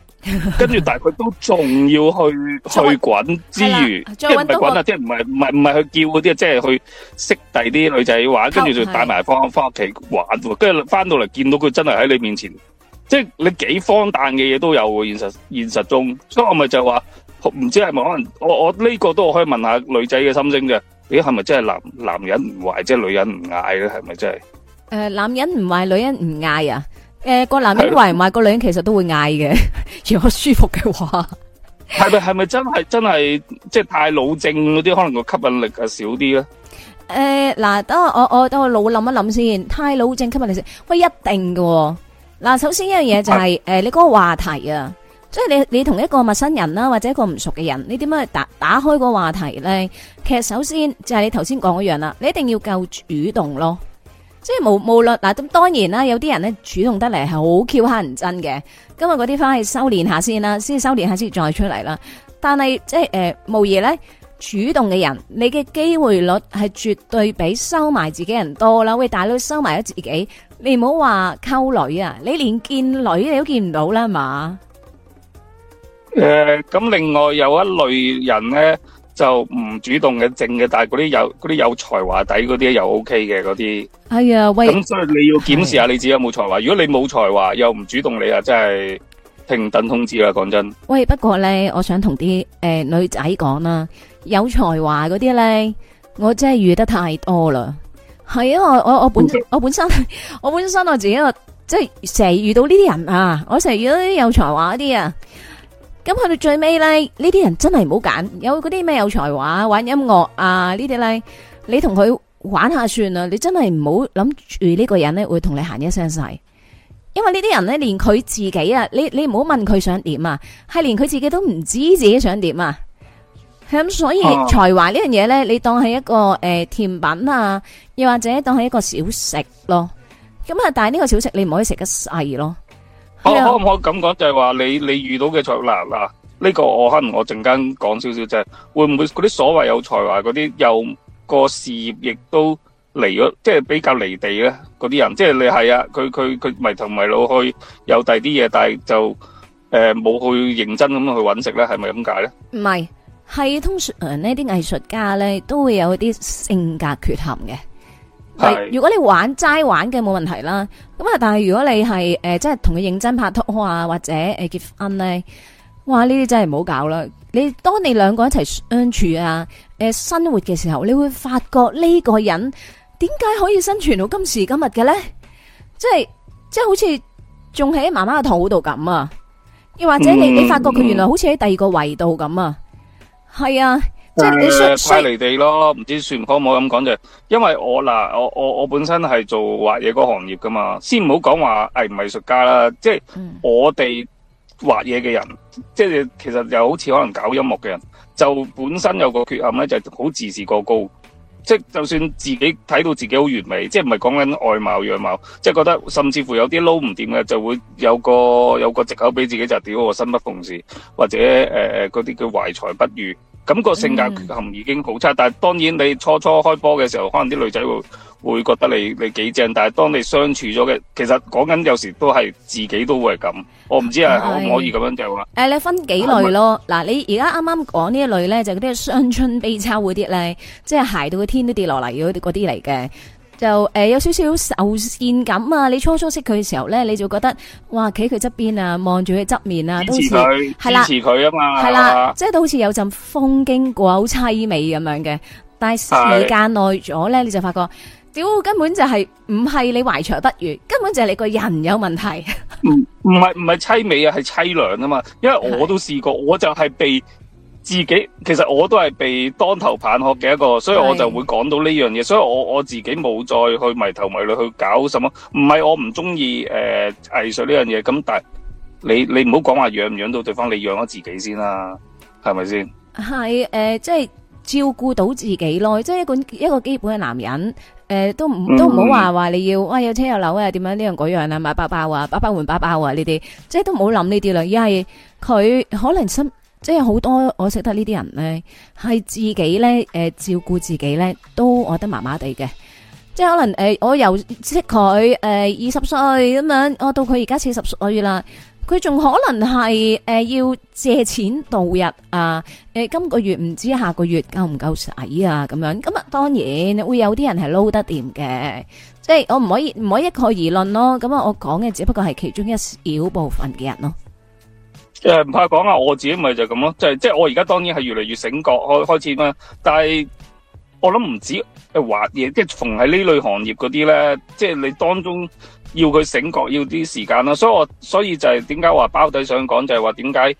跟住 但係佢都仲要去去滾之餘，即係唔係滾啊？即係唔係唔係唔係去叫嗰啲即係去識第啲女仔玩，跟住就帶埋返返屋企玩。跟住返到嚟見到佢真係喺你面前。即係你幾荒誕嘅嘢都有喎，現實現實中，所以我咪就話唔知係咪可能我我呢個都可以問下女仔嘅心聲嘅，你係咪真係男男人唔壞即係女人唔嗌咧？係咪真係？誒，男人唔壞，女人唔嗌啊！誒，個男人壞唔壞，個女人其實都會嗌嘅，如果舒服嘅話。係咪係咪真係真係即係太老正嗰啲，可能個吸引力啊少啲咧？誒，嗱，等我我我等我腦諗一諗先，太老正吸引力先，喂，一定㗎。嗱，首先一樣嘢就係、是，誒、呃，你嗰個話題啊，即係你你同一個陌生人啦，或者一個唔熟嘅人，你點樣去打打開個話題呢？其實首先就係你頭先講嗰樣啦，你一定要夠主動咯，即係無無論嗱，咁當然啦，有啲人呢主動得嚟係好翹下人憎嘅，今日嗰啲翻去修煉下先啦，先修煉下先再出嚟啦。但係即係誒、呃，無疑呢，主動嘅人，你嘅機會率係絕對比收埋自己人多啦。喂大佬，收埋咗自己。你唔好話溝女啊，你連見女你都見唔到啦，係嘛、呃？誒，咁另外有一類人咧，就唔主動嘅，正嘅，但係嗰啲有嗰啲有才華底嗰啲又 OK 嘅嗰啲。係啊，喂，咁所以你要檢視下你自己有冇才華。啊、如果你冇才華又唔主動你，你啊真係平等通知啦，講真。喂，不過咧，我想同啲誒女仔講啦，有才華嗰啲咧，我真係遇得太多啦。係啊！我我我本我本身，我本身，我，本身我自己個，即係成日遇到呢啲人啊！我成日遇到啲有才華啲啊！咁去到最尾咧，呢啲人真係唔好揀，有嗰啲咩有才華玩音樂啊這些呢啲咧，你同佢玩下算啦！你真係唔好諗住呢個人咧會同你行一生世，因為呢啲人咧連佢自己啊，你你唔好問佢想點啊，係連佢自己都唔知自己想點啊！咁所以才華呢樣嘢咧，你當係一個誒、呃、甜品啊，又或者當係一個小食咯。咁啊，但係呢個小食你唔可以食得細咯。啊、的可唔可以咁講？就係、是、話你你遇到嘅才華啊？呢、啊這個我可能我陣間講少少啫。會唔會嗰啲所謂有才華嗰啲，又個事業亦都離咗，即係比較離地咧？嗰啲人，即係你係啊？佢佢佢迷頭迷腦去有第二啲嘢，但係就誒冇、呃、去認真咁樣去揾食咧？係咪咁解咧？唔係。係通常呢啲藝術家呢都會有啲性格缺陷嘅。係的如果你玩齋玩嘅冇問題啦。咁啊，但係如果你係誒、呃，真係同佢認真拍拖啊，或者誒、呃、結婚呢，哇！呢啲真係唔好搞啦。你當你兩個一齊相處啊，誒、呃，生活嘅時候，你會發覺呢個人點解可以生存到今時今日嘅呢？即係即係好似仲喺媽媽嘅肚度咁啊！又或者你、嗯、你發覺佢原來好似喺第二個維度咁啊！係啊，即係怪離地咯，唔知算唔可唔可以咁講就，因為我嗱，我我我本身係做畫嘢嗰行業噶嘛，先唔好講話藝唔藝術家啦，即係、嗯、我哋畫嘢嘅人，即係其實又好似可能搞音樂嘅人，就本身有個缺陷咧，就係好自視過高，即係就算自己睇到自己好完美，即係唔係講緊外貌樣貌，即係覺得甚至乎有啲撈唔掂嘅，就會有個有個籍口俾自己就屌我身不逢事，或者誒誒嗰啲叫懷才不遇。咁個性格缺陷已經好差，嗯、但係當然你初初開波嘅時候，可能啲女仔會會覺得你你幾正，但係當你相處咗嘅，其實講緊有時都係自己都會係咁，我唔知係可唔可以咁樣就啦。誒對，你分幾類咯？嗱、啊，你而家啱啱講呢一類咧，就嗰啲傷春悲秋嗰啲咧，即、就、係、是、鞋到個天都跌落嚟嗰啲嗰啲嚟嘅。就誒、呃、有少少愁善感啊！你初初識佢嘅時候咧，你就覺得哇，企佢側邊啊，望住佢側面啊，都係像啦，支持佢啊嘛，係啦，即係都好似有陣風經過，好淒美咁樣嘅。但係時間耐咗咧，的你就發覺，屌根本就係唔係你懷才不如，根本就係你個人有問題。唔唔係唔係淒美啊，係淒涼啊嘛，因為我都試過，的我就係被。自己其實我都係被當頭棒喝嘅一個，所以我就會講到呢樣嘢，所以我我自己冇再去迷頭迷腦去搞什麼。唔係我唔中意誒藝術呢樣嘢，咁但係你你唔好講話養唔養到對方，你養咗自己先啦，係咪先？係誒，即係照顧到自己咯，即係一個一個基本嘅男人誒，都唔都唔好話話你要哇有車有樓啊點樣呢樣嗰樣啊買包包啊包包換包包啊呢啲，即係都唔好諗呢啲啦，而係佢可能心。即係好多我識得呢啲人咧，係自己咧誒、呃、照顧自己咧，都我覺得麻麻地嘅。即係可能誒、呃，我由識佢誒二十歲咁樣，我到佢而家四十歲啦，佢仲可能係誒、呃、要借錢度日啊！誒、呃、今個月唔知下個月夠唔夠使啊咁樣。咁啊，當然會有啲人係撈得掂嘅，即係我唔可以唔可以一概而論咯。咁啊，我講嘅只不過係其中一小部分嘅人咯。誒，唔、呃、怕講啊！我自己咪就咁咯，就是，即係即係我而家當然係越嚟越醒覺，開開始咁。但係我諗唔止係玩嘢，即係逢喺呢類行業嗰啲咧，即係你當中要佢醒覺要啲時間啦。所以我所以就係點解話包底想講就係話點解誒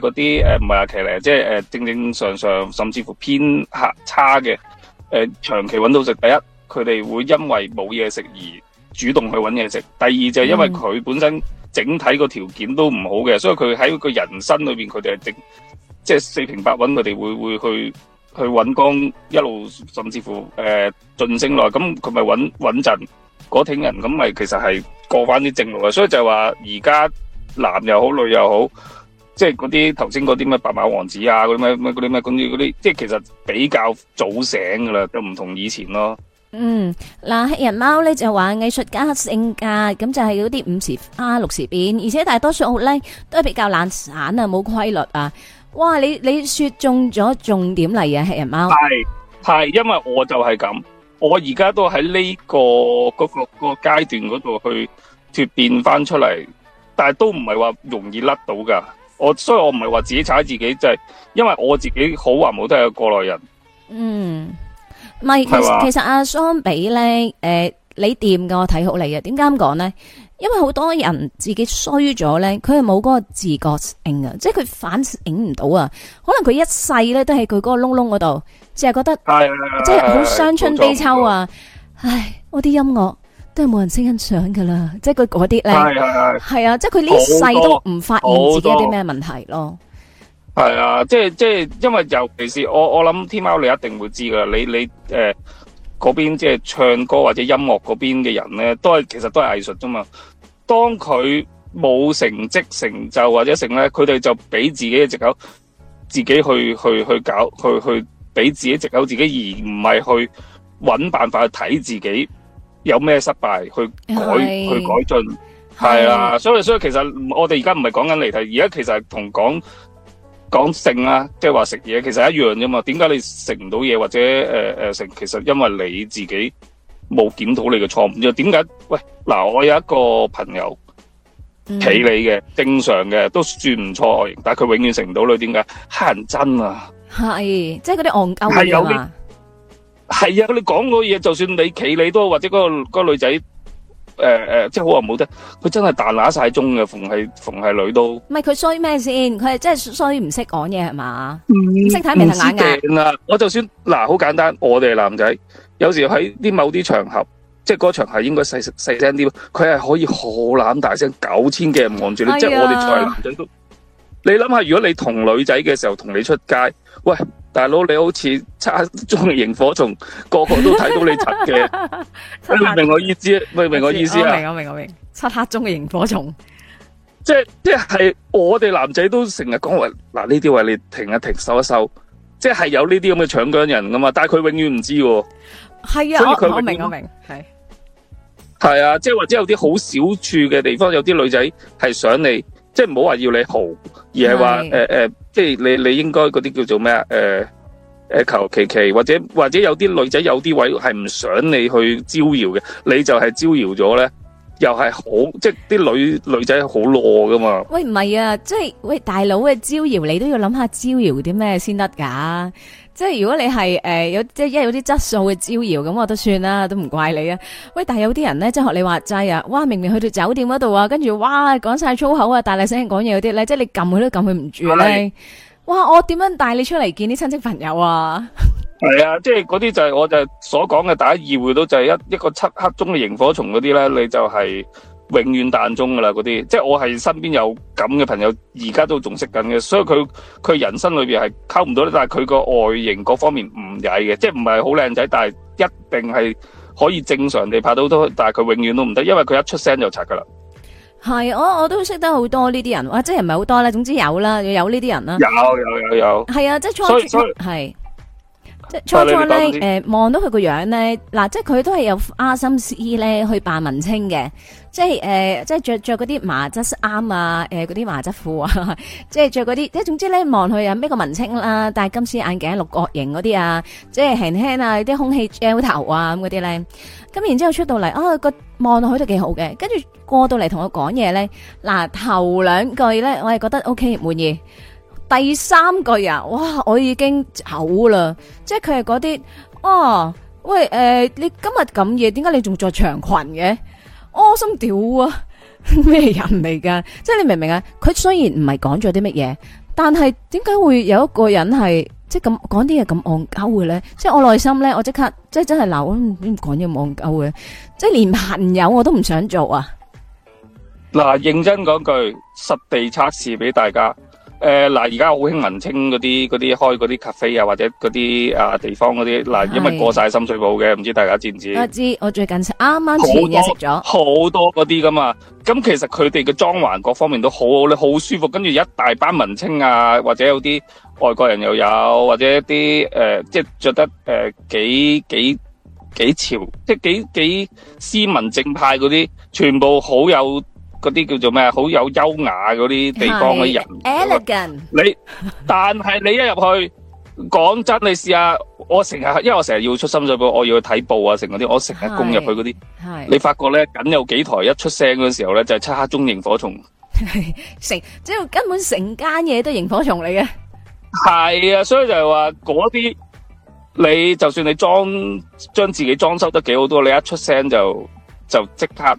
嗰啲誒唔係阿奇嚟，即係誒正正常常甚至乎偏客差嘅誒、呃、長期揾到食。第一，佢哋會因為冇嘢食而主動去揾嘢食。第二就係因為佢本身。嗯整體個條件都唔好嘅，所以佢喺個人生裏邊，佢哋係即係四平八穩，佢哋會會、會去去揾工，一路甚至乎誒晉、呃、升落，咁佢咪穩穩陣嗰挺人，咁咪其實係過翻啲正路啊！所以就話而家男又好，女又好，即係嗰啲頭先嗰啲咩白馬王子啊，嗰啲咩咩嗰啲咩嗰啲嗰啲，即係、就是、其實比較早醒噶啦，都唔同以前咯。嗯，嗱，黑人貓咧就話藝術家性格，咁就係嗰啲五時花、啊、六時變，而且大多數好咧都係比較懶散啊，冇規律啊。哇，你你說中咗重點嚟啊，黑人貓係係，因為我就係咁，我而家都喺呢個嗰個嗰個階段嗰度去脱變翻出嚟，但係都唔係話容易甩到噶。我所以我唔係話自己踩自己，就係因為我自己好話冇都係個過來人。嗯。唔係，其實阿相比咧，誒、啊，你掂嘅我睇好你嘅。點解咁講咧？因為好多人自己衰咗咧，佢係冇嗰個自覺性啊，即係佢反省唔到啊。可能佢一世咧都係佢嗰個窿窿嗰度，只係覺得，即係好傷春悲秋啊。多唉，我啲音樂都係冇人識欣賞噶啦，即係佢嗰啲咧，係啊，即係佢呢世都唔發現自己有啲咩問題咯。係啊，即係即係，因為尤其是我我諗天喵你一定會知噶，你你誒嗰邊即係唱歌或者音樂嗰邊嘅人咧，都係其實都係藝術啫嘛。當佢冇成績成就或者成咧，佢哋就俾自己嘅藉口，自己去去去，去搞去去，俾自己藉口自己，而唔係去搵辦法去睇自己有咩失敗，去改是去改進。係啊是所以所以其實我哋而家唔係講緊離題，而家其實係同講。講性啊，即係話食嘢，其實一樣啫嘛。點解你食唔到嘢？或者誒誒食，其實因為你自己冇檢討你嘅錯誤。又點解？喂，嗱，我有一個朋友企你嘅，正常嘅都算唔錯，但係佢永遠食唔到女，點解？乞人憎啊！係，即係嗰啲戇鳩啊！係啊，你講個嘢，就算你企你都，或者嗰個嗰個女仔。誒誒、呃呃，即係好話唔好聽，佢真係彈乸晒中嘅，逢係逢係女都。唔係佢衰咩先？佢係真係衰唔識講嘢係嘛？唔識睇人眼噶。我就算嗱，好簡單，我哋係男仔，有時喺啲某啲場合，即係嗰個場合應該細聲細聲啲。佢係可以好攬大聲，九千嘅人望住你，哎、呀即係我哋作為男仔都。你諗下，如果你同女仔嘅時候同你出街，喂。大佬你好似漆黑中嘅螢火蟲，個個都睇到你柒嘅， 中明唔明我意思？明唔明我意思啊？明我明我明。漆黑中嘅螢火蟲，即係即係，我哋男仔都成日講話嗱，呢啲話你停一停，收一收，即係有呢啲咁嘅搶 g 人噶嘛，但係佢永遠唔知喎。係啊，所以我，我明我明，係係啊，即係或者有啲好小處嘅地方，有啲女仔係想你。即係唔好話要你豪，而係話誒誒，即係你你應該嗰啲叫做咩啊？誒、呃、誒、呃，求其其或者或者有啲女仔有啲位係唔想你去招搖嘅，你就係招搖咗咧，又係好即係啲女女仔好落噶嘛？喂唔係啊，即、就、係、是、喂大佬嘅招搖，你都要諗下招搖啲咩先得噶。即係如果你係誒、呃、有即係有啲質素嘅招搖，咁我都算啦，都唔怪你啊。喂，但係有啲人咧，即係學你話齋啊，哇！明明去到酒店嗰度啊，跟住哇講晒粗口啊，大粒聲講嘢嗰啲咧，即係你撳佢都撳佢唔住咧。哇！係呀，哇我點樣帶你出嚟見啲親戚朋友啊？係啊，即係嗰啲就係我就所講嘅大家意會到，就係一一個漆黑中嘅螢火蟲嗰啲咧，嗯、你就係、是。永遠彈中㗎喇，嗰啲即係我係身邊有咁嘅朋友，而家都仲識緊嘅，所以佢佢人生裏邊係溝唔到，但係佢個外形嗰方面唔曳嘅，即係唔係好靚仔，但係一定係可以正常地拍到拖，但係佢永遠都唔得，因為佢一出聲就拆噶啦。係我我都識得好多呢啲人，啊即係唔係好多啦，總之有啦，有呢啲人啦。有有有有。係啊，即係初初係，即初初咧，誒望到佢個樣咧，嗱，即佢都係有阿心思咧去扮文青嘅，即係誒，即係著著嗰啲麻質衫啊，誒嗰啲麻質褲啊，即係著嗰啲，即係總之咧，望佢啊咩個文青啦，戴金絲眼鏡、六角形嗰啲啊，即係輕輕啊啲空氣 gel 頭啊咁嗰啲咧，咁然之後出到嚟啊，個望落去都幾好嘅，跟住過到嚟同我講嘢咧，嗱，頭兩句咧，我係覺得 OK，滿意。第三個人，哇！我已經嘔啦，即係佢係嗰啲哦，喂誒、呃，你今日咁夜，點解你仲着長裙嘅？我、哦、心屌啊！咩人嚟噶？即係你明唔明啊？佢雖然唔係講咗啲乜嘢，但係點解會有一個人係即係咁講啲嘢咁戇鳩嘅咧？即係我內心咧，我即刻即係真係鬧，點講嘢咁戇鳩嘅？即係連朋友我都唔想做啊！嗱，認真講句，實地測試俾大家。誒嗱，而家好興文青嗰啲嗰啲開嗰啲 cafe 啊，或者嗰啲啊地方嗰啲嗱，因為過晒深水埗嘅，唔知大家知唔知？我知，我最近啱啱前日食咗好多嗰啲噶嘛，咁其實佢哋嘅裝潢各方面都好好咧，好舒服，跟住一大班文青啊，或者有啲外國人又有，或者一啲誒即係著得誒、呃、幾幾幾潮，即係幾幾斯文正派嗰啲，全部好有。嗰啲叫做咩啊？好有優雅嗰啲地方嘅人，Elegant，你但係你一入去，講真，你試下，我成日因為我成日要出深水埗，我要去睇報啊，成嗰啲，我成日攻入去嗰啲，你發覺咧，僅有幾台一出聲嗰時候咧，就係漆黑中螢火蟲，成即係根本成間嘢都螢火蟲嚟嘅。係啊，所以就係話嗰啲你就算你裝將自己裝修得幾好多，你一出聲就就即刻。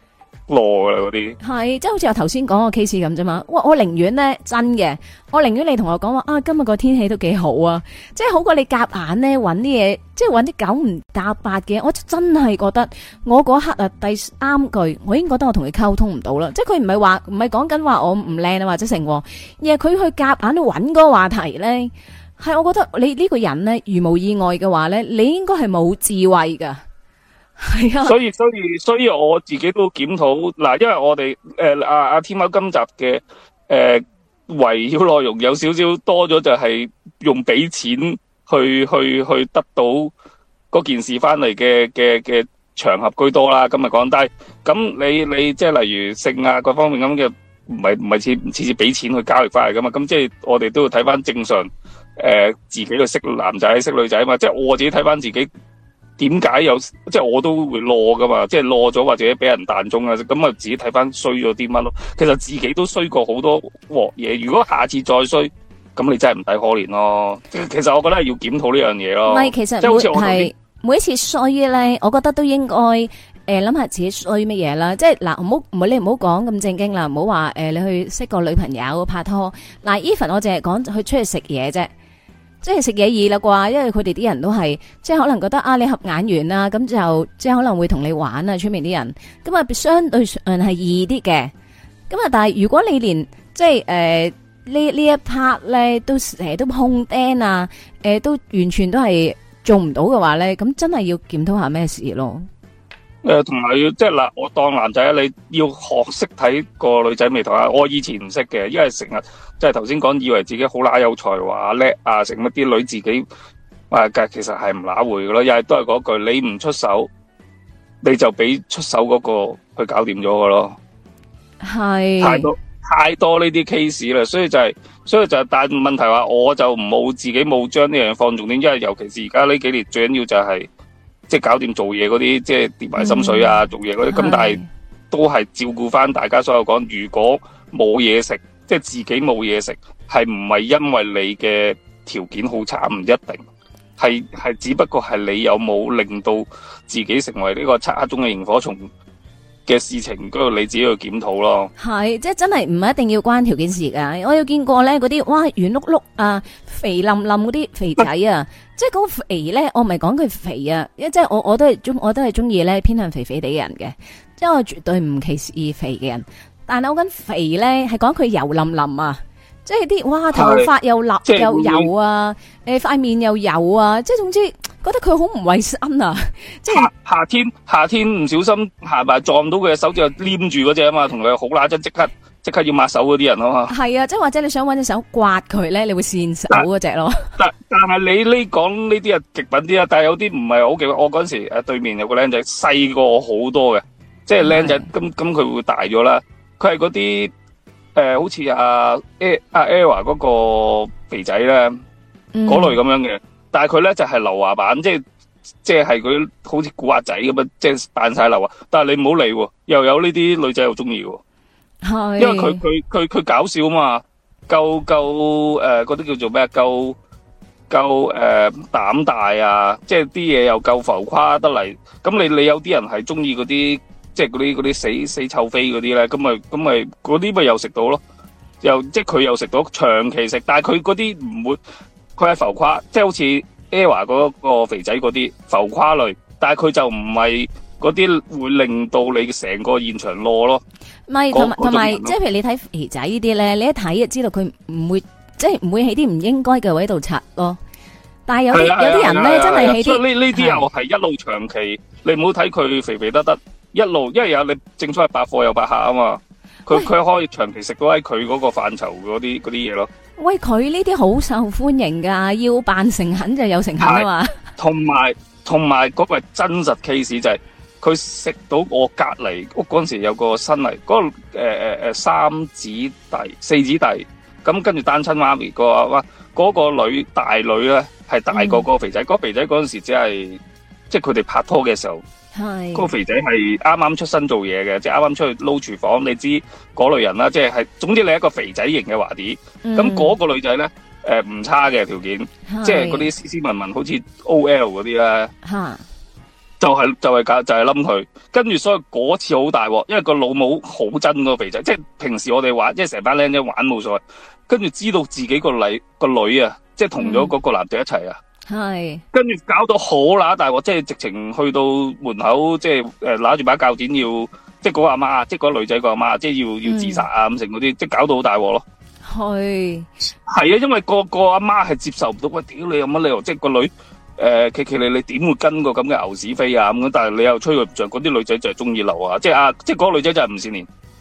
羅啦啲係，即係好似我頭先講個 case 咁啫嘛。哇，我寧願咧真嘅，我寧願你同我講話啊，今日個天氣都幾好啊，即係好過你夾硬咧揾啲嘢，即係揾啲九唔搭八嘅。我真係覺得我嗰刻啊第三句，我已經覺得我同佢溝通唔到啦。即係佢唔係話唔係講緊話我唔靚啊或者成，而係佢去夾硬去揾個話題咧，係我覺得你呢個人咧，如無意外嘅話咧，你應該係冇智慧噶。係啊， 所以所以所以我自己都檢討嗱，因為我哋誒阿阿天喵今集嘅誒圍繞內容有少少多咗，就係、是、用俾錢去去去得到嗰件事翻嚟嘅嘅嘅場合居多啦。今日講低，咁你你即係例如性啊各方面咁嘅，唔係唔係次次俾錢去交易翻嚟噶嘛？咁即係我哋都要睇翻正常誒、呃，自己去識男仔識女仔啊嘛。即、就、係、是、我自己睇翻自己。點解有即係我都會落㗎嘛？即係落咗或者俾人彈中啊！咁啊，自己睇返衰咗啲乜咯？其實自己都衰過好多鑊嘢。如果下次再衰，咁你真係唔抵可憐咯。其實我覺得係要檢討呢樣嘢咯。唔係，其實即係好似我每一次衰咧，我覺得都應該誒諗下自己衰乜嘢啦。即係嗱，唔好唔好，你唔好講咁正經啦。唔好話誒，你去識個女朋友拍拖。嗱，even 我淨係講去出去食嘢啫。即係食嘢易啦啩，因為佢哋啲人都係，即係可能覺得啊你合眼緣啦、啊，咁就即係可能會同你玩啊，出面啲人，咁啊相對上係易啲嘅，咁啊但係如果你連即係誒、呃這個、呢呢一 part 咧都成日、呃、都碰釘啊，誒、呃、都完全都係做唔到嘅話咧，咁真係要檢討下咩事咯。誒，同埋要，即係嗱，我當男仔，你要學識睇個女仔未？同啊！我以前唔識嘅，因為成日即係頭先講，以為自己好乸有才華叻啊，成乜啲女自己啊，其實係唔乸回嘅咯，又係都係嗰句，你唔出手，你就俾出手嗰個去搞掂咗嘅咯。係，太多太多呢啲 case 啦，所以就係，所以就係，但問題話，我就冇自己冇將呢樣嘢放重點，因為尤其是而家呢幾年最緊要就係。即係搞掂做嘢嗰啲，即係跌埋心水啊，嗯、做嘢嗰啲，咁但係的都係照顧翻大家所有講，如果冇嘢食，即係自己冇嘢食，係唔係因為你嘅條件好差？唔一定，係係，只不過係你有冇令到自己成為呢個漆黑中嘅螢火蟲嘅事情嗰度、就是、你自己去檢討咯，係即係真係唔係一定要關條件事㗎。我有見過咧嗰啲哇圓碌碌啊，肥冧冧嗰啲肥仔啊， 即係嗰個肥咧，我唔係講佢肥啊，即係我我都係中我都係中意咧偏向肥肥哋嘅人嘅，即係我絕對唔歧視肥嘅人。但係我講肥咧係講佢油冧冧啊。即係啲哇，頭髮又立的又油啊！誒，塊面又油啊！即係總之覺得佢好唔衞生啊！即係夏，夏天，夏天唔小心，係埋撞到佢嘅手就黏住嗰隻啊？嘛，同佢好乸憎，即刻即刻要抹手嗰啲人囉。係啊，即係或者你想搵隻手刮佢咧，你會跣手嗰隻咯但。但但係你呢講呢啲係極品啲啊！但係有啲唔係好極。我嗰陣時誒對面有個靚仔細過我好多嘅，即係靚仔咁咁佢會大咗啦。佢係嗰啲。誒、呃，好似阿阿阿 e a 嗰個肥仔咧，嗰、嗯、類咁樣嘅，但係佢咧就係流華版，即係即係係佢好似古惑仔咁啊，即係扮晒流，但係你唔好理喎、哦，又有呢啲女仔又中意喎，是因為佢佢佢佢搞笑啊嘛，夠夠誒，嗰啲、呃、叫做咩啊，夠夠誒膽大啊，即係啲嘢又夠浮誇得嚟，咁你你有啲人係中意嗰啲。即係嗰啲啲死死臭飛嗰啲咧，咁咪咁咪嗰啲咪又食到咯，又即係佢又食到長期食，但係佢嗰啲唔會，佢係浮誇，即係好似 A a 嗰個肥仔嗰啲浮誇類，但係佢就唔係嗰啲會令到你成個現場囉咯。唔係同埋同埋，即係譬如你睇肥仔呢啲咧，你一睇就知道佢唔會，即係唔會喺啲唔應該嘅位度拆咯。但係有啲、啊啊、有啲人咧，真係所以呢呢啲又係一路長期，啊、你唔好睇佢肥肥得得。一路，因為有你正所謂百貨有百客啊嘛，佢佢喂可以長期食到喺佢嗰個範疇嗰啲嗰啲嘢咯。喂，佢呢啲好受歡迎噶，要扮誠懇就有誠懇啊嘛。同埋同埋嗰個真實 case 就係佢食到我隔籬屋嗰陣時有個新嚟，嗰、嗰個誒誒誒三子弟四子弟，咁跟住單親媽咪個阿媽，嗰、嗰個女大女咧係大過個肥仔，嗯、個肥仔嗰陣時只係即係佢哋拍拖嘅時候。係，嗰是個肥仔係啱啱出身做嘢嘅，即係啱啱出去撈廚房。你知嗰類人啦，即係係，總之你係一個肥仔型嘅華弟。咁嗰個女仔咧，誒、呃、唔差嘅條件，是即係嗰啲斯斯文文，好似 O L 嗰啲啦。吓哈、就是，就係、是、就係搞就係冧佢，跟住所以嗰次好大鑊，因為個老母好憎個肥仔，即係平時我哋玩，即係成班靚仔玩冇所謂，跟住知道自己個女，個女啊，即係同咗嗰個男仔一齊啊。嗯。係，跟住是搞到好啦，大鑊！即係直情去到門口，即係誒，拿住把鉸剪，要，即係嗰個阿媽，媽，即係嗰個女仔個阿媽，即係要是要自殺啊，咁成嗰啲，即係搞到好大鑊咯。係，係啊，因為個個阿媽係接受唔到，喂，屌你有乜理由？即係個女誒、呃，奇奇你你點會跟個咁嘅牛屎飛啊咁？但係你又吹佢唔脹，嗰啲女仔就係中意留啊！即係啊，即係嗰個女仔就係唔善年。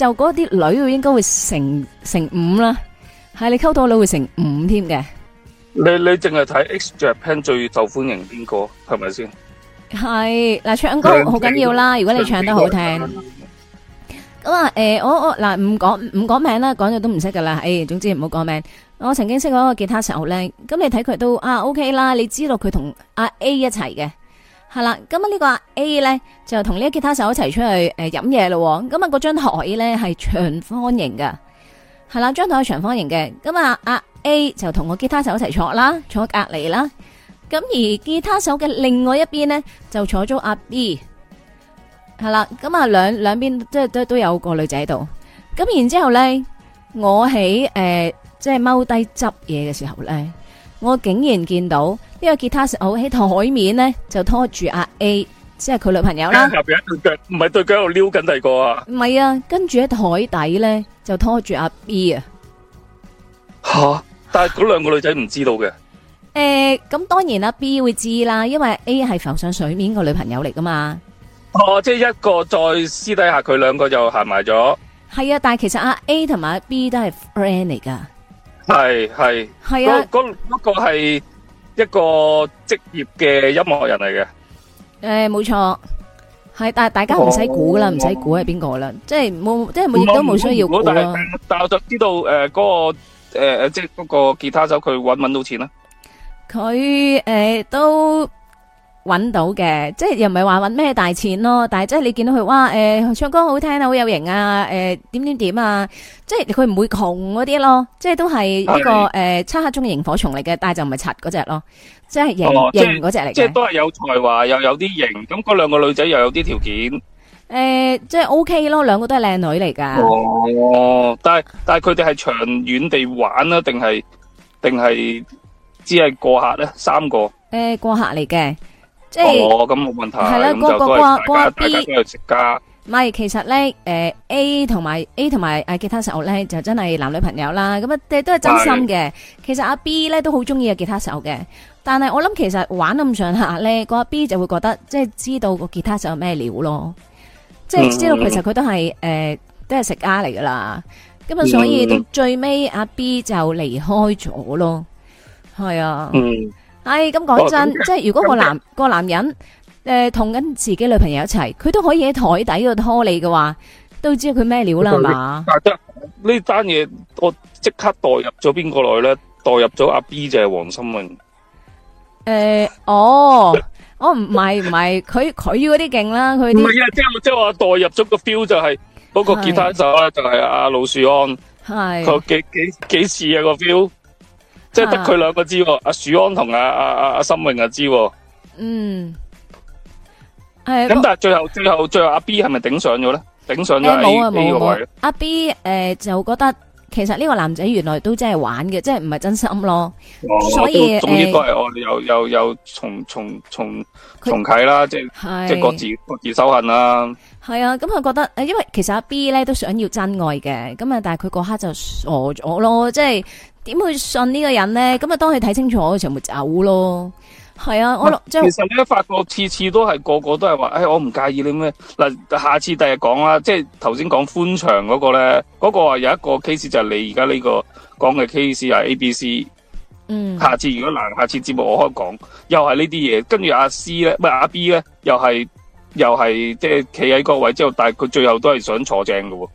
就嗰啲女應該會成成五啦，係你溝到女會成五添嘅。你你淨係睇 X Japan 最受歡迎邊個係咪先？係嗱，唱歌好緊要啦，如果你唱得好聽。咁啊，誒，我我嗱唔講唔講名啦，講咗都唔識噶啦。誒，總之唔好講名。我曾經識嗰個吉他手咧，咁你睇佢都啊 OK 啦，你知道佢同阿 A 一齊嘅。係啦，咁啊呢個阿 A 呢，就同呢個吉他手一齊出去誒飲嘢咯。咁啊嗰張台呢係長方形嘅，係啦，張台係長方形嘅。咁啊阿 A 就同個吉他手一齊坐啦，坐隔離啦。咁而吉他手嘅另外一邊呢，就坐咗阿 B。係啦，咁啊兩兩邊即係都都，都，都有個女仔喺度。咁然之後呢，我喺誒即係踎低執嘢嘅時候呢，我竟然見到。呢個吉他手喺台面咧就拖住阿 A，即係佢女朋友啦。入邊一對腳，唔係對腳喺度撩緊第二個啊。唔係啊，跟住喺台底咧就拖住阿 B 啊。吓！但係嗰兩個女仔唔知道嘅。誒、 欸，咁當然阿 B 會知啦，因為 A 係浮上水面個女朋友嚟噶嘛。哦，即係一個再私底下佢兩個就行埋咗。係啊，但係其實阿 A 同埋阿 B 都係 friend 嚟噶。係係。係啊，嗰嗰、嗰個係。一個職業嘅音樂人嚟嘅，誒，冇錯，係，但係大家唔使估啦，唔使估係邊個啦，即係冇，即係冇亦都冇需要估啊！但係，但係我就知道，誒，嗰個誒誒，即係嗰個吉他手，佢搵唔搵到錢啦？佢誒都。揾到嘅，即係又唔係話揾咩大錢咯。但係即係你見到佢哇，誒、呃，唱歌好聽啊，好有型啊，誒、呃，點點點啊，即係佢唔會窮嗰啲咯。即係都係一、呢個誒，漆的、呃、黑中嘅螢火蟲嚟嘅，但係就唔係柒嗰隻咯，即係型型嗰隻嚟嘅。即係都係有才華，又有啲型。咁嗰兩個女仔又有啲條件誒、呃，即係 O K 咯，兩個都係靚女嚟噶。哦，但係但係佢哋係長遠地玩啊，定係定係只係過客咧？三個誒、呃，過客嚟嘅。即係，係啦、就是，嗰、哦啊那個嗰、那個，家個阿 B，唔係，其實咧，誒、呃、A 同埋 A 同埋誒吉他手咧，就真係男女朋友啦。咁啊，都係真心嘅。是其實阿 B 咧都好中意嘅吉他手嘅。但係我諗，其實玩得咁上下咧，那個、阿 B 就會覺得，即、就、係、是、知道個吉他手係咩料咯。即係、嗯、知道，其實佢都係誒、呃，都係食家嚟噶啦。咁啊，所以到最尾，阿 B 就離開咗咯。係、嗯、啊。嗯。係咁講真，哦、即係如果個男個男人誒同緊自己女朋友一齊，佢都可以喺台底度拖你嘅話，都知道佢咩料啦嘛。得呢單嘢，我即刻代入咗邊個來咧？代入咗阿 B 就係黃心穎。誒、呃，哦， 我唔係唔係，佢佢要嗰啲勁啦，佢唔係啊，即係即係話代入咗個 feel 就係、是、嗰是個吉他手啊，就係阿老樹安，係是，幾幾幾次啊個 feel？即係得佢兩個知、啊，阿樹、啊啊、安同阿阿阿阿心穎啊知。嗯，係、哎。咁但係最後最後最後阿 B 係咪頂上咗咧？頂上咗啊冇啊冇冇。阿 B 誒、哎啊呃、就覺得其實呢個男仔原來都真係玩嘅，即係唔係真心咯。所以，哦、總之都係我哋、呃、有有有重重重重啟啦，他即係是即係各自各自修行啦。係啊，咁佢、啊、覺得誒，因為其實阿 B 咧都想要真愛嘅，咁啊，但係佢嗰刻就傻咗咯，即係。點去信呢個人咧？咁啊，當佢睇清楚嗰全部走咯。係啊，我其實咧，發覺次次都係個個都係話，誒、哎，我唔介意你咩嗱。下次第日講啦，即係頭先講寬場嗰、那個咧，嗰、那個話有一個 case 就係你而家呢個講嘅 case 係 A B C。嗯。下次如果嗱，下次節目我可以講，又係呢啲嘢，跟住阿、啊、C 咧，喂，阿、啊、B 咧，又係又係即係企喺嗰位之後，但係佢最後都係想坐正㗎喎、哦。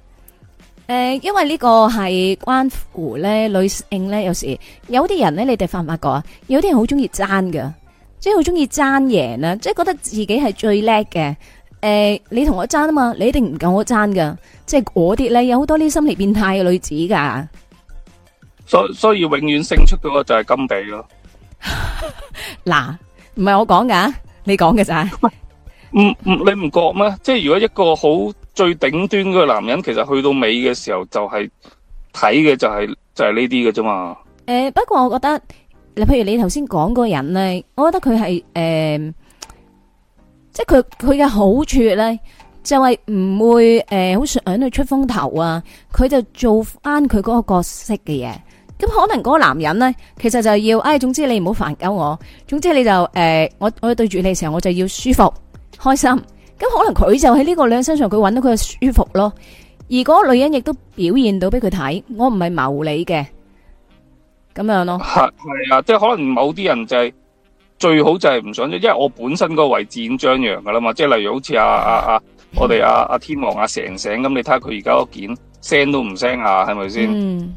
誒、呃，因為呢個係關乎咧女性咧，有時有啲人咧，你哋發唔發覺啊？有啲人好中意爭嘅，即係好中意爭贏啦，即係覺得自己係最叻嘅。誒、呃，你同我爭啊嘛，你一定唔夠我爭噶。即係嗰啲咧，有好多啲心理變態嘅女子噶。所所以，所以永遠勝出嗰個就係金地咯。嗱， 唔係我講噶，你講嘅咋。唔 唔、嗯嗯，你唔覺咩？即係如果一個好。最頂端嘅男人，其實去到尾嘅時候，就係睇嘅、就係，就係睇嘅就係就係呢啲嘅啫嘛。誒、呃，不過我覺得，你譬如你頭先講個人咧，我覺得佢係誒，即係佢佢嘅好處咧，就係、是、唔會誒好、呃、想去出風頭啊。佢就做翻佢嗰個角色嘅嘢。咁可能嗰個男人咧，其實就要，哎，總之你唔好煩搞我，總之你就誒、呃，我我對住你嘅時候，我就要舒服開心。咁可能佢就喺呢個女人身上，佢揾到佢嘅舒服咯。而嗰女人亦都表現到俾佢睇，我唔係謀你嘅，咁樣咯。係係啊，即係可能某啲人就係、是、最好就係唔想，因為我本身個位置張揚噶啦嘛。即係例如好似啊、嗯、啊我啊我哋阿阿天王阿城城咁，你睇下佢而家件聲都唔聲下，係咪先？嗯，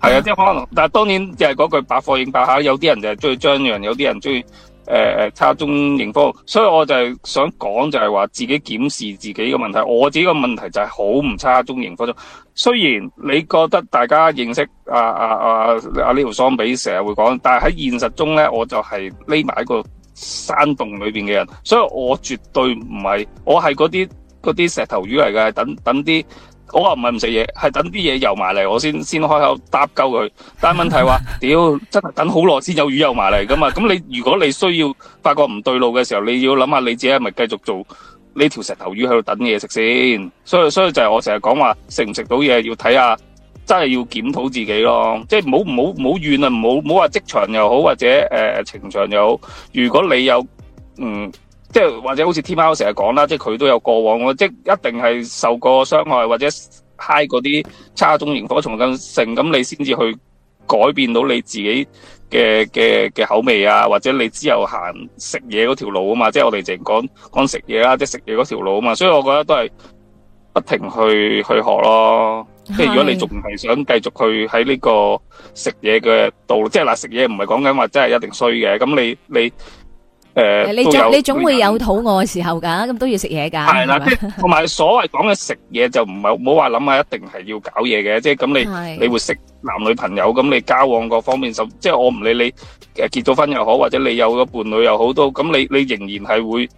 係啊，啊即係可能。但係當然就係嗰句百貨應百客，有啲人就係鍾意張揚，有啲人鍾意。誒誒、呃，差中型科，所以我就係想講就係話自己檢視自己嘅問題。我自己嘅問題就係好唔差中型科中。雖然你覺得大家認識阿阿阿阿呢條桑比成日會講，但係喺現實中呢，我就係匿埋喺個山洞裏邊嘅人，所以我絕對唔係，我係嗰啲嗰啲石頭魚嚟嘅，等等啲。我話唔係唔食嘢，係等啲嘢游埋嚟，我先先開口搭鳩佢。但係問題話，屌 真係等好耐先有魚游埋嚟噶嘛？咁你如果你需要發覺唔對路嘅時候，你要諗下你自己係咪繼續做呢條石頭魚喺度等嘢食先？所以所以就係我成日講話食唔食到嘢要睇下，真係要檢討自己咯。即係唔好唔好唔好怨啊！唔好唔好話職場又好或者誒、呃、情場又好，如果你有嗯。即或者好似天喵成日講啦，即佢都有過往，即一定係受過傷害或者嗨嗰啲差種型火重火蟲咁性咁你先至去改變到你自己嘅嘅嘅口味啊，或者你之後行食嘢嗰條路啊嘛，即我哋淨講講食嘢啦，即食嘢嗰條路啊嘛，所以我覺得都係不停去去學咯。即的如果你仲係想繼續去喺呢個食嘢嘅道路，即係嗱，食嘢唔係講緊話真係一定衰嘅，咁你你。你誒，你總你總會有肚餓嘅時候噶，咁都要食嘢噶。係啦，同埋所謂講嘅食嘢就唔係唔好話諗下一定係要搞嘢嘅，即係咁你你會識男女朋友，咁你交往各方面就，即係我唔理你誒結咗婚又好，或者你有咗伴侶又好，都咁你你仍然係會誒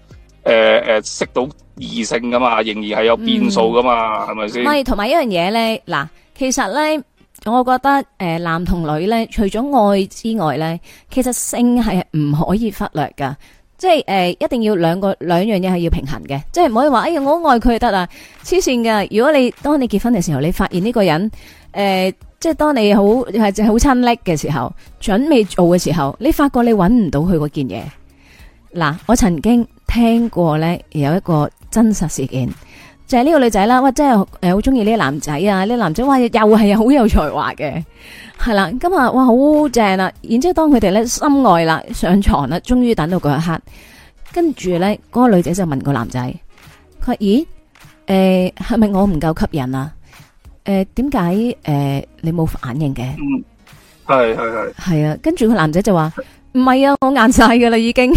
誒識到異性噶嘛，仍然係有變數噶嘛，係咪先？唔係，同埋一樣嘢咧，嗱，其實咧。我覺得誒、呃，男同女呢，除咗愛之外呢，其實性係唔可以忽略噶，即係誒、呃，一定要兩個兩樣嘢係要平衡嘅，即係唔可以話，哎呀，我愛佢就得啦，黐線噶！如果你當你結婚嘅時候，你發現呢個人，誒、呃，即係當你好係好親力嘅時候，準備做嘅時候，你發覺你揾唔到佢嗰件嘢。嗱，我曾經聽過呢，有一個真實事件。就係呢個女仔啦，哇，真係誒好中意呢個男仔啊，呢、這個男仔哇又係好有才華嘅，係啦，今、嗯、日哇好正啦，然之後當佢哋咧心愛啦，上床啦，終於等到嗰一刻，跟住咧嗰個女仔就問個男仔，佢話咦誒係咪我唔夠吸引啊？誒點解誒你冇反應嘅？嗯，係係係係啊，跟住個男仔就話唔係啊，我硬晒噶啦已經。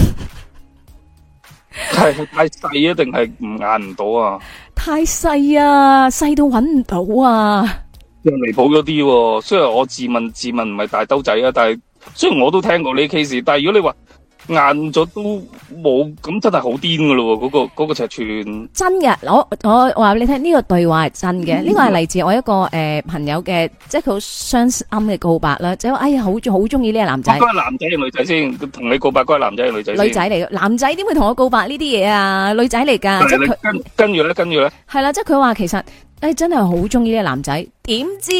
係 太細啊，定係唔硬唔到啊？太細啊，細到搵唔到啊？又離譜咗啲喎，雖然我自問自問唔係大兜仔啊，但係雖然我都聽過呢 case，但係如果你話。硬咗都冇，咁真係好癲噶咯。嗰、那個嗰、那個尺寸真嘅，我我話俾你聽呢、這個對話係真嘅，呢、嗯、個係嚟自我一個誒、呃、朋友嘅，即係佢好相啱嘅告白啦，即係哎呀好好中意呢個男仔。嗰個男仔定女仔先？同你告白嗰、那個男仔定女仔？女仔嚟嘅，男仔點會同我告白呢啲嘢啊？女仔嚟噶，即佢跟跟住咧，跟住咧，係啦，即係佢話其實誒、哎、真係好中意呢個男仔，點知？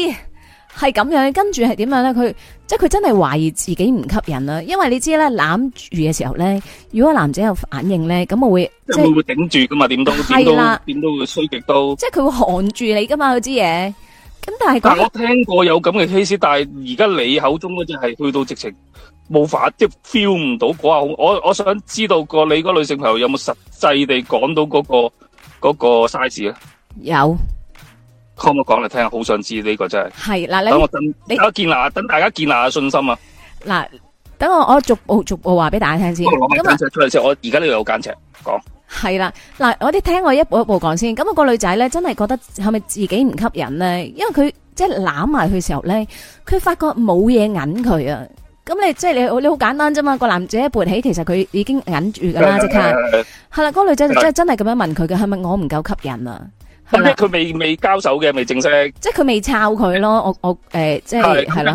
係咁樣，跟住係點樣咧？佢即係佢真係懷疑自己唔吸引啦，因為你知咧攬住嘅時候咧，如果男仔有反應咧，咁我會即係會會頂住噶嘛？點都點都點都會衰極都，即係佢會寒住你噶嘛？嗰支嘢咁，但係講我聽過有咁嘅 case，但係而家你口中嗰隻係去到直情冇法即係 feel 唔到嗰下，我我想知道個你個女性朋友有冇實際地講到嗰個嗰個 size 啊？有。可唔可以講嚟聽下？好想知呢個真係係嗱，你等我等，等見立，等大家見下信心啊！嗱，等我我逐步逐步話俾大家聽先。咁啊，間尺出嚟先，我而家都有間尺講。係啦，嗱，我哋聽我一步一步講先。咁啊，個女仔咧，真係覺得係咪自己唔吸引咧？因為佢即係攬埋去時候咧，佢發覺冇嘢引佢啊。咁你即係你，你好簡單啫嘛。個男仔勃起，其實佢已經引住噶啦，即刻係啦。嗰個女仔就真係真係咁樣問佢嘅，係咪我唔夠吸引啊？係咩？佢未未交手嘅，未正式。即係佢未炒佢咯。我我誒，即係係啦。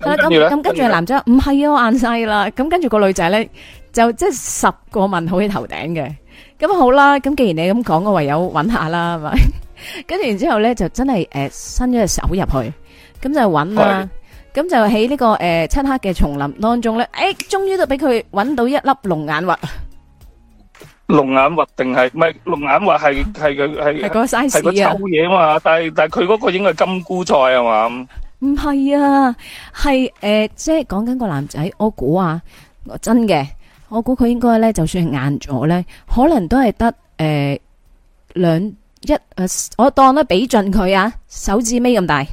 咁咁跟住男仔唔係啊，晏晒啦。咁跟住個女仔咧，就即係十個問號喺頭頂嘅。咁啊好啦，咁既然你咁講，我唯有搵下啦，係咪？跟住然之後咧，就真係誒，伸咗隻手入去，咁就搵啦。咁就喺呢個誒漆黑嘅叢林當中咧，誒，終於都俾佢搵到一粒龍眼核。龍眼核定係唔係龍眼核？係係，佢係係個 size 啊，係個醜嘢啊嘛！但係但係佢嗰個應該係金菇菜啊嘛？唔係啊，係誒，即係講緊個男仔，我估啊，我真嘅，我估佢應該咧，就算係硬咗咧，可能都係得誒兩一誒，我當咧畀盡佢啊，手指尾咁大，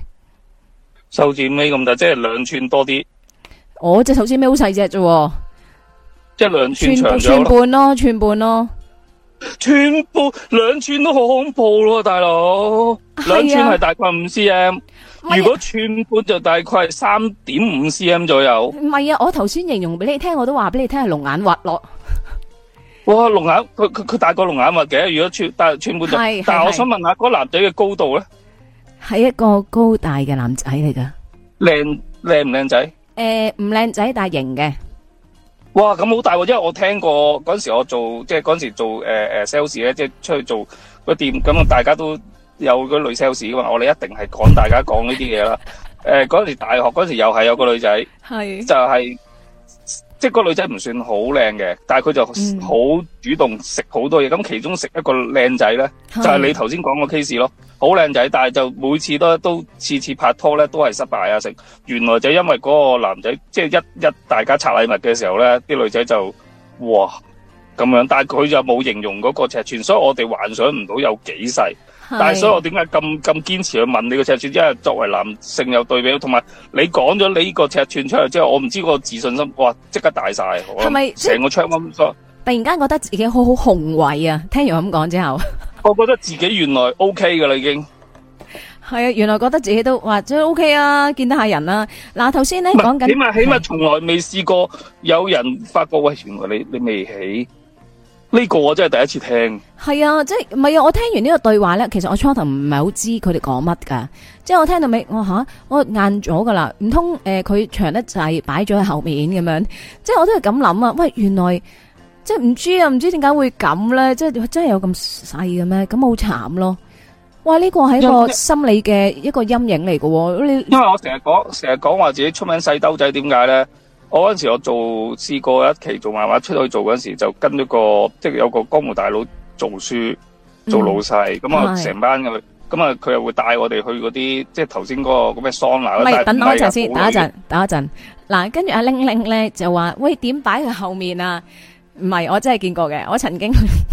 手指尾咁大，即係兩寸多啲。我隻手指尾好細隻咋喎。即係兩寸長咗咯，寸半咯，寸半咯，寸半兩寸都好恐怖咯，大佬，兩、啊、寸係大概五 cm，、啊、如果寸半就大概三點五 cm 左右。唔係啊，我頭先形容俾你聽，我都話俾你聽係龍眼核咯。哇、哦，龍眼佢佢佢大過龍眼核嘅，如果寸但寸半就，是是是但係我想問下嗰、那個、男仔嘅高度咧？係一個高大嘅男仔嚟噶。靚靚唔靚仔？誒、呃，唔靚仔，但型嘅。哇，咁好大喎！因為我聽過嗰陣時，我做即係嗰陣時做誒誒 sales 咧，即係出去做個店，咁大家都有嗰啲女 sales 噶嘛，我哋一定係講大家講呢啲嘢啦。誒、 呃，嗰陣時大學嗰陣時又係有個女仔，是就係、係。即係個女仔唔算好靚嘅，但係佢就好主動食好、嗯、多嘢。咁其中食一個靚仔咧，就係、是、你頭先講個 case 咯。好靚、嗯、仔，但係就每次都都次次拍拖咧都係失敗啊！食原來就因為嗰個男仔，即係一一大家拆禮物嘅時候咧，啲女仔就哇咁樣，但係佢就冇形容嗰個尺寸，所以我哋幻想唔到有幾細。但係所以我麼麼，我點解咁咁堅持去問你個尺寸？因為作為男性有對比，同埋你講咗你呢個尺寸出嚟之後，我唔知個自信心哇，即刻大晒！係咪成個窗咁縮？突然間覺得自己好好雄偉啊！聽完咁講之後，我覺得自己原來 OK 噶啦，你已經係啊！原來覺得自己都或者 OK 啊，見得下人啦、啊。嗱、啊，頭先咧講緊，不起碼的起碼從來未試過有人發覺喂，原來你你未起。呢個我真係第一次聽，係啊，即係唔係啊？我聽完呢個對話咧，其實我初頭唔係好知佢哋講乜噶，即係我聽到尾，啊，我吓我硬咗噶啦，唔通誒佢長得細，擺咗喺後面咁樣，即係我都係咁諗啊，喂，原來即係唔知啊，唔知點解會咁咧，即係真係有咁細嘅咩？咁好慘咯！哇，呢個係一個心理嘅一個陰影嚟㗎喎。因為我成日講，成日講話自己出名細兜仔，點解咧？我嗰陣時，我做試過一期做漫畫出到去做嗰陣時，就跟咗個即係有個江湖大佬做書做老細，咁啊成班咁，咁啊佢又會帶我哋去嗰啲，即係頭先個嗰咩桑拿是帶等等。等一陣先，等一陣，等一陣。嗱，跟住阿玲玲咧就話：喂，點擺佢後面啊？唔係，我真係見過嘅，我曾經。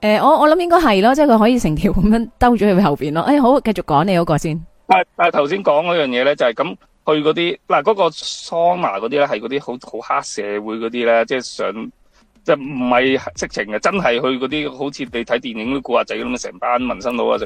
誒、欸，我我諗應該係咯，即係佢可以成條咁樣兜咗去後邊咯。誒、欸，好，繼續講你嗰個先。但但頭先講嗰樣嘢咧，就係、是、咁去嗰啲嗱，嗰、那個桑拿嗰啲咧，係嗰啲好好黑社會嗰啲咧，即係想即係唔係色情嘅，真係去嗰啲好似你睇電影啲古惑仔咁樣，成班紋身佬啊，係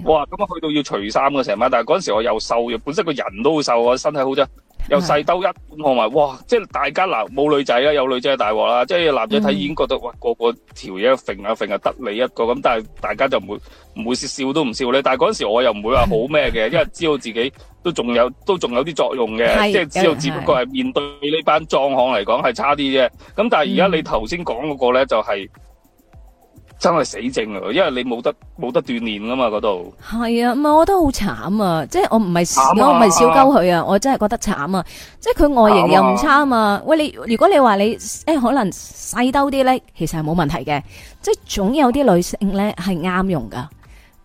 是。哇，咁啊去到要除衫嘅成班，但係嗰陣時我又瘦，本身個人都會瘦啊，我身體好咗。又細兜一，同埋哇，即係大家嗱，冇女仔啦，有女仔係大鑊啦，即係男仔睇已經覺得哇，嗯、個個條嘢揈下揈啊，得你一個咁，但係大家就唔會唔會笑都唔笑咧。但係嗰陣時我又唔會話好咩嘅，因為知道自己都仲有都仲有啲作用嘅，即係知道只不過係面對呢班壯漢嚟講係差啲啫。咁但係而家你頭先講嗰個咧就係。真係死症啊！因為你冇得冇得鍛煉噶嘛嗰度。係啊，唔係我覺得好慘啊！即係我唔係我唔係笑鳩佢啊！我真係覺得慘啊！即係佢外形又唔差啊！喂，你如果你話你誒可能細兜啲咧，其實係冇問題嘅。即係總有啲女性咧係啱用噶。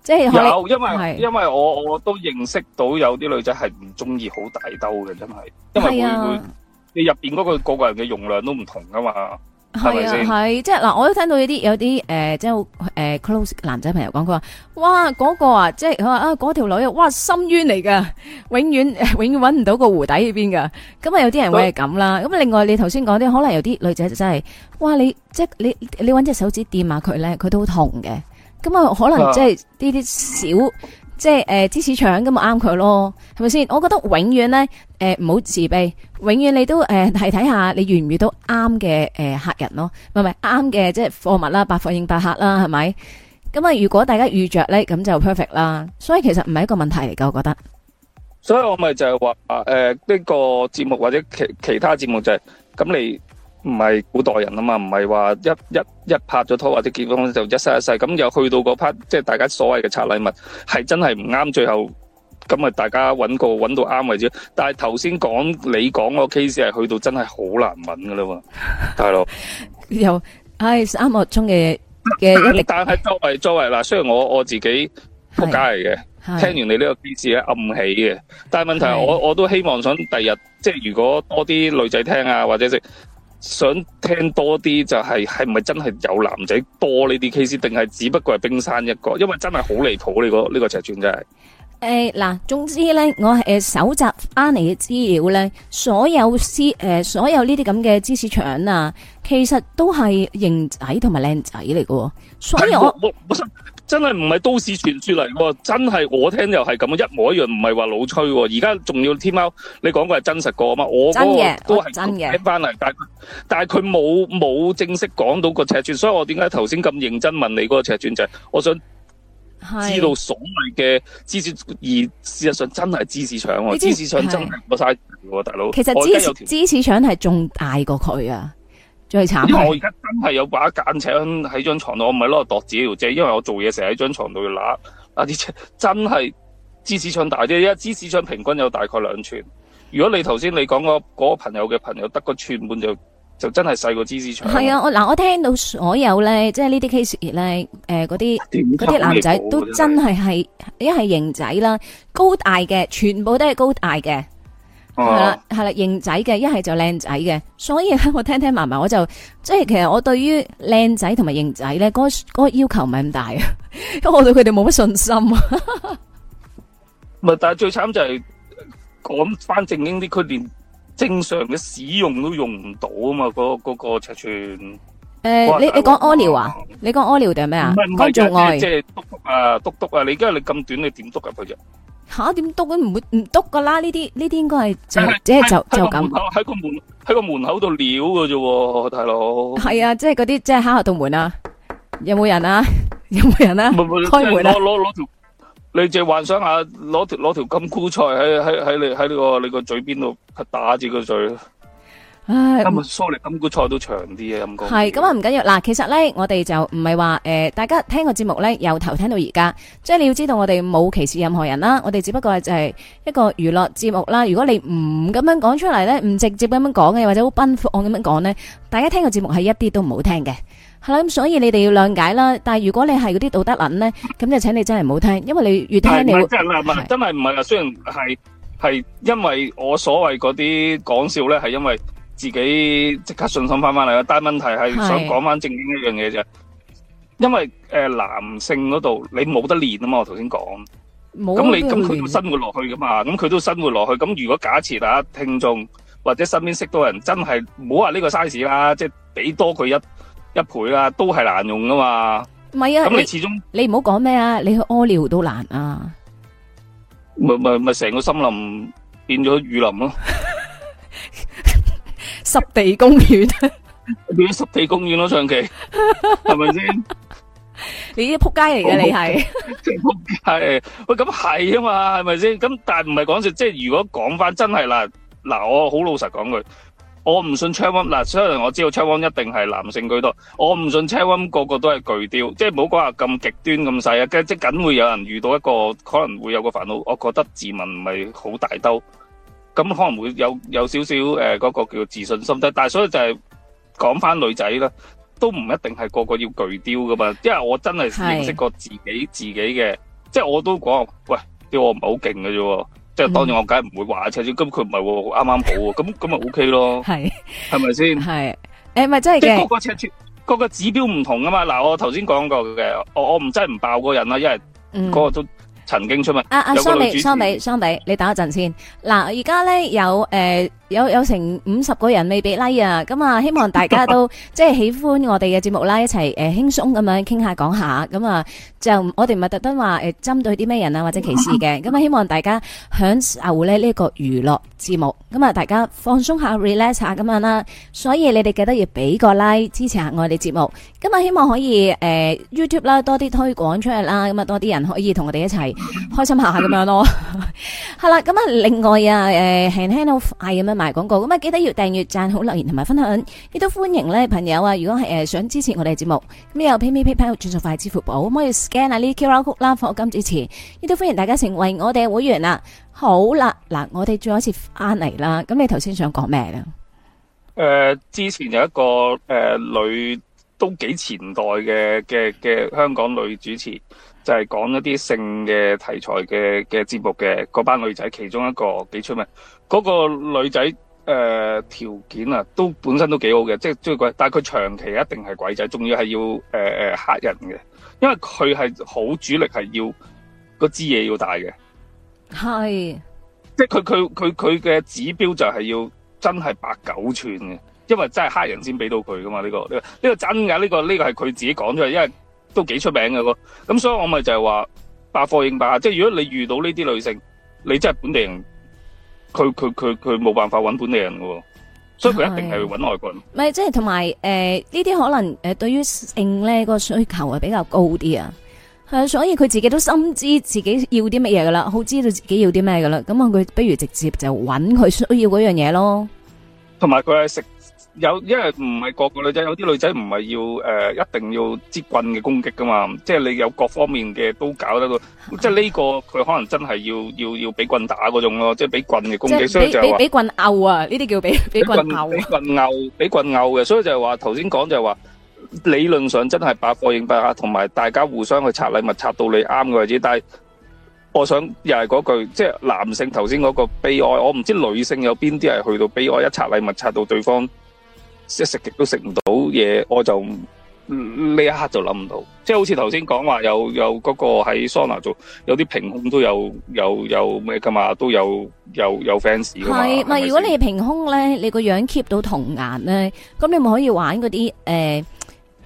即係有，因為因為我我都認識到有啲女仔係唔中意好大兜嘅，真係，因為會會你入邊嗰個個個人嘅容量都唔同噶嘛。係啊，係吧、啊啊呃，即係嗱，我都聽到有啲有啲誒，即係誒 close 男仔朋友講，佢話哇嗰、那個啊，即係佢話啊嗰條女啊，那個、女哇深淵嚟噶，永遠永遠搵唔到個湖底呢邊噶，咁啊有啲人會係咁啦，咁對另外你頭先講啲，可能有啲女仔就真、是、係，哇你即係你你搵隻手指掂下佢咧，佢都好痛嘅，咁啊可能即係呢啲小。即係誒芝士腸咁咪啱佢咯，係咪先？我覺得永遠咧誒唔好自卑，永遠你都誒係睇下你遇唔遇到啱嘅誒客人咯，係咪啱嘅即係貨物啦，百貨應百客啦，係咪？咁啊如果大家遇着咧，咁就 perfect 啦。所以其實唔係一個問題嚟㗎，我覺得。所以我咪就係話誒呢個節目或者其其他節目就係、是，咁你唔係古代人啊嘛，唔係話一一一拍咗拖或者結婚就一世一世咁，又去到嗰 part，即係大家所謂嘅拆禮物，係真係唔啱，最後咁啊，大家揾個揾到啱為止。但係頭先講你講個 case 係去到真係好難揾噶啦，大佬， 又係啱學中嘅嘅，但係作為作為啦，雖然我我自己仆街嚟嘅，聽完你呢個 case 咧暗起嘅，但係問題係我我都希望想第日即係如果多啲女仔聽啊，或者食。想聽多啲就係係唔係真係有男仔多呢啲 case，定係只不過係冰山一個？因為真係好離譜呢個呢個尺寸真係。誒嗱、呃，總之咧，我誒、呃、搜集翻嚟嘅資料咧，所有 C 誒、呃、所有呢啲咁嘅芝士腸啊，其實都係型仔同埋靚仔嚟嘅，所以我我我,我信真係唔係都市傳說嚟，真係我聽又係咁，一模一樣，唔係話老吹。而家仲要天喵，你講過係真實過啊嘛，真的的我嗰個都係真睇翻嚟，但但係佢冇冇正式講到個尺寸，所以我點解頭先咁認真問你嗰個尺寸就係，我想知道所謂嘅芝士，是而事實上真係芝士腸，芝士腸真係過晒大佬哥。其實芝芝士腸係仲大過佢啊，最慘。因為我真係 有把間尺喺喺張床度，我唔係攞嚟度自己條脷，因為我做嘢成日喺張床度拿。揦啲真係芝士腸大啫，一芝士腸平均有大概兩寸。如果你頭先你講嗰嗰個朋友嘅朋友得個寸半，就就真係細過芝士腸。係啊，我嗱我聽到所有咧，即係呢啲 case 咧，嗰啲嗰啲男仔都真係係一係型仔啦，高大嘅，全部都係高大嘅。係啦，係啦、哦，型仔嘅，一係就靚仔嘅，所以咧，我聽聽埋埋，我就即係其實我對於靚仔同埋型仔咧，嗰嗰、嗰個要求唔係咁大啊，因為我對佢哋冇乜信心。唔 係，但係最慘就係講翻正經啲，佢連正常嘅使用都用唔到啊嘛，嗰嗰、嗰個尺寸。誒、呃，你你講屙尿啊？你講屙尿定係咩啊？唔係唔係做愛。即係督督啊，篤篤啊！你而家你咁短，你點督入去啫？吓、啊？點督佢唔會唔督噶啦？呢啲呢啲應該係即即係就就咁。喺個門喺個門口度撩噶啫喎，大佬。係啊，即係嗰啲即係敲下道門啊？有冇人啊？有冇人啊？不不開門啦、啊！攞攞條，你淨係幻想下，攞條攞條金菇菜喺喺喺你喺你個你個嘴邊度打住個嘴。唉，今日 sorry，今股菜都長啲嘅，咁講係咁啊，唔緊要嗱。其實咧，我哋就唔係話誒，大家聽個節目咧，由頭聽到而家，即係你要知道，我哋冇歧視任何人啦。我哋只不過係就係一個娛樂節目啦。如果你唔咁樣講出嚟咧，唔直接咁樣講嘅，或者好奔放咁樣講咧，大家聽個節目係一啲都唔好聽嘅，係啦。咁所以你哋要諒解啦。但係如果你係嗰啲道德撚咧，咁就請你真係唔好聽，因為你越聽你我真係唔係，真係唔係啊。雖然係係，因為我所謂嗰啲講笑咧，係因為。自己即刻信心翻翻嚟咯，但係問題係想講翻正經一樣嘢啫。是因為誒、呃，男性嗰度你冇得練啊嘛，我頭先講。冇咁你咁佢生活落去噶嘛，咁佢都生活落去。咁如果假設大家聽眾或者身邊識到人，真係唔好話呢個 size 啦，即係俾多佢一一倍啦，啊，都係難用噶嘛。唔係啊，咁你始終你唔好講咩啊，你去屙尿都難啊。咪咪咪，成個森林變咗雨林咯，啊。 濕地公園，變咗濕地公園咯、啊，長期係咪先？你依個撲街嚟嘅，你係 係喂，咁係啊嘛，係咪先？咁但係唔係講笑，即係如果講翻真係啦，嗱，我好老實講句，我唔信 charming 嗱，雖然我知道 charming 一定係男性居多，我唔信 charming 個，個個都係巨雕，即係唔好講話咁極端咁細啊。即係梗會有人遇到一個可能會有個煩惱，我覺得自問唔係好大兜。咁可能會有有少少誒嗰、呃嗰個叫自信心，但係但所以就係講翻女仔啦，都唔一定係個個要巨雕噶嘛，因為我真係認識過自己是自己嘅，即係我都講，喂，屌我唔係好勁嘅啫，即係當,當然我梗係唔會話尺寸，咁佢唔係喎，啱啱、哦、好，咁咁咪 O K 咯，係係咪先？係誒咪真係嘅，即係個個尺寸個個指標唔同啊嘛，嗱我頭先講過嘅，我我唔真係唔爆個人啦，因為嗰個都。嗯曾經出問啊啊！sorry sorry sorry，你等一陣先。嗱、啊，而家咧有誒。呃有有成五十個人未俾 like 啊！咁、嗯、啊，希望大家都即係喜歡我哋嘅節目啦，一齊誒輕鬆咁樣傾下講下咁啊，就我哋唔係特登話誒針對啲咩人啊或者歧視嘅，咁、嗯、啊希望大家享受咧呢、這個娛樂節目，咁、嗯、啊大家放鬆下 relax 下咁樣啦。所以你哋記得要俾個 like 支持下我哋節目，咁、嗯、啊希望可以誒、呃、YouTube 啦多啲推廣出去啦，咁、嗯、啊多啲人可以同我哋一齊開心下咁樣咯。係 啦、嗯，咁啊另外啊誒 hand hand off eye 咁樣。呃輕輕賣廣告咁啊，記得要訂閱、讚好、留言同埋分享。亦都歡迎咧，朋友啊，如果係誒想支持我哋節目，咁又 PayMe、PayPal、轉數快、支付寶，可以 scan 下呢啲 QR code 啦，課金支持。亦都歡迎大家成為我哋嘅會員啦。好啦，嗱，我哋再一次翻嚟啦，咁你頭先想講咩咧？誒，之前有一個誒、呃、女都幾前代嘅嘅嘅香港女主持。就係講一啲性嘅題材嘅嘅節目嘅嗰班女仔，其中一個幾出名。嗰、那個女仔誒、呃、條件啊，都本身都幾好嘅，即鬼。但係佢長期一定係鬼仔，仲要係要誒誒嚇人嘅，因為佢係好主力要，係要支嘢要帶嘅。係是，即係佢佢佢佢嘅指標就係要真係八九寸嘅，因為真係嚇人先俾到佢噶嘛。呢、這個呢、這個呢、這個、真嘅，呢、這個呢個係佢自己講出嚟，因為都幾出名嘅喎，咁所以我咪就係話百貨應百客，即係如果你遇到呢啲女性，你真係本地人，佢佢佢佢冇辦法揾本地人嘅喎，所以佢一定係揾外國人。唔係即係同埋誒呢啲可能誒對於性咧個需求係比較高啲啊，係啊，所以佢自己都心知自己要啲乜嘢嘅啦，好知道自己要啲咩嘅啦，咁啊佢不如直接就揾佢需要嗰樣嘢咯，同埋佢係食。有，因為唔係個個女仔，有啲女仔唔係要誒，一定要接棍嘅攻擊噶嘛。即係你有各方面嘅都搞得到，即係呢個佢可能真係要要要俾棍打嗰種咯，即係俾棍嘅攻擊。所以就話俾棍毆啊，呢啲叫俾俾棍毆。俾棍毆，俾棍毆嘅，所以就係話頭先講就係話理論上真係把貨應把下，同埋大家互相去拆禮物拆到你啱嘅位置。但係我想又係嗰句，即係男性頭先嗰個悲哀，我唔知女性有邊啲係去到悲哀，一拆禮物拆到對方。即食極都食唔到嘢，我就呢一刻就諗唔到。即係好似頭先講話有有嗰個喺桑拿做，有啲平胸都有有有咩噶嘛，都有有有 fans。係咪？如果你平胸咧，你個樣 keep 到童顏咧，咁你咪可以玩嗰啲誒，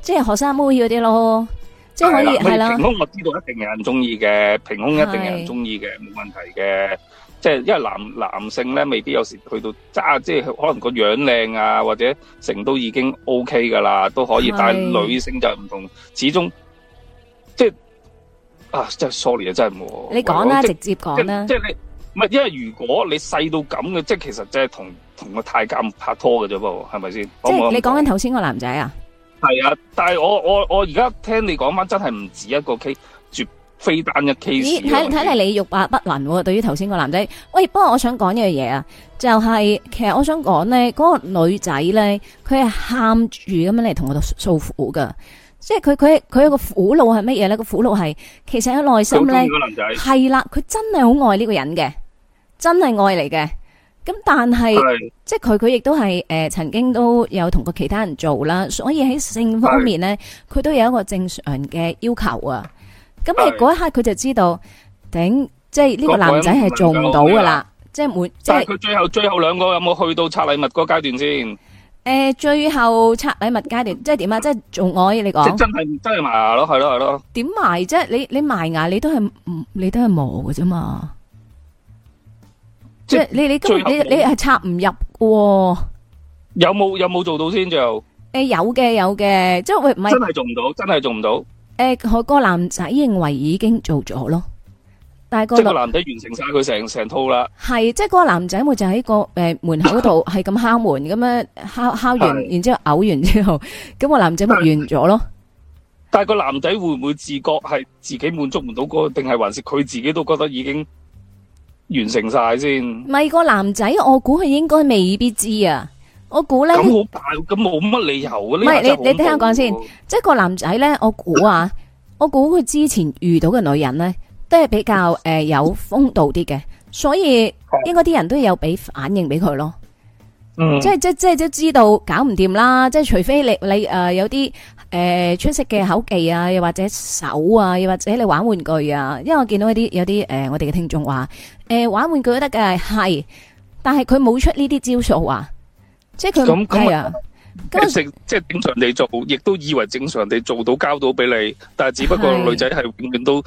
即係學生妹嗰啲咯，即係可以係啦。平胸我知道一定有人中意嘅，平胸一定有人中意嘅，冇問題嘅。即係因為男男性咧未必有時去到揸，即、啊、係、就是、可能個樣靚啊，或者成都已經 O K 噶啦，都可以。的但係女性就唔同，始終即係啊，即係 sorry 啊，真係冇。Sorry，真你講啦，直接講啦。即係你唔係因為如果你細到咁嘅，即係其實即係同同個太監拍拖嘅啫，喎，係咪先？即係你講緊頭先個男仔啊？係啊，但係我我我而家聽你講翻，真係唔止一個 K。非彈嘅 case，睇睇嚟你欲罷不能喎。對於頭先個男仔，喂，不過我想講一樣嘢啊，就係、是、其實我想講呢嗰、那個女仔呢，佢係喊住咁樣嚟同我度訴，訴苦噶，即係佢佢佢有個苦惱係乜嘢呢？個苦惱係其實喺內心呢，係啦，佢真係好愛呢個人嘅，真係愛嚟嘅。咁但係的即係佢佢亦都係誒曾經都有同過其他人做啦，所以喺性方面呢，佢的都有一個正常嘅要求啊。咁佢嗰一刻佢就知道，頂，即係呢個男仔係做唔到噶啦，即係沒，即係。但係佢最後最後兩個有冇去到拆禮物嗰階段先？誒，最後拆禮物階段即係點啊？即係仲愛你講。即係真係真係埋牙咯，係咯係咯。點埋啫？即係你你埋牙，你都係唔你都係磨嘅啫嘛。即係你你今你你係插唔入嘅。有冇有冇做到先？最後誒，有嘅有嘅，即係喂唔係。真係做唔到，真係做唔到。誒，個男仔認為已經做咗咯，但係、個即個男仔完成晒佢成成套啦。係，即係個男仔，咪就喺個誒門口度，係咁敲門，咁樣敲敲完，然之後嘔完之後，咁的個男仔咪完咗咯。但係個男仔會唔會自覺係自己滿足唔到嗰，定係還是佢自己都覺得已經完成晒先？咪個男仔，我估佢應該未必知啊。我估咧咁好大，咁冇乜理由啊！唔係你，你聽我講先，即係個男仔咧，我估啊，我估佢之前遇到嘅女人咧，都係比較誒、呃、有風度啲嘅，所以應該啲人都有俾反應俾佢咯。嗯，即係即即即知道搞唔掂啦。即係除非你你誒、呃、有啲誒出色嘅口技啊，又或者手啊，又或者你玩玩具啊。因為我見到一啲有啲誒、呃，我哋嘅聽眾話誒玩玩具都得嘅係，但係佢冇出呢啲招數啊。即係佢咁係啊！即係正常地做，那亦都以為正常地做到交到俾你，但係只不過女仔係永遠都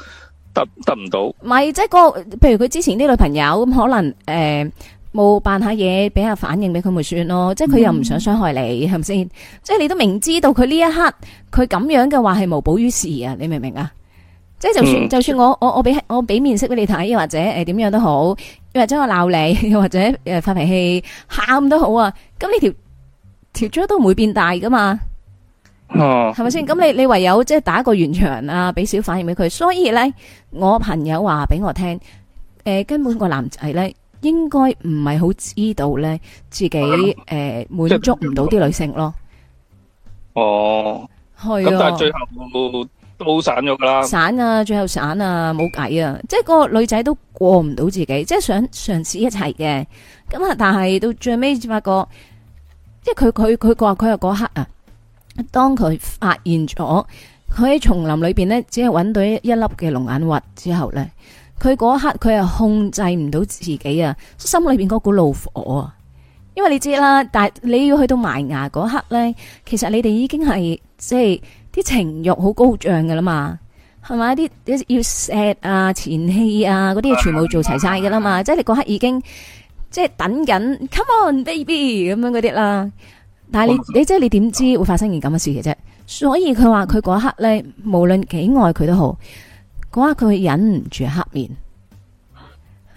得的得唔到。唔係，即係、嗰個，譬如佢之前啲女朋友咁，可能誒冇、呃、扮下嘢，俾下反應俾佢咪算咯。即係佢又唔想傷害你，係咪先？即係你都明知道佢呢一刻佢咁樣嘅話係無補於事啊！你明唔明啊？即係就算、嗯、就算我我我俾我俾面色俾你睇，或者誒點樣都好。或者我鬧你，或者誒發脾氣、喊都好啊。咁你條條嘴都唔會變大噶嘛，哦，係咪先？咁你你唯有即係打個圓場啊，俾小反應俾佢。所以咧，我朋友話俾我聽，誒根本個男仔咧應該唔係好知道咧自己誒滿足唔到啲女性咯。哦，係咁，但係最後冇。冇散咗啦，散啊，最後散啊，冇計啊！即係個女仔都過唔到自己，即係想嘗試一齊嘅，咁啊，但係到最尾發覺，即係佢佢佢話佢係嗰刻啊，當佢發現咗佢喺叢林裏邊咧，只係搵到一粒嘅龍眼核之後咧，佢嗰刻佢係控制唔到自己啊，心裏邊嗰股怒火啊！因為你知啦，但係你要去到埋牙嗰刻咧，其實你哋已經係即係。啲情欲好高漲㗎啦嘛，係咪？啲要錫啊、前戲啊嗰啲嘢全部做齊晒㗎啦嘛，啊、即係你嗰刻已經即係等緊，come on baby 咁樣嗰啲啦。但係你你即係你點知會發生件咁嘅事嘅啫？所以佢話佢嗰刻咧，嗯、無論幾愛佢都好，嗰刻佢會忍唔住黑面。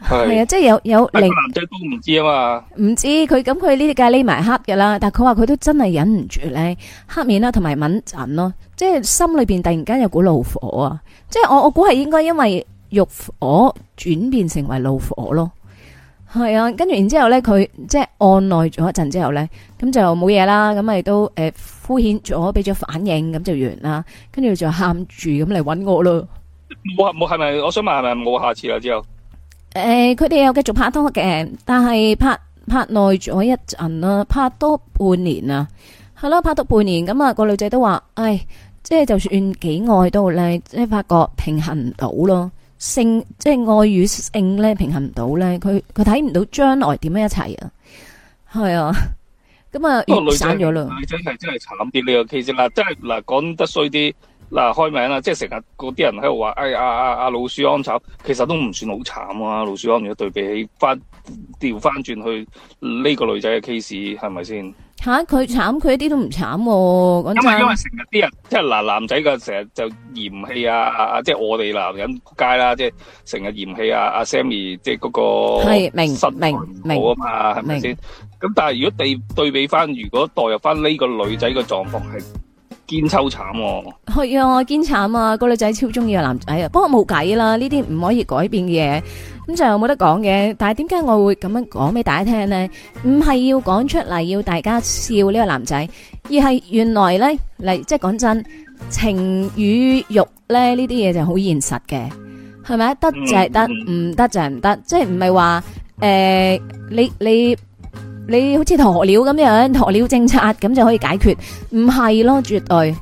係啊，即係有有、哎那個、男仔都唔知啊嘛，唔知佢咁佢呢啲梗係匿埋黑噶啦，但係佢話佢都真係忍唔住咧，黑面啦，同埋忟憎咯，即係心裏邊突然間有股怒火啊！即係我我估係應該因為欲火轉變成為怒火咯，係啊，跟住然後呢之後咧，佢即係按耐咗一陣之後咧，咁就冇嘢啦，咁咪都誒敷衍咗俾咗反應，咁就完啦。跟住就喊住咁嚟搵我咯。冇冇係咪？我想問係咪冇下次啦？之後。誒，佢哋，欸，又繼續拍拖嘅，但係拍拍耐咗一陣啦，拍多半年啊，係咯，拍多半年，咁，那，啊個女仔都話，唉，即係就算幾愛都好咧，即係發覺平衡唔到咯，性即係愛與性咧平衡唔到咧，佢佢睇唔到將來點樣一齊啊，係啊，咁啊越散咗咯，女仔係真係慘啲呢個 case 啦，真係嗱講得衰啲。嗱，開名啦，即係成日嗰啲人喺度話，哎啊啊老鼠安慘，其實都唔算好慘啊。老鼠安如果對比起翻調翻轉去呢個女仔嘅 case，係咪先嚇佢慘？佢一啲都唔慘。咁即因為成日啲人，即係嗱男仔嘅成日就嫌棄啊啊，即係我哋男人街啦，即係成日嫌棄啊 Sammy，即係嗰個身材唔好啊嘛，係咪先？咁但係如果對對比翻，如果代入翻呢個女仔嘅狀況係。見秋慘、哦，係、 哎、啊，堅慘啊！個女仔超中意個男仔啊，不過冇計啦，呢啲唔可以改變嘅嘢，咁就冇得講嘅。但係點解我會咁樣講俾大家聽咧？唔係要講出嚟要大家笑呢個男仔，而係原來咧嚟，即係講真，情與欲咧呢啲嘢就好現實嘅，係咪？得就係得，唔得、嗯嗯、就係唔得，即係唔係話誒，你你。你好似鴕鳥咁樣，鴕鳥政策咁就可以解決？唔係咯，絕對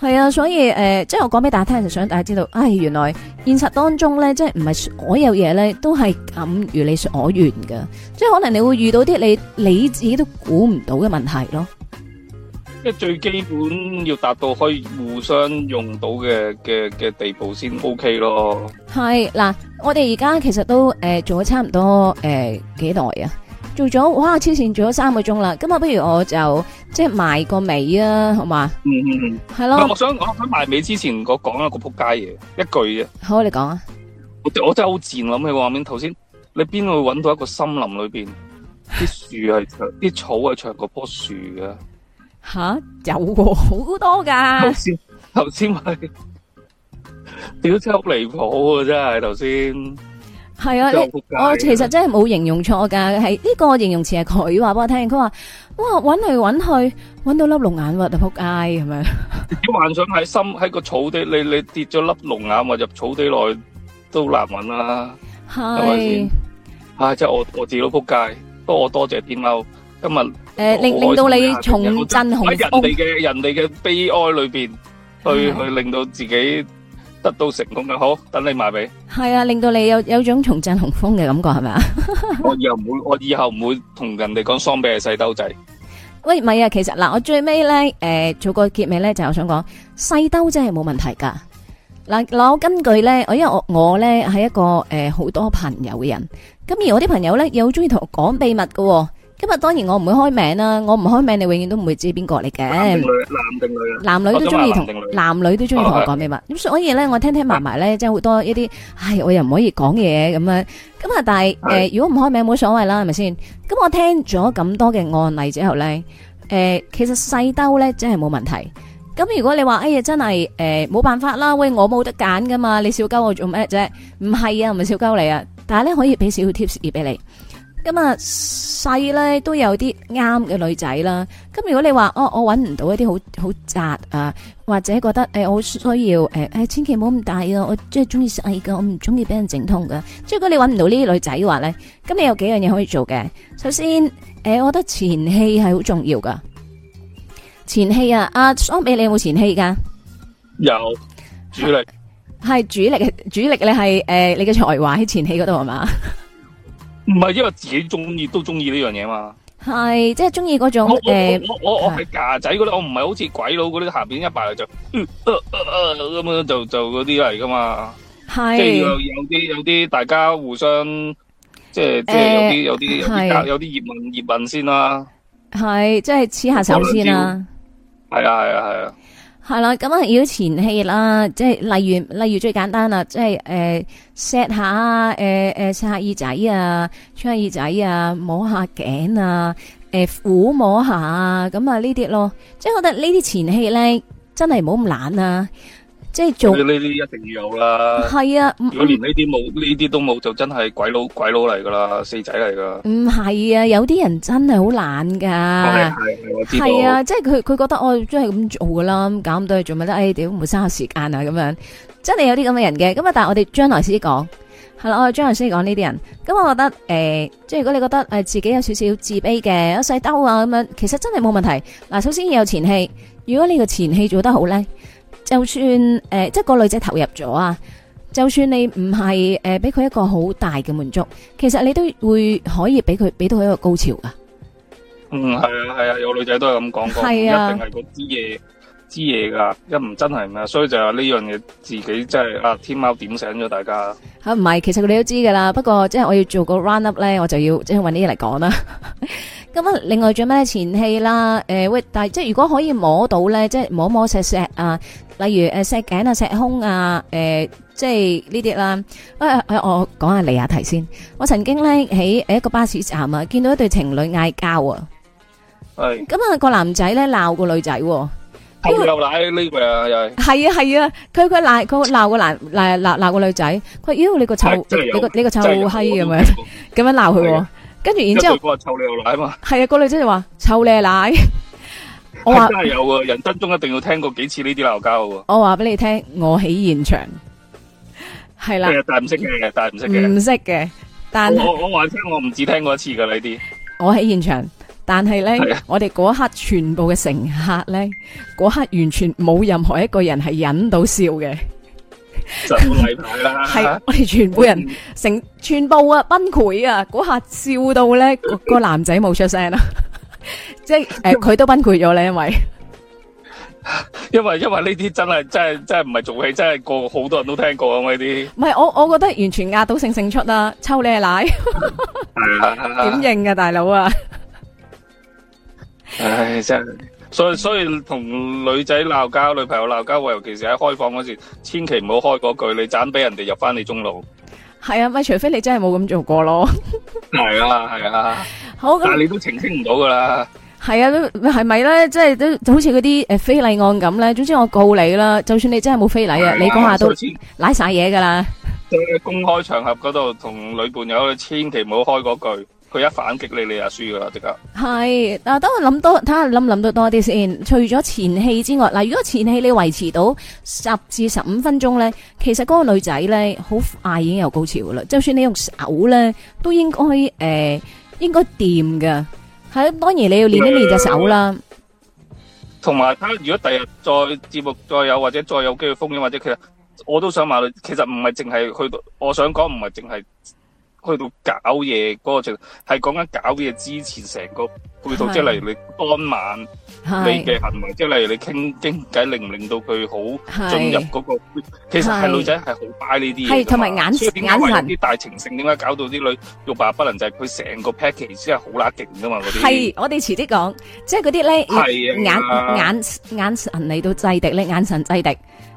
係啊！所以誒、呃，即係我講俾大家聽，就想大家知道，唉、哎，原來現實當中咧，即係唔係所有嘢咧都係咁如你所願嘅，即係可能你會遇到啲你你自己都估唔到嘅問題咯。即係最基本要達到可以互相用到嘅嘅嘅地步先 OK 咯。係嗱，我哋而家其實都誒、呃、做咗差唔多誒、呃、幾耐啊？做咗哇！癡線做咗三個鐘啦，今日不如我就即係埋個尾啊，好嘛、嗯？嗯是咯 嗯嗯，係咯。我想我想埋尾之前，我講一個仆街嘢，一句啫。好，你講啊。我真我真係好賤諗起畫面，頭先你邊度會搵到一個森林裡邊啲樹係啲草係長過棵樹噶？吓，有、哦、好多噶。頭先頭先咪，屌，真係好離譜啊！真係頭先。剛才係啊，你我其實真係冇形容錯噶，係呢個形容詞係佢話俾我聽，佢話哇，揾嚟揾去揾到粒龍眼核，就撲街係咪？你幻想喺心喺個草地，你你跌咗粒龍眼核入草地內都難揾啦，係咪先？啊，即係我我自佬撲街，不過我多謝天喵今日誒，令令到你重振雄風。喺人哋嘅人哋嘅悲哀裏邊，去去令到自己。得到成功就好，等你賣俾。係啊，令到你有有種重振雄風嘅感覺，係咪啊？我以後唔會，我以後唔會同人哋講雙幣係細兜仔。喂，唔係啊，其實嗱，我最尾咧，誒，做個結尾咧，就係我想講細兜真係冇問題噶。嗱，攞根據咧，我因為我我咧係一個誒好多朋友嘅人，咁而我啲朋友咧又好中意同我講秘密噶。今日當然我唔會開名啦，我唔開名，你永遠都唔會知邊個嚟嘅。男女，男，女男女都中意同男女都中意同我講秘密。咁所以咧，我聽聽埋埋咧，即係好多一啲，唉，我又唔可以講嘢咁樣咁啊，但係是、呃、如果唔開名冇所謂啦，係咪先？咁、嗯、我聽咗咁多嘅案例之後咧，誒、呃，其實細兜咧真係冇問題。咁、嗯、如果你話，哎呀，真係誒冇辦法啦，喂，我冇得揀㗎嘛，你笑鳩我做咩啫？唔係啊，唔係笑鳩你啊，但係咧可以俾少少 tips 俾你。咁啊細咧都有啲啱嘅女仔啦。咁如果你話哦，我搵唔到一啲好好窄啊，或者覺得誒、欸，我好需要誒誒、欸，千祈唔好咁大咯、啊。我即係中意細噶，我唔中意俾人整通噶。即係如果你搵唔到呢啲女仔話咧，咁你有幾樣嘢可以做嘅。首先，誒、欸，我覺得前戲係好重要噶。前戲啊，阿、啊、桑美，你有冇前戲噶？有主力係主力，主力你係誒，你嘅才華喺前戲嗰度係嘛？唔係因為自己中意都中意呢樣嘢嘛，係即係中意嗰種，我我我我係架仔嗰啲，我唔係是好似鬼佬嗰啲下邊一排就咁、呃呃呃呃、樣就就嗰啲嚟㗎嘛，係是即係有啲有啲大家互相即係即係有啲有啲有啲有啲熱吻熱吻先啦、啊，係即係黐下手先啦，係啊係啊係啊。係啦，咁啊、嗯、要前戲啦，即係例如例如最簡單啦，即係誒 set 下，誒誒 set 下耳仔啊，吹下耳仔啊，摸下頸啊，誒、呃、撫摸下，啊咁啊呢啲咯，即係我覺得呢啲前戲咧，真係唔好咁懶啊！即係做呢啲一定要有啦。係啊，如果連呢啲冇，呢啲、嗯、都冇，就真係鬼佬鬼佬嚟噶啦，四仔嚟噶。唔係、嗯、啊，有啲人真係好懶噶。係、哦、啊，即係佢佢覺得我真係咁做噶啦，搞唔到嘅做咪得。誒、哎，屌唔好嘥下時間啊，咁樣。真係有啲咁嘅人嘅。咁啊，但係我哋將來先講。係啦，我哋將來先嚟講呢啲人。咁、嗯、我覺得誒、呃，即係如果你覺得誒自己有少少自卑嘅，有細兜啊咁樣，其實真係冇問題。嗱，首先要有前戲，如果你個前戲做得好咧。就算誒、呃，即係個女仔投入咗啊，就算你唔係誒，俾、呃、佢一個好大嘅滿足，其實你都會可以俾佢俾到一個高潮㗎。嗯，係啊，係啊，有女仔都係咁講過，啊、一定係嗰啲嘢。知嘢噶，一唔真係咩，所以就有呢樣嘢自己即係阿天喵點醒咗大家。吓唔係，其實你都知噶啦，不過即係我要做個 run up 咧，我就要即係搵啲嘢嚟講啦。咁啊，另外仲有咩前戲啦？誒喂，但係即係如果可以摸到咧，即係摸摸錫錫啊，例如誒錫頸啊、錫胸啊，誒即係呢啲啦。啊，我講下另一題先。我曾經咧喺一個巴士站啊，見到一對情侶嗌交啊。係。咁啊，個男仔咧鬧個女仔。臭你奶呢個啊，又係係啊係啊，佢佢鬧佢鬧個男鬧鬧鬧個女仔，佢妖你個臭你個你個臭閪咁樣咁樣鬧佢，跟住然之後，嗰個臭你奶啊嘛，係啊，個女仔就話臭你奶。我話真係有啊，人生中一定要聽過幾次呢啲鬧交噶。我話俾你聽，我喺現場，係啦。但係唔識嘅，但係唔識嘅，唔識嘅。但係我我話聽，我唔止聽過一次噶呢啲，我喺現場。.但係咧，我哋嗰刻全部嘅乘客咧，嗰刻完全冇任何一個人係忍到笑嘅，就係啦，係我哋全部人成全部啊崩潰啊！嗰下笑到咧，個男仔冇出聲啦，即係誒，佢都崩潰咗喇，因為因為因為呢啲真係真係真係唔係做戲，真係個好多人都聽過咁呢啲。唔係我我覺得完全壓倒性勝出啦，抽你奶，點認啊大佬啊！唉，真係，所以所以同女仔鬧交，女朋友鬧交，尤其是喺開放嗰時，千祈唔好開嗰句，你盞俾人哋入翻你中路。係啊，咪除非你真係冇咁做過咯。係啊，係啊。好，但係你都澄清唔到噶啦。係啊，係咪咧？即係都好似嗰啲誒非禮案咁咧。總之我告你啦，就算你真係冇非禮啊，你講話都拉晒嘢噶啦。喺公開場合嗰度同女伴友，千祈唔好開嗰句。佢一反擊你，你又輸噶啦，即刻。係，嗱，等我諗多睇下，諗唔諗到多啲先。除咗前戲之外，嗱，如果前戲你維持到十至十五分鐘咧，其實嗰個女仔咧，好快已經有高潮噶啦。就算你用手咧，都應該誒，應該掂噶。係，當然你要練一練隻手啦。同埋，如果第日再節目再有，或者再有機會風險，或者其實我都想問，其實唔係淨係去到，我想講唔係淨係，去到搞嘢嗰個程度，係講緊搞嘢之前成個配套，即係例如你當晚你嘅行為，即係例如你傾傾偈，令唔令到佢好進入嗰個？其實係女仔係好 buy 呢啲嘢，係同埋眼神眼神啲，大情性，點解搞到啲女欲罷不能？就係佢成個 package 真係好乸勁㗎嘛，嗰啲。係我哋遲啲講，即係嗰啲咧眼眼眼神嚟到制敵咧，眼神制敵。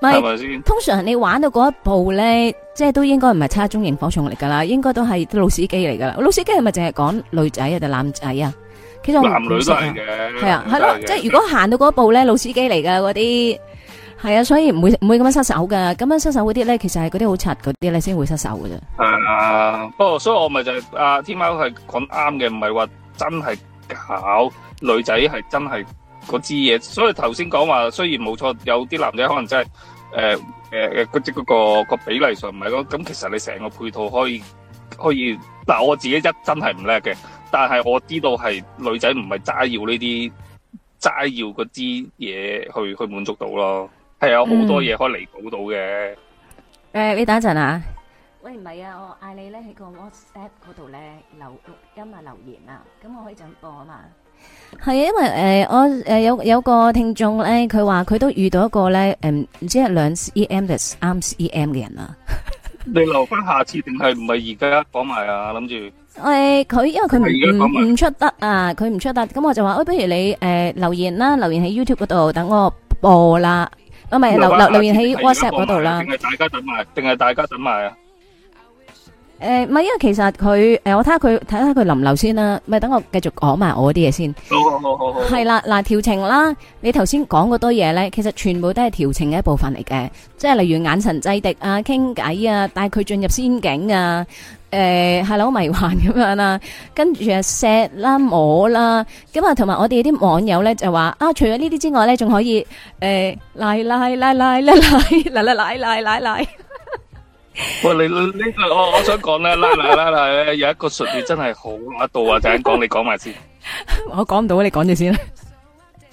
咪通常你玩到嗰一步咧，即係都應該唔係差中螢火蟲嚟噶啦，應該都係啲老司機嚟噶啦。老司機係咪淨係講女仔啊定男仔啊？其實男女都係嘅，係啊，係咯，即係如果行到嗰一步咧，老司機嚟噶嗰啲，係啊，所以唔會唔會咁樣失手噶。咁樣失手嗰啲咧，其實係嗰啲好柒嗰啲咧，先會失手噶啫。啊，不過所以我咪就係啊，天喵係講啱嘅，唔係話真係搞女仔係真係。嗰支嘢，所以頭先講話雖然冇錯，有啲男仔可能真係，誒誒誒嗰啲個、嗰個比例上唔係咯，咁其實你成個配套可以可以，但我自己一真係唔叻嘅，但係我知道係女仔唔係齋要呢啲，齋要嗰支嘢去去滿足到咯，係有好多嘢可以彌補到嘅。誒、嗯呃，你等一陣吓、啊，喂唔係啊，我嗌你咧喺個 WhatsApp 嗰度咧留錄音啊留言啊，咁、啊、我可以直播啊嘛。係，是因為誒、呃，我誒、呃、有有個聽眾咧，佢話佢都遇到一個咧，唔、嗯、知係兩 c M 定係啱 cm 嘅人是是啊。你留翻下次定係唔係而家講埋啊？諗住。誒，佢因為佢唔唔出得啊，佢唔出得，咁我就話，誒、哎，不如你誒留言啦，留言喺 YouTube 嗰度等我播啦，唔係留留留言喺 WhatsApp 嗰度啦。淨係、啊、大家等埋、啊，定係大家等埋啊？誒，唔係，因為其實佢誒，我睇下佢睇下佢林流先啦，咪等我繼續講埋我啲嘢先。好好好好好。係啦，嗱，調情啦，你頭先講嗰多嘢咧，其實全部都係調情嘅一部分嚟嘅，即係例如眼神擠敵啊，傾偈啊，帶佢進入仙境啊，誒，係啦，迷幻咁樣啦，跟住啊，錫啦，摸啦，咁啊，同埋我哋啲網友咧就話啊，除咗呢啲之外咧，仲可以誒，喂，你呢度我我想講咧，拉啦拉啦，有一個術語真係好霸道啊！第一講你講埋先，我講唔到，你講住先。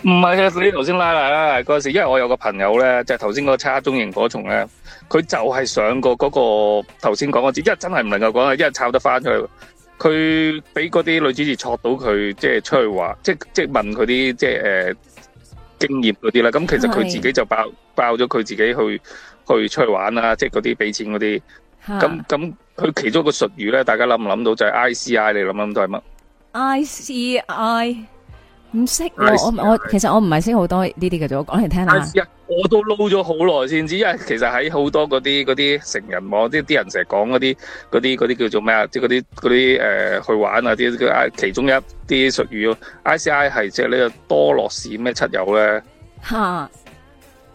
唔係啊，你頭先拉啦拉啦嗰時，因為我有個朋友咧，就係頭先嗰個叉中螢火蟲咧，佢就係上過嗰個頭先講嗰次，一係真係唔能夠講啊，一係抄得翻出去，佢俾嗰啲女主持撮到佢，即係出去話，即係即係問佢啲即係誒經驗嗰啲啦。咁其實佢自己就爆爆咗佢自己去。去出去玩啊，即係嗰啲俾錢嗰啲，咁咁佢其中一個術語咧，大家諗唔諗到就係 I C I，你諗唔諗到係乜？I C see I 唔識、啊、see 我我其實我唔係識好多呢啲嘅，我講嚟聽下。I C I，我都撈咗好耐先知，因為其實喺好多嗰啲啲成人網，啲啲人成日講嗰啲啲啲叫做咩啊？即係嗰啲啲誒去玩啊啲，其中一啲術語咯。I C I 係即係呢個多樂士咩七友咧。吓。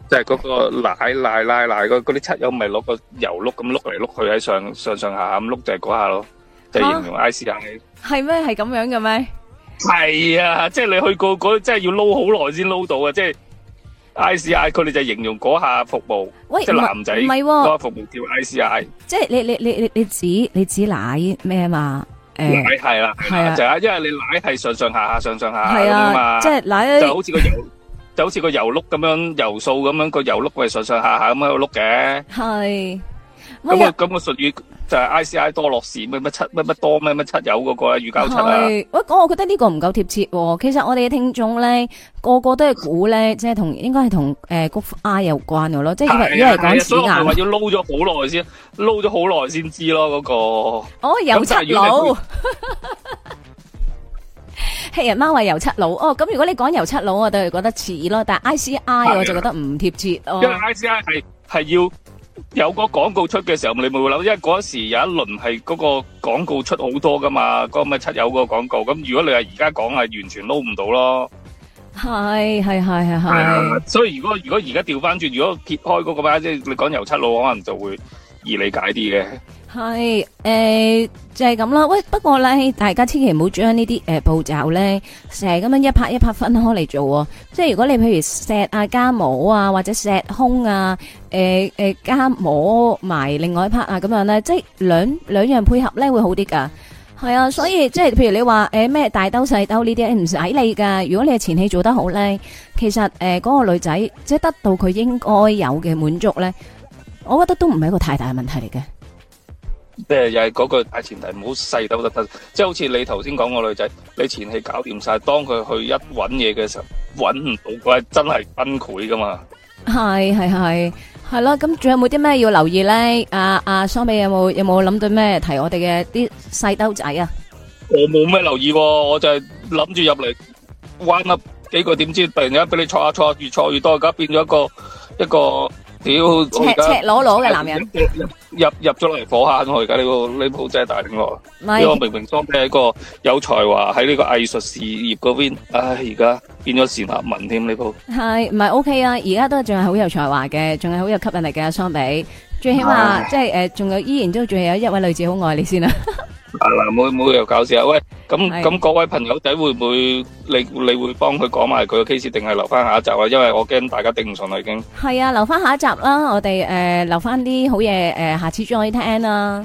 即係嗰個奶奶奶奶，嗰嗰啲漆油咪攞個油碌咁碌嚟碌去喺上上上下下咁碌，就係嗰下咯。即係形容 ICI 係咩？係咁樣嘅咩？係啊，即係你去過嗰，即係要撈好耐先撈到啊！即係 ICI，佢哋就形容嗰下服務，即係男仔唔係嗰下服務叫 ICI。即係你你你你你指你指奶咩嘛？誒，係啦，係啊，就係因為你奶係上上下下上上下下嘛，即係奶就好似個油。就好似個油碌咁樣，油掃咁樣個油碌喂上上下下咁喺度碌嘅。係是，咁啊咁個術、哎、呀語就係 ICI 多樂士咁乜七乜乜多乜乜七有嗰、那個啊，乳膠漆啊。喂，講我覺得呢個唔夠貼切、哦。其實我哋嘅聽眾咧，個個都係估咧，即係同應該係同誒谷 I 有關嘅咯。啊、即係因為講啲嘢，所以咪要撈咗好耐先撈咗好耐先知咯？嗰、那個哦，有七佬。 黑人貓係油漆佬哦，咁如果你講油漆佬，我都係覺得似咯，但係 I C I 我就覺得唔貼切哦，因為 I C I 係係要有個廣告出嘅時候，你咪會諗，因為嗰時有一輪係嗰個廣告出好多噶嘛，嗰咪七友個廣告，咁如果你係而家講係完全撈唔到咯，係係係係係，所以如果如果而家調翻轉，如果撇開嗰個吧，即係你講油漆佬，可能就會易理解啲。係誒，就係咁啦。喂，不過咧，大家千祈唔好將呢啲誒步驟咧，成日咁樣一拍一拍分開嚟做。即係如果你譬如錫啊加帽啊，或者錫胸啊，誒誒加帽埋另外一拍啊咁樣咧，即係兩兩樣配合咧會好啲噶。係啊，所以即係譬如你話誒咩大兜細兜呢啲唔使理噶。如果你係前戲做得好咧，其實誒嗰個女仔即係得到佢應該有嘅滿足咧，我覺得都唔係一個太大嘅問題嚟嘅。即係又係嗰句大前提，唔好細兜特登，即係好似你頭先講個女仔，你前戲搞掂晒，當佢去一搵嘢嘅時候，搵唔到佢真係崩潰噶嘛？係係係係咯，咁仲有冇啲咩要留意咧？阿阿蘇美有冇有冇諗到咩提我哋嘅啲細兜仔啊？我冇咩留意，我就係諗住入嚟玩啊幾個，點知突然間俾你錯下錯，越錯越多，而家變咗一個一個。屌，赤赤裸裸嘅男人，入入咗嚟火坑、啊，我而家呢個呢鋪真係頂唔落。唔係是，呢明明桑比係一個有才華喺呢個藝術事業嗰邊，唉，而家變咗善惡文添呢鋪。係唔係 OK 啊？而家都仲係好有才華嘅，仲係好有吸引力嘅、啊、桑比。最起碼即係誒，仲的、就是呃、有依然都仲有一位女子好愛你先啦。 啊嗱，冇冇又搞笑。喂，咁咁嗰位朋友仔會唔會你你會幫佢講埋佢嘅 case，定係留翻下一集啊？因為我驚大家頂唔順啦，已經係啊，留翻下一集啦。我哋誒留翻啲好嘢誒，下次再聽啦。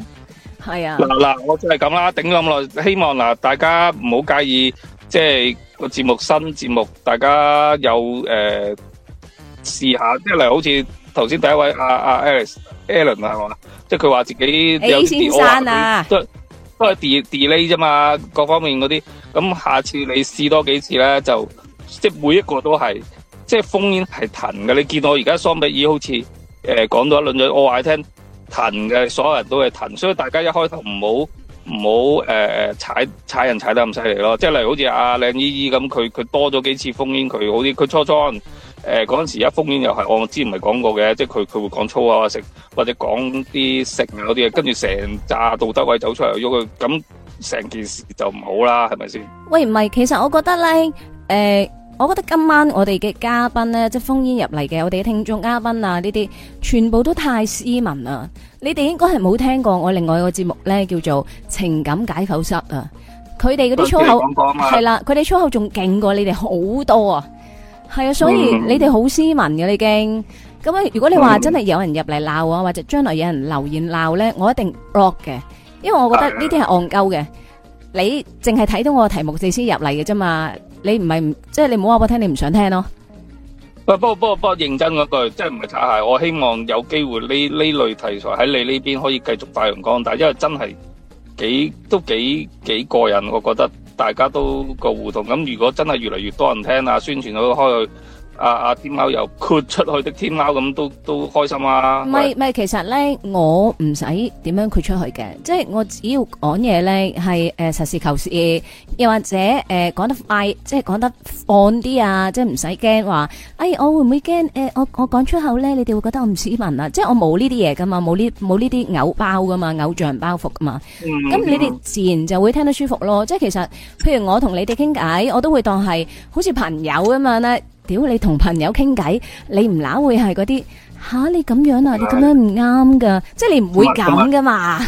係啊，嗱嗱，我真係咁啦，頂咗咁耐，希望嗱大家唔好介意，即係個節目新節目，大家有誒試下，即係例如好似頭先第一位阿阿 Alice Alan 係嘛，即係佢話自己 A 先生啊。都係 delay 啫嘛，各方面嗰啲，咁下次你試多幾次咧，就即係每一個都係，即係烽煙係騰嘅。你見到我而家雙比爾好似誒講到一輪嘴我話你聽騰嘅，所有人都係騰，所以大家一開頭唔好唔好誒踩踩人踩得咁犀利咯。即係例如好似阿靚姨姨咁，佢佢多咗幾次烽煙，佢好啲，佢初初。誒嗰陣時，一封煙又係我之前唔係講過嘅，即係佢佢會講粗口啊，食或者講啲食物嗰啲嘢，跟住成扎道德位走出嚟喐佢，咁成件事就唔好啦，係咪先？喂，唔係，其實我覺得咧，誒，我覺得今晚我哋嘅嘉賓咧，即係封煙入嚟嘅我哋嘅聽眾嘉賓啊，呢啲全部都太斯文啦！你哋應該係冇聽過我另外一個節目咧，叫做情感解剖室啊，佢哋嗰啲粗口係啦，佢哋粗口仲勁過你哋好多啊！係啊，所以你哋好斯文嘅已經。咁咧，如果你話真係有人入嚟鬧啊，或者將來有人留言鬧咧，我一定 block 嘅，因為我覺得呢啲係戇鳩嘅。你淨係睇到我嘅題目字，先入嚟嘅啫嘛，你唔係唔即係你唔好話我聽你唔想聽咯。不過不過不過，認真嗰句，真係唔係踩鞋。我希望有機會呢呢類題材喺你呢邊可以繼續發揚光大，因為真係幾都幾幾過癮，我覺得。大家都個互動咁，如果真係越嚟越多人聽啊，宣傳開開去。啊啊！天貓又豁出去的天貓咁，都都開心啊！唔係唔係，其實咧，我唔使點樣豁出去嘅，即係我只要講嘢咧，係誒、呃、實事求是，又或者誒、呃、講得快，即係講得放啲啊！即係唔使驚話，哎，我會唔會驚？誒、呃，我我講出口咧，你哋會覺得我唔斯文啊？即係我冇呢啲嘢噶嘛，冇呢冇呢啲偶包噶嘛，偶像包袱噶嘛。咁、嗯、你哋自然就會聽得舒服咯。嗯、即係其實，譬如我同你哋傾偈，我都會當係好似朋友咁樣咧。屌，你同朋友傾偈，你唔扭會係嗰啲吓你咁樣啊？你咁樣唔啱噶，的即係你唔會咁噶嘛。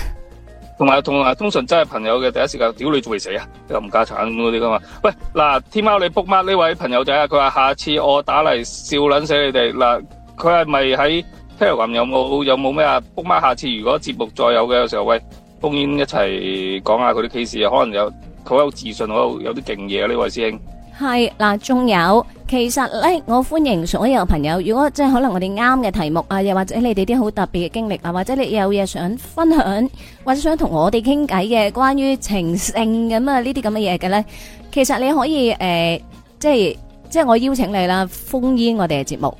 同埋同埋通常真係朋友嘅第一時間，屌你仲會死啊？又唔家產咁嗰啲噶嘛？喂嗱，天貓你卜媽呢位朋友仔啊，佢話下次我打嚟笑撚死你哋嗱，佢係咪喺聽日話有冇有冇咩啊？卜媽下次如果節目再有嘅時候，喂，烽煙一齊講下佢啲 case 啊，可能有好有自信，好有有啲勁嘢啊呢位師兄。係嗱，仲有，其實咧，我歡迎所有朋友，如果即係可能我哋啱嘅題目啊，又或者你哋啲好特別嘅經歷啊，或者你有嘢想分享，或者想同我哋傾偈嘅關於情性咁啊呢啲咁嘅嘢嘅咧，其實你可以誒、呃，即係即係我邀請你啦，烽煙我哋嘅節目，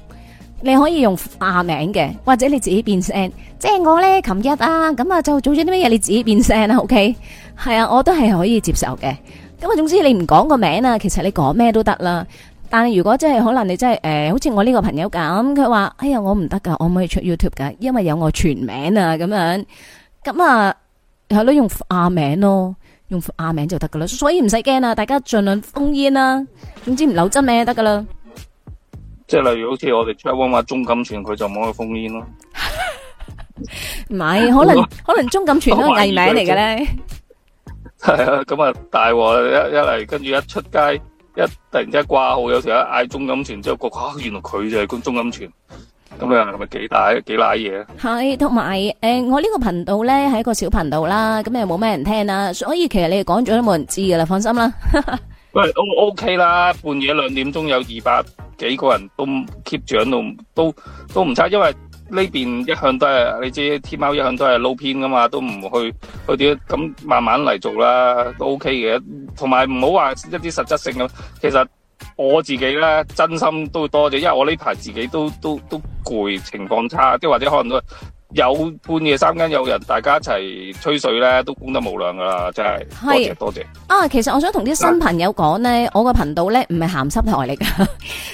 你可以用化名嘅，或者你自己變聲，即係我咧，琴日啊，咁啊就做咗啲乜嘢，你自己變聲啦，OK，係啊，我都係可以接受嘅。咁啊，總之你唔講個名啊，其實你講咩都得啦。但係如果真係可能你真係誒，好似我呢個朋友咁，佢話哎呀我唔得噶，我唔可以出 YouTube 噶，因為有我全名啊咁樣。咁啊，係咯用化名咯，用化名就得噶啦。所以唔使驚啦，大家盡量封煙啦。總之唔留真名得噶啦。即係例如好似我哋 check one 話鍾錦全，佢就唔可以封煙咯。唔係，可能可能鍾錦全都係藝名嚟嘅咧。係啊，咁咪大鑊喇！一一嚟跟住一出街，一突然之間掛號，有時候嗌鍾金泉之後，個原來佢就係鍾金泉。咁樣係咪幾大幾瀨嘢啊？係，同埋誒，我呢個頻道咧係一個小頻道啦，咁又冇咩人聽啦，所以其實你哋講咗都冇人知噶啦，放心啦。喂，O O K 啦，半夜兩點鐘有二百幾個人都 keep 住喺度，都都唔差，因為。呢邊一向都係，你知天喵一向都係撈偏㗎嘛，都唔去去啲，咁慢慢嚟做啦，都 OK 嘅。同埋唔好話一啲實質性咁。其實我自己咧，真心都多謝，因為我呢排自己都都都攰，情況差，即係或者可能都。有半夜三更有人大家一齊吹水咧，都功德無量噶啦，真係。係是多謝，多謝。啊，其實我想同啲新朋友講咧，啊、我個頻道咧唔係鹹濕台嚟噶，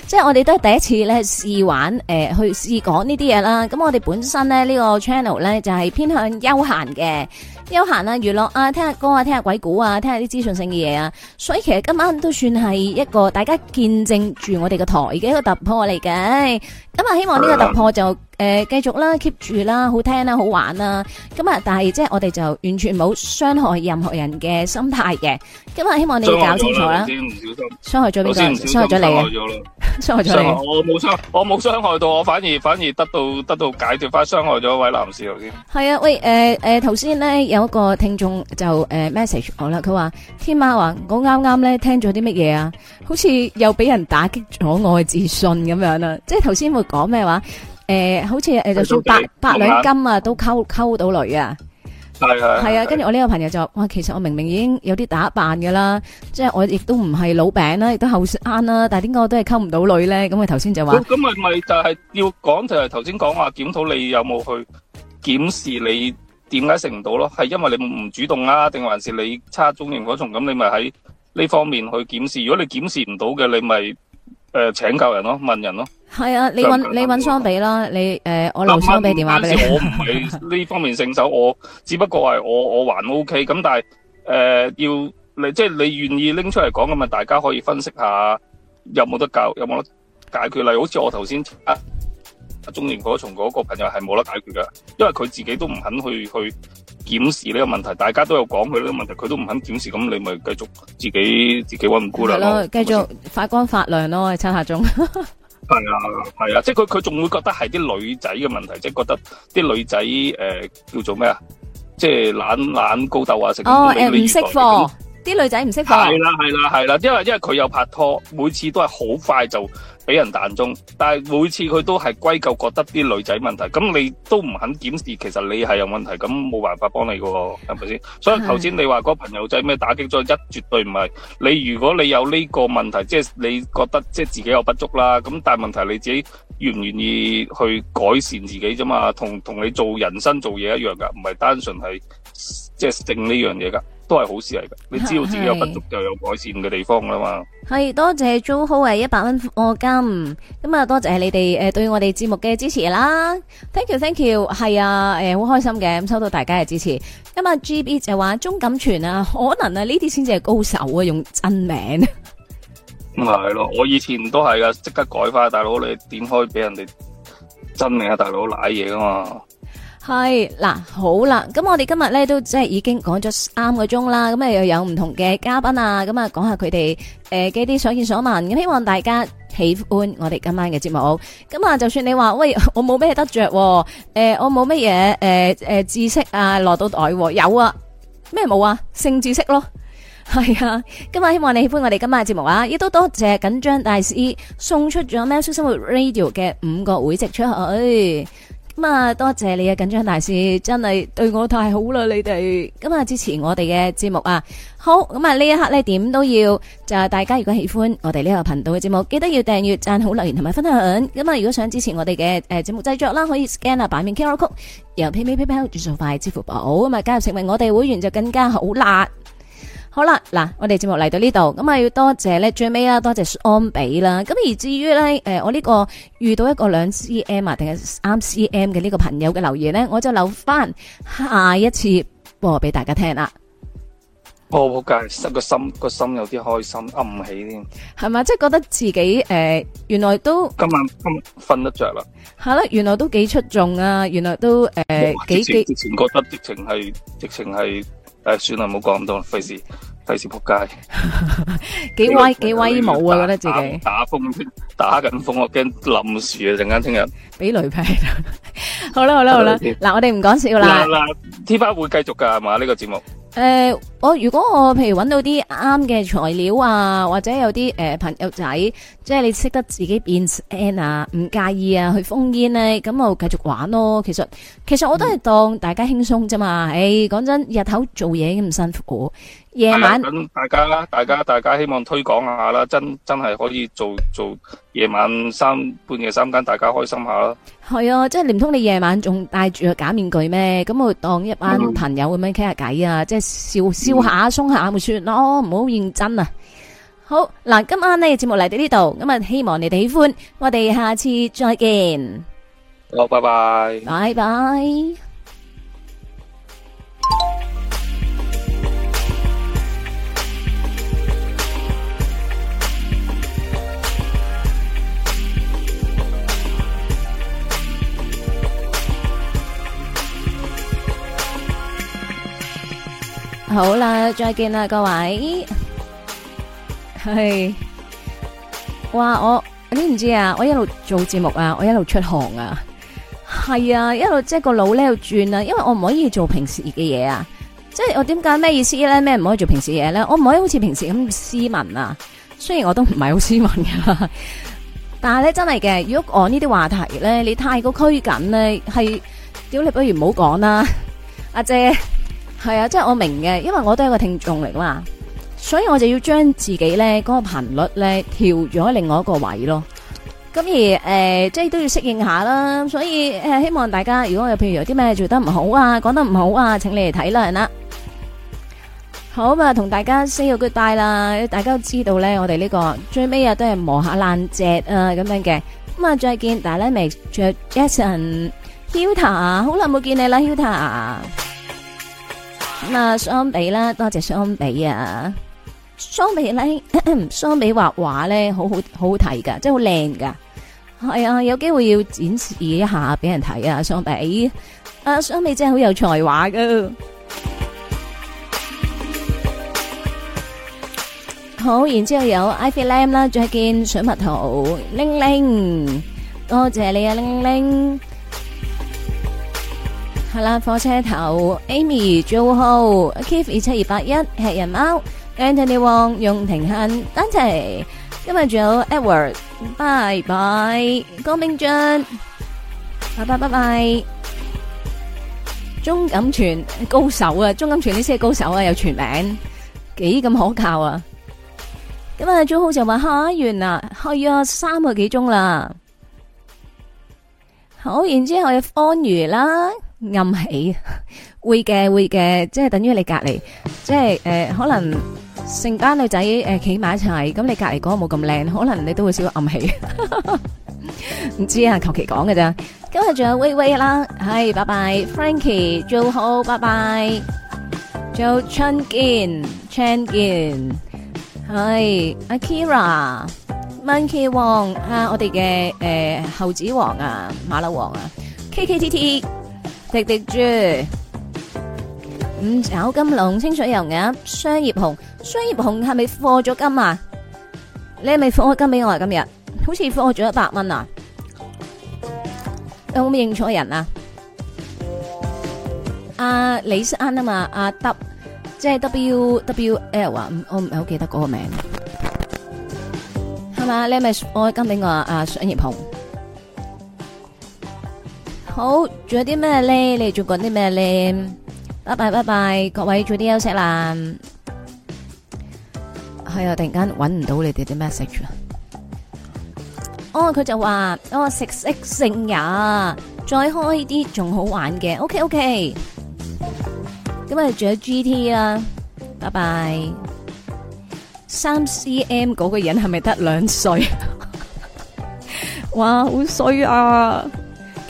即 係我哋都係第一次咧試玩誒、呃，去試講呢啲嘢啦。咁我哋本身咧呢、呢個 channel 咧就係、係、偏向休閒嘅。休閒啊，娛樂啊，聽下歌啊，聽下鬼故啊，聽下啲資訊性嘅嘢啊，所以其實今晚都算係一個大家見證住我哋個台嘅一個突破嚟嘅。咁啊，希望呢個突破就誒繼續啦，keep 住啦，好聽啦，好玩啦。咁啊，但係即係我哋就完全冇傷害任何人嘅心態嘅。咁啊，希望你哋搞清楚啦。先唔小心傷害咗邊個？傷害咗你嘅。傷害咗你。我冇傷，我冇傷害到，我反而反而得到得到解脫翻，傷害咗一位男士先。係啊，喂，誒誒，頭先呢有。嗰個聽眾就誒、呃、message 我啦，佢話天喵，話我啱啱咧聽咗啲乜嘢啊，好似又俾人打擊咗我嘅自信咁樣啦，即係頭先會講咩話？誒，好似誒就算八兩金啊都溝溝到女啊，係啊，係啊，跟住我呢個朋友就話哇，其實我明明已經有啲打扮噶啦，即係我亦都唔係老餅啦，亦都後生啦，但係點解我都係溝唔到女咧？咁佢頭先就話咁咪咪，就係要講就係頭先講話檢討，你有冇去檢視你？點解食唔到咯？係因為你唔主動啊，定還是你差中型嗰種？咁你咪喺呢方面去檢視。如果你檢視唔到嘅，你咪誒、呃、請教人咯，問人咯。係啊，你揾你揾雙比啦。你誒、呃，我留雙比、嗯、電話俾你。我唔係呢方面聖手，我 只不過係我我還 OK。咁但係誒要你即係你願意拎出嚟講咁啊，大家可以分析下有冇得搞？有冇得解決。例如好似我頭先啊。中年嗰一嗰個朋友係冇得解決嘅，因為佢自己都唔肯去去檢視呢個問題。大家都有講佢呢個問題，佢都唔肯檢視，咁你咪繼續自己自己揾五姑娘啦。係咯，繼續發光發亮咯，阿陳客總。係 啊，係啊，即係佢佢仲會覺得係啲女仔嘅問題，即係覺得啲女仔誒、呃、叫做咩啊？即係懶懶高斗啊！食哦誒，唔識貨，啲那女仔唔識貨。係啦，係啦，係啦，因為因為佢有拍拖，每次都係好快就。俾人彈中，但係每次佢都係歸咎，覺得啲女仔問題，咁你都唔肯檢視其實你係有問題，咁冇辦法幫你嘅係咪先？所以頭先你話嗰個朋友仔咩打擊咗一，的絕對唔係。你如果你有呢個問題，即係你覺得即係自己有不足啦，咁但係問題你自己願唔願意去改善自己啫嘛，同同你做人生做嘢一樣噶，唔係單純係。即係正呢樣嘢噶，都係好事嚟噶。是是你知道自己有不足，就有改善嘅地方噶嘛？係多謝租號係一百蚊押金，咁啊多謝你哋誒對我哋節目嘅支持啦。Thank you，Thank you，係 thank you 啊，誒、欸、好開心嘅咁收到大家嘅支持。咁啊 G B 就話鍾錦泉啊，可能啊呢啲先至係高手啊，用真名。咁咪係咯，我以前都係噶，即刻改翻大佬，你點可以俾人哋真名的啊？大佬瀨嘢噶嘛？係嗱，好啦，咁我哋今日咧都即係已經講咗三個鐘啦，咁啊又有唔同嘅嘉賓啊，咁啊講下佢哋誒嘅啲所見所聞，咁希望大家喜歡我哋今晚嘅節目。咁啊，就算你話喂，我冇咩得着、啊，誒、呃，我冇乜嘢，誒、呃、誒、呃、知識啊落到袋、啊，有啊，咩冇啊？性知識咯，係啊。今日希望你喜歡我哋今晚嘅節目啊！亦都多謝緊張大師送出咗《喵式生活 Radio》嘅五個會籍出去。咁啊，多謝你啊，緊張大師，真係對我太好啦！你哋咁啊，支持我哋嘅節目啊，好咁啊，呢一刻咧點都要就係大家如果喜歡我哋呢個頻道嘅節目，記得要訂閱、贊好、留言同埋分享。咁啊，如果想支持我哋嘅誒節目製作啦，可以 scan 啊版面 QR Code，由 P P P P 轉數快、支付寶啊，加入成為我哋會員就更加好啦。好啦，嗱，我哋節目嚟到呢度，咁啊要多謝咧，最尾啦，多謝安比啦。咁而至於咧，誒、呃，我呢個遇到一個兩 C M 啊，定係三 C M 嘅呢個朋友嘅留言咧，我就留翻下一次播俾大家聽啦。好好嘅，個心個心，心有啲開心，暗、啊、起添。係咪？即係覺得自己誒、呃，原來都今晚今瞓得着啦。係啦，原來都幾出眾啊，原來都誒幾、呃、哇幾。直覺得直情係，直情係。誒，算啦，唔好講咁多，費事費事仆街，幾威幾威武啊！覺得自己打,打,打風打緊風，我驚冧樹啊！陣間聽日俾雷劈， 好啦好啦好 啦，嗱我哋唔講笑啦，嗱，天喵會繼續噶係嘛呢個節目。誒、呃，我如果我譬如揾到啲啱嘅材料啊，或者有啲誒、呃、朋友仔，即係你識得自己變 N 啊，唔介意啊去封煙咧、啊，咁我繼續玩咯。其實其實我都係當大家輕鬆啫嘛。誒、欸，講真，日頭做嘢咁辛苦、啊，夜晚大，大家啦，大家大家希望推廣下啦，真真係可以做做夜晚三半夜三更，大家開心下咯。係啊，即係連通你夜晚仲戴住個假面具咩？咁我當一班朋友咁樣傾下偈啊，即係笑笑下鬆下咪算咯，唔好認真啊！好嗱，今晚呢節目嚟到呢度，咁啊希望你哋喜歡，我哋下次再見。好，拜拜，拜拜。好啦，再見啦，各位。係，哇！我你唔知啊，我一路做節目啊，我一路出汗啊。係啊，一路即係個腦咧喺度轉啊，因為我唔可以做平時嘅嘢啊。即係我點解咩意思咧？咩唔可以做平時嘢咧？我唔可以好似平時咁斯文啊。雖然我都唔係好斯文噶，但係咧真係嘅，如果講呢啲話題咧，你太過拘謹咧，係屌你不如唔好講啦，阿姐。係啊，即係我明嘅，因為我都係一個聽眾嚟噶嘛，所以我就要將自己咧嗰個頻率咧調咗喺另外一個位咯。咁而誒、呃，即係都要適應下啦。所以誒，希望大家如果有譬如有啲咩做得唔好啊，講得唔好啊，請你哋體諒啦。好啊，同大家 say good bye 啦。大家都知道咧、這個，我哋呢個最尾日都係磨下爛隻啊咁樣嘅。咁啊，再見，大 limax Jackson h t a，好耐冇見你啦，h l t a。咁啊，相比啦，多謝相比啊，相比咧，相比畫畫咧，好好好好睇噶，真係好靚噶，係啊，有機會要展示一下俾人睇啊，相比，啊相比真係好有才華噶，好，然之後有 iPhone 啦，仲有水蜜桃，玲玲，多謝你啊，玲玲。係啦，火車頭 Amy，John Ho，Keith 二七二八一，黑人貓，Anthony 王，容庭憲，Danzy，今日仲有 Edward，拜拜，江冰俊，拜拜拜拜，鍾錦全高手啊，鍾錦全呢些高手啊，有全名，幾咁可靠啊，今日，John Ho 就話吓完啦，開咗三個幾鐘啦，好，然之後有安如啦。暗起，會嘅會嘅，即係等於你隔籬，即係誒可能成班女仔誒企埋一齊，咁你隔籬講冇咁靚，可能你都會少少暗起，唔知啊，求其講嘅啫。今日仲有威威啦，係，拜拜，Frankie，做好，拜拜，做 Chun Jian，Chun Jian，係，Akira，Monkey Wong 啊，我哋嘅誒猴子王啊，馬騮王啊，K K T T。滴滴豬，五爪金龍、清水油鴨、雙葉紅、雙葉紅係咪課咗金啊？你係咪課咗金俾我啊？今日好似課咗一百蚊啊？有冇認錯人啊？阿、啊、李生啊嘛，阿、啊、即係 W W L 啊，我唔係好記得嗰個名，係嘛？你係咪課咗金俾我啊？雙葉紅？好，仲有啲咩咧？你哋仲講啲咩咧？拜拜拜拜，各位早啲休息啦。係啊，突然間搵唔到你哋啲 message 啊。哦，佢就話哦，食色性也，再開啲仲好玩嘅。OK OK。咁啊，仲有 GT 啦，拜拜。三 CM 嗰個人係咪得兩歲？哇，好衰啊！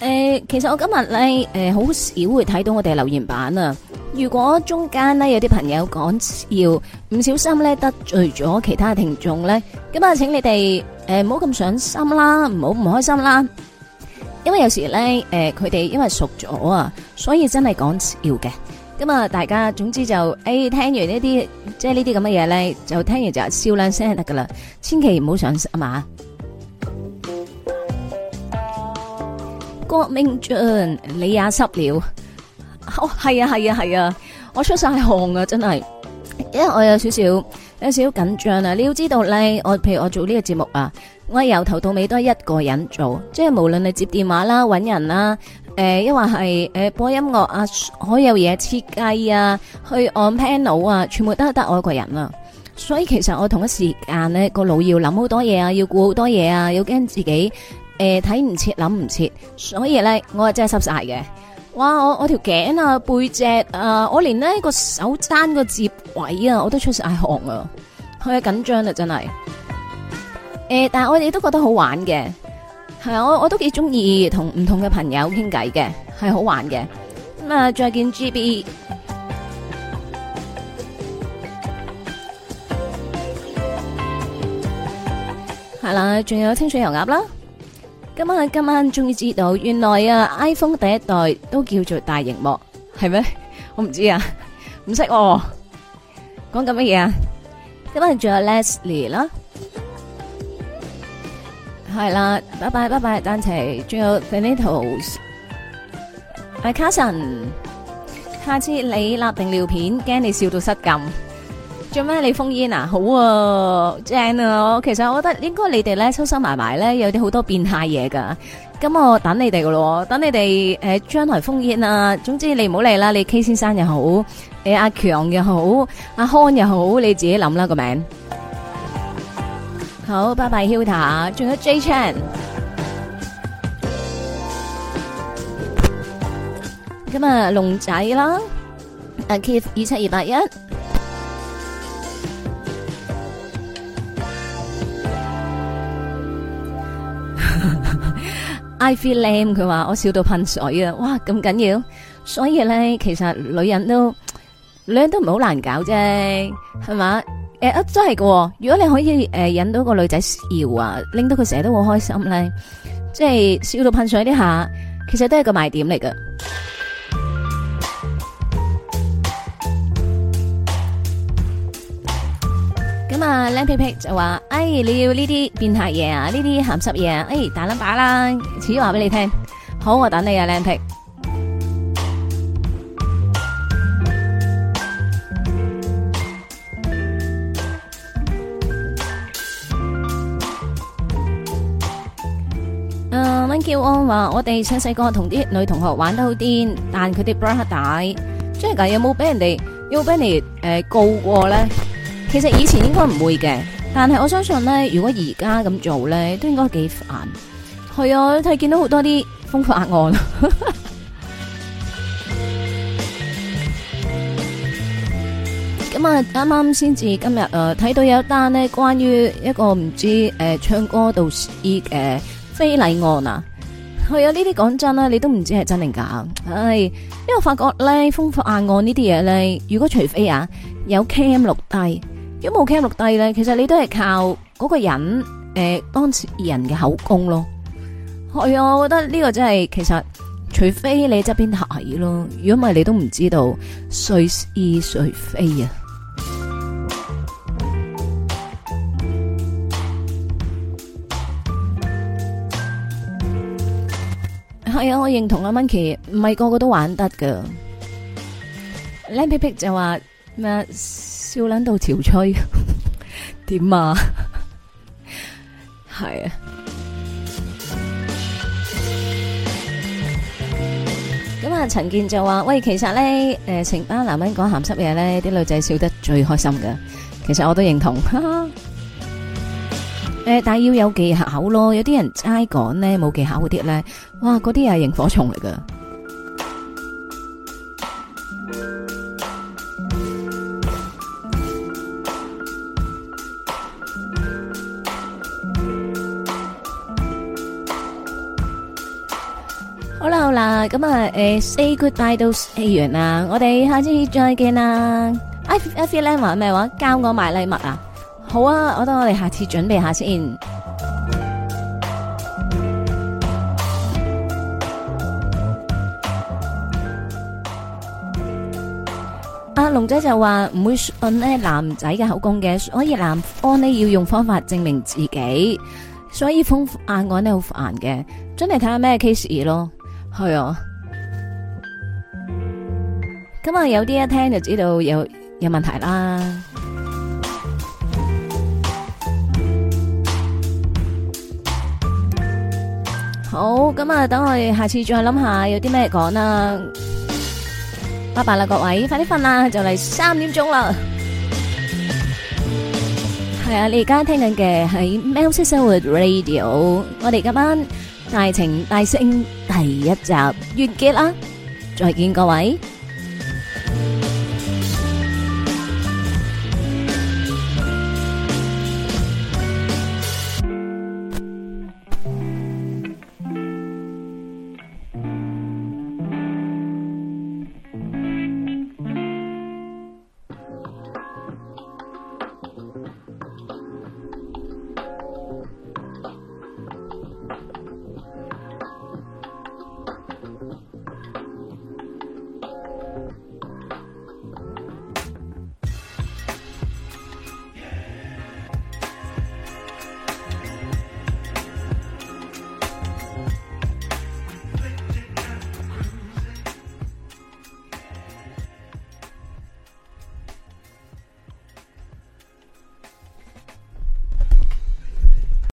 誒，其實我今日咧，誒，好少會睇到我哋留言板啊。如果中間咧有啲朋友講笑，唔小心咧得罪咗其他聽眾咧，咁啊，請你哋誒，唔好咁上心啦，唔好唔開心啦。因為有時咧，誒，佢哋因為熟咗啊，所以真係講笑嘅。咁啊，大家總之就誒，聽完呢啲，即係呢啲咁嘅嘢咧，就聽完就笑兩聲就得㗎啦，千祈唔好上心啊嘛。郭明俊，你也濕了？哦，係啊，係啊，係啊，我出晒汗啊，真係，因為我有少少、有少少緊張啊。你要知道咧，我譬如我做呢個節目啊，我係由頭到尾都係一個人做，即係無論你接電話啦、搵人啦，誒、呃，一話係抑或係誒播音樂啊，我有嘢設計啊，去按 panel 啊，全部都係得，得我一個人啊。所以其實我同一時間咧，個腦要諗好多嘢啊，要顧好多嘢啊，要驚自己。誒，睇唔切，諗唔切，所以咧，我啊真係濕晒嘅。哇，我我條頸啊，背脊啊，我連呢個手踭個折位啊，我都出晒汗啊，太緊張啦，真係。誒、欸，但係我哋都覺得好玩嘅，係啊，我我都幾中意同唔同嘅朋友傾偈嘅，係好玩嘅。咁啊，再見 G B。係啦，仲 有清水油鴨啦。今晚今晚終於知道，原來啊 iPhone 第一代都叫做大熒幕，係咩？我唔知啊，唔識哦。講緊乜嘢啊？今晚仲有 Leslie 啦，係啦，拜拜拜拜，丹齊，仲有 Daniel，阿 Carson，下次你立定尿片，驚你笑到失禁。做咩你封煙啊？好啊，好正啊！其實我覺得應該你哋咧，收收埋埋咧，有啲好多變態嘢噶。咁我等你哋噶咯，等你哋誒將來封煙啊。總之你唔好嚟啦，你 K 先生又好，你阿強又好，阿康又好，你自己諗啦個名。好，拜拜 Hilda，仲有 J Chan。咁啊，龍仔啦，阿、啊、K 二七二八一。I feel lame，佢話我笑到噴水啊！哇，咁緊要，所以咧，其實女人都女人都唔係好難搞啫，係嘛？誒、欸，真係噶，如果你可以誒、呃、引到個女仔笑啊，令到佢成日都好開心咧，即係笑到噴水啲下，其實都係個賣點嚟噶。咁啊，靚皮皮就話：哎，你要呢啲變態嘢？啊，呢啲鹹濕嘢啊，哎，打撚靶啦，此話俾你聽。好，我等你啊，靚皮。誒、uh，monkey o n 話：我哋細細個同啲女同學玩得好癲，但佢哋 brother 大，即係有冇俾人哋，有冇俾人哋誒、呃、告過咧？其實以前應該唔會嘅，但係我相信咧，如果而家咁做咧，都應該幾煩。係啊，睇見到好多啲風化案。咁 啊，啱啱先至今日誒，睇到有一單呢關於一個唔知誒、呃、唱歌導師誒非禮案啊。係啊，呢啲講真啦，你都唔知係真定假的。唉、哎，因為我發覺咧，風化案，案呢啲嘢咧，如果除非啊有 cam 錄低。如果冇 camera 錄低咧，其實你都係靠嗰個人誒、呃，當時二人嘅口供咯。係、嗯、啊，我覺得呢個真係其實，除非你側邊睇咯，如果唔係你都唔知道誰是誰非啊。係啊、 嗯，我認同啊 monkey 唔係個個都玩得噶。靚皮皮就話咩？笑捻到潮吹，點啊？係 啊！咁啊，陳建就話：喂，其實呢，誒、呃，成班男人講鹹濕嘢呢，啲女仔笑得最開心噶。其實我都認同。誒、呃，但係要有技巧咯，有啲人齋講呢，冇技巧嗰啲呢，哇，嗰啲係螢火蟲嚟噶。好啦，咁啊，誒、呃、say goodbye 到完啦，我哋下次再見啦。I F. e、like、m l a 係咪話教我買禮物啊？好啊，我覺得我哋下次準備下先。阿龍仔就話唔會信男仔嘅口供嘅，所以男方呢要用方法證明自己。所以封眼我呢好煩嘅，準備睇下咩 case 咯。係啊，咁啊有啲一聽就知道有有問題啦。好，咁啊等我哋下次再諗下有啲咩講啦。拜拜啦各位，快啲瞓啦，就嚟三點鐘啦。係啊，你而家聽緊嘅係喵式生活 Radio，我哋今晚。大情大性第一集完結啦，再見各位。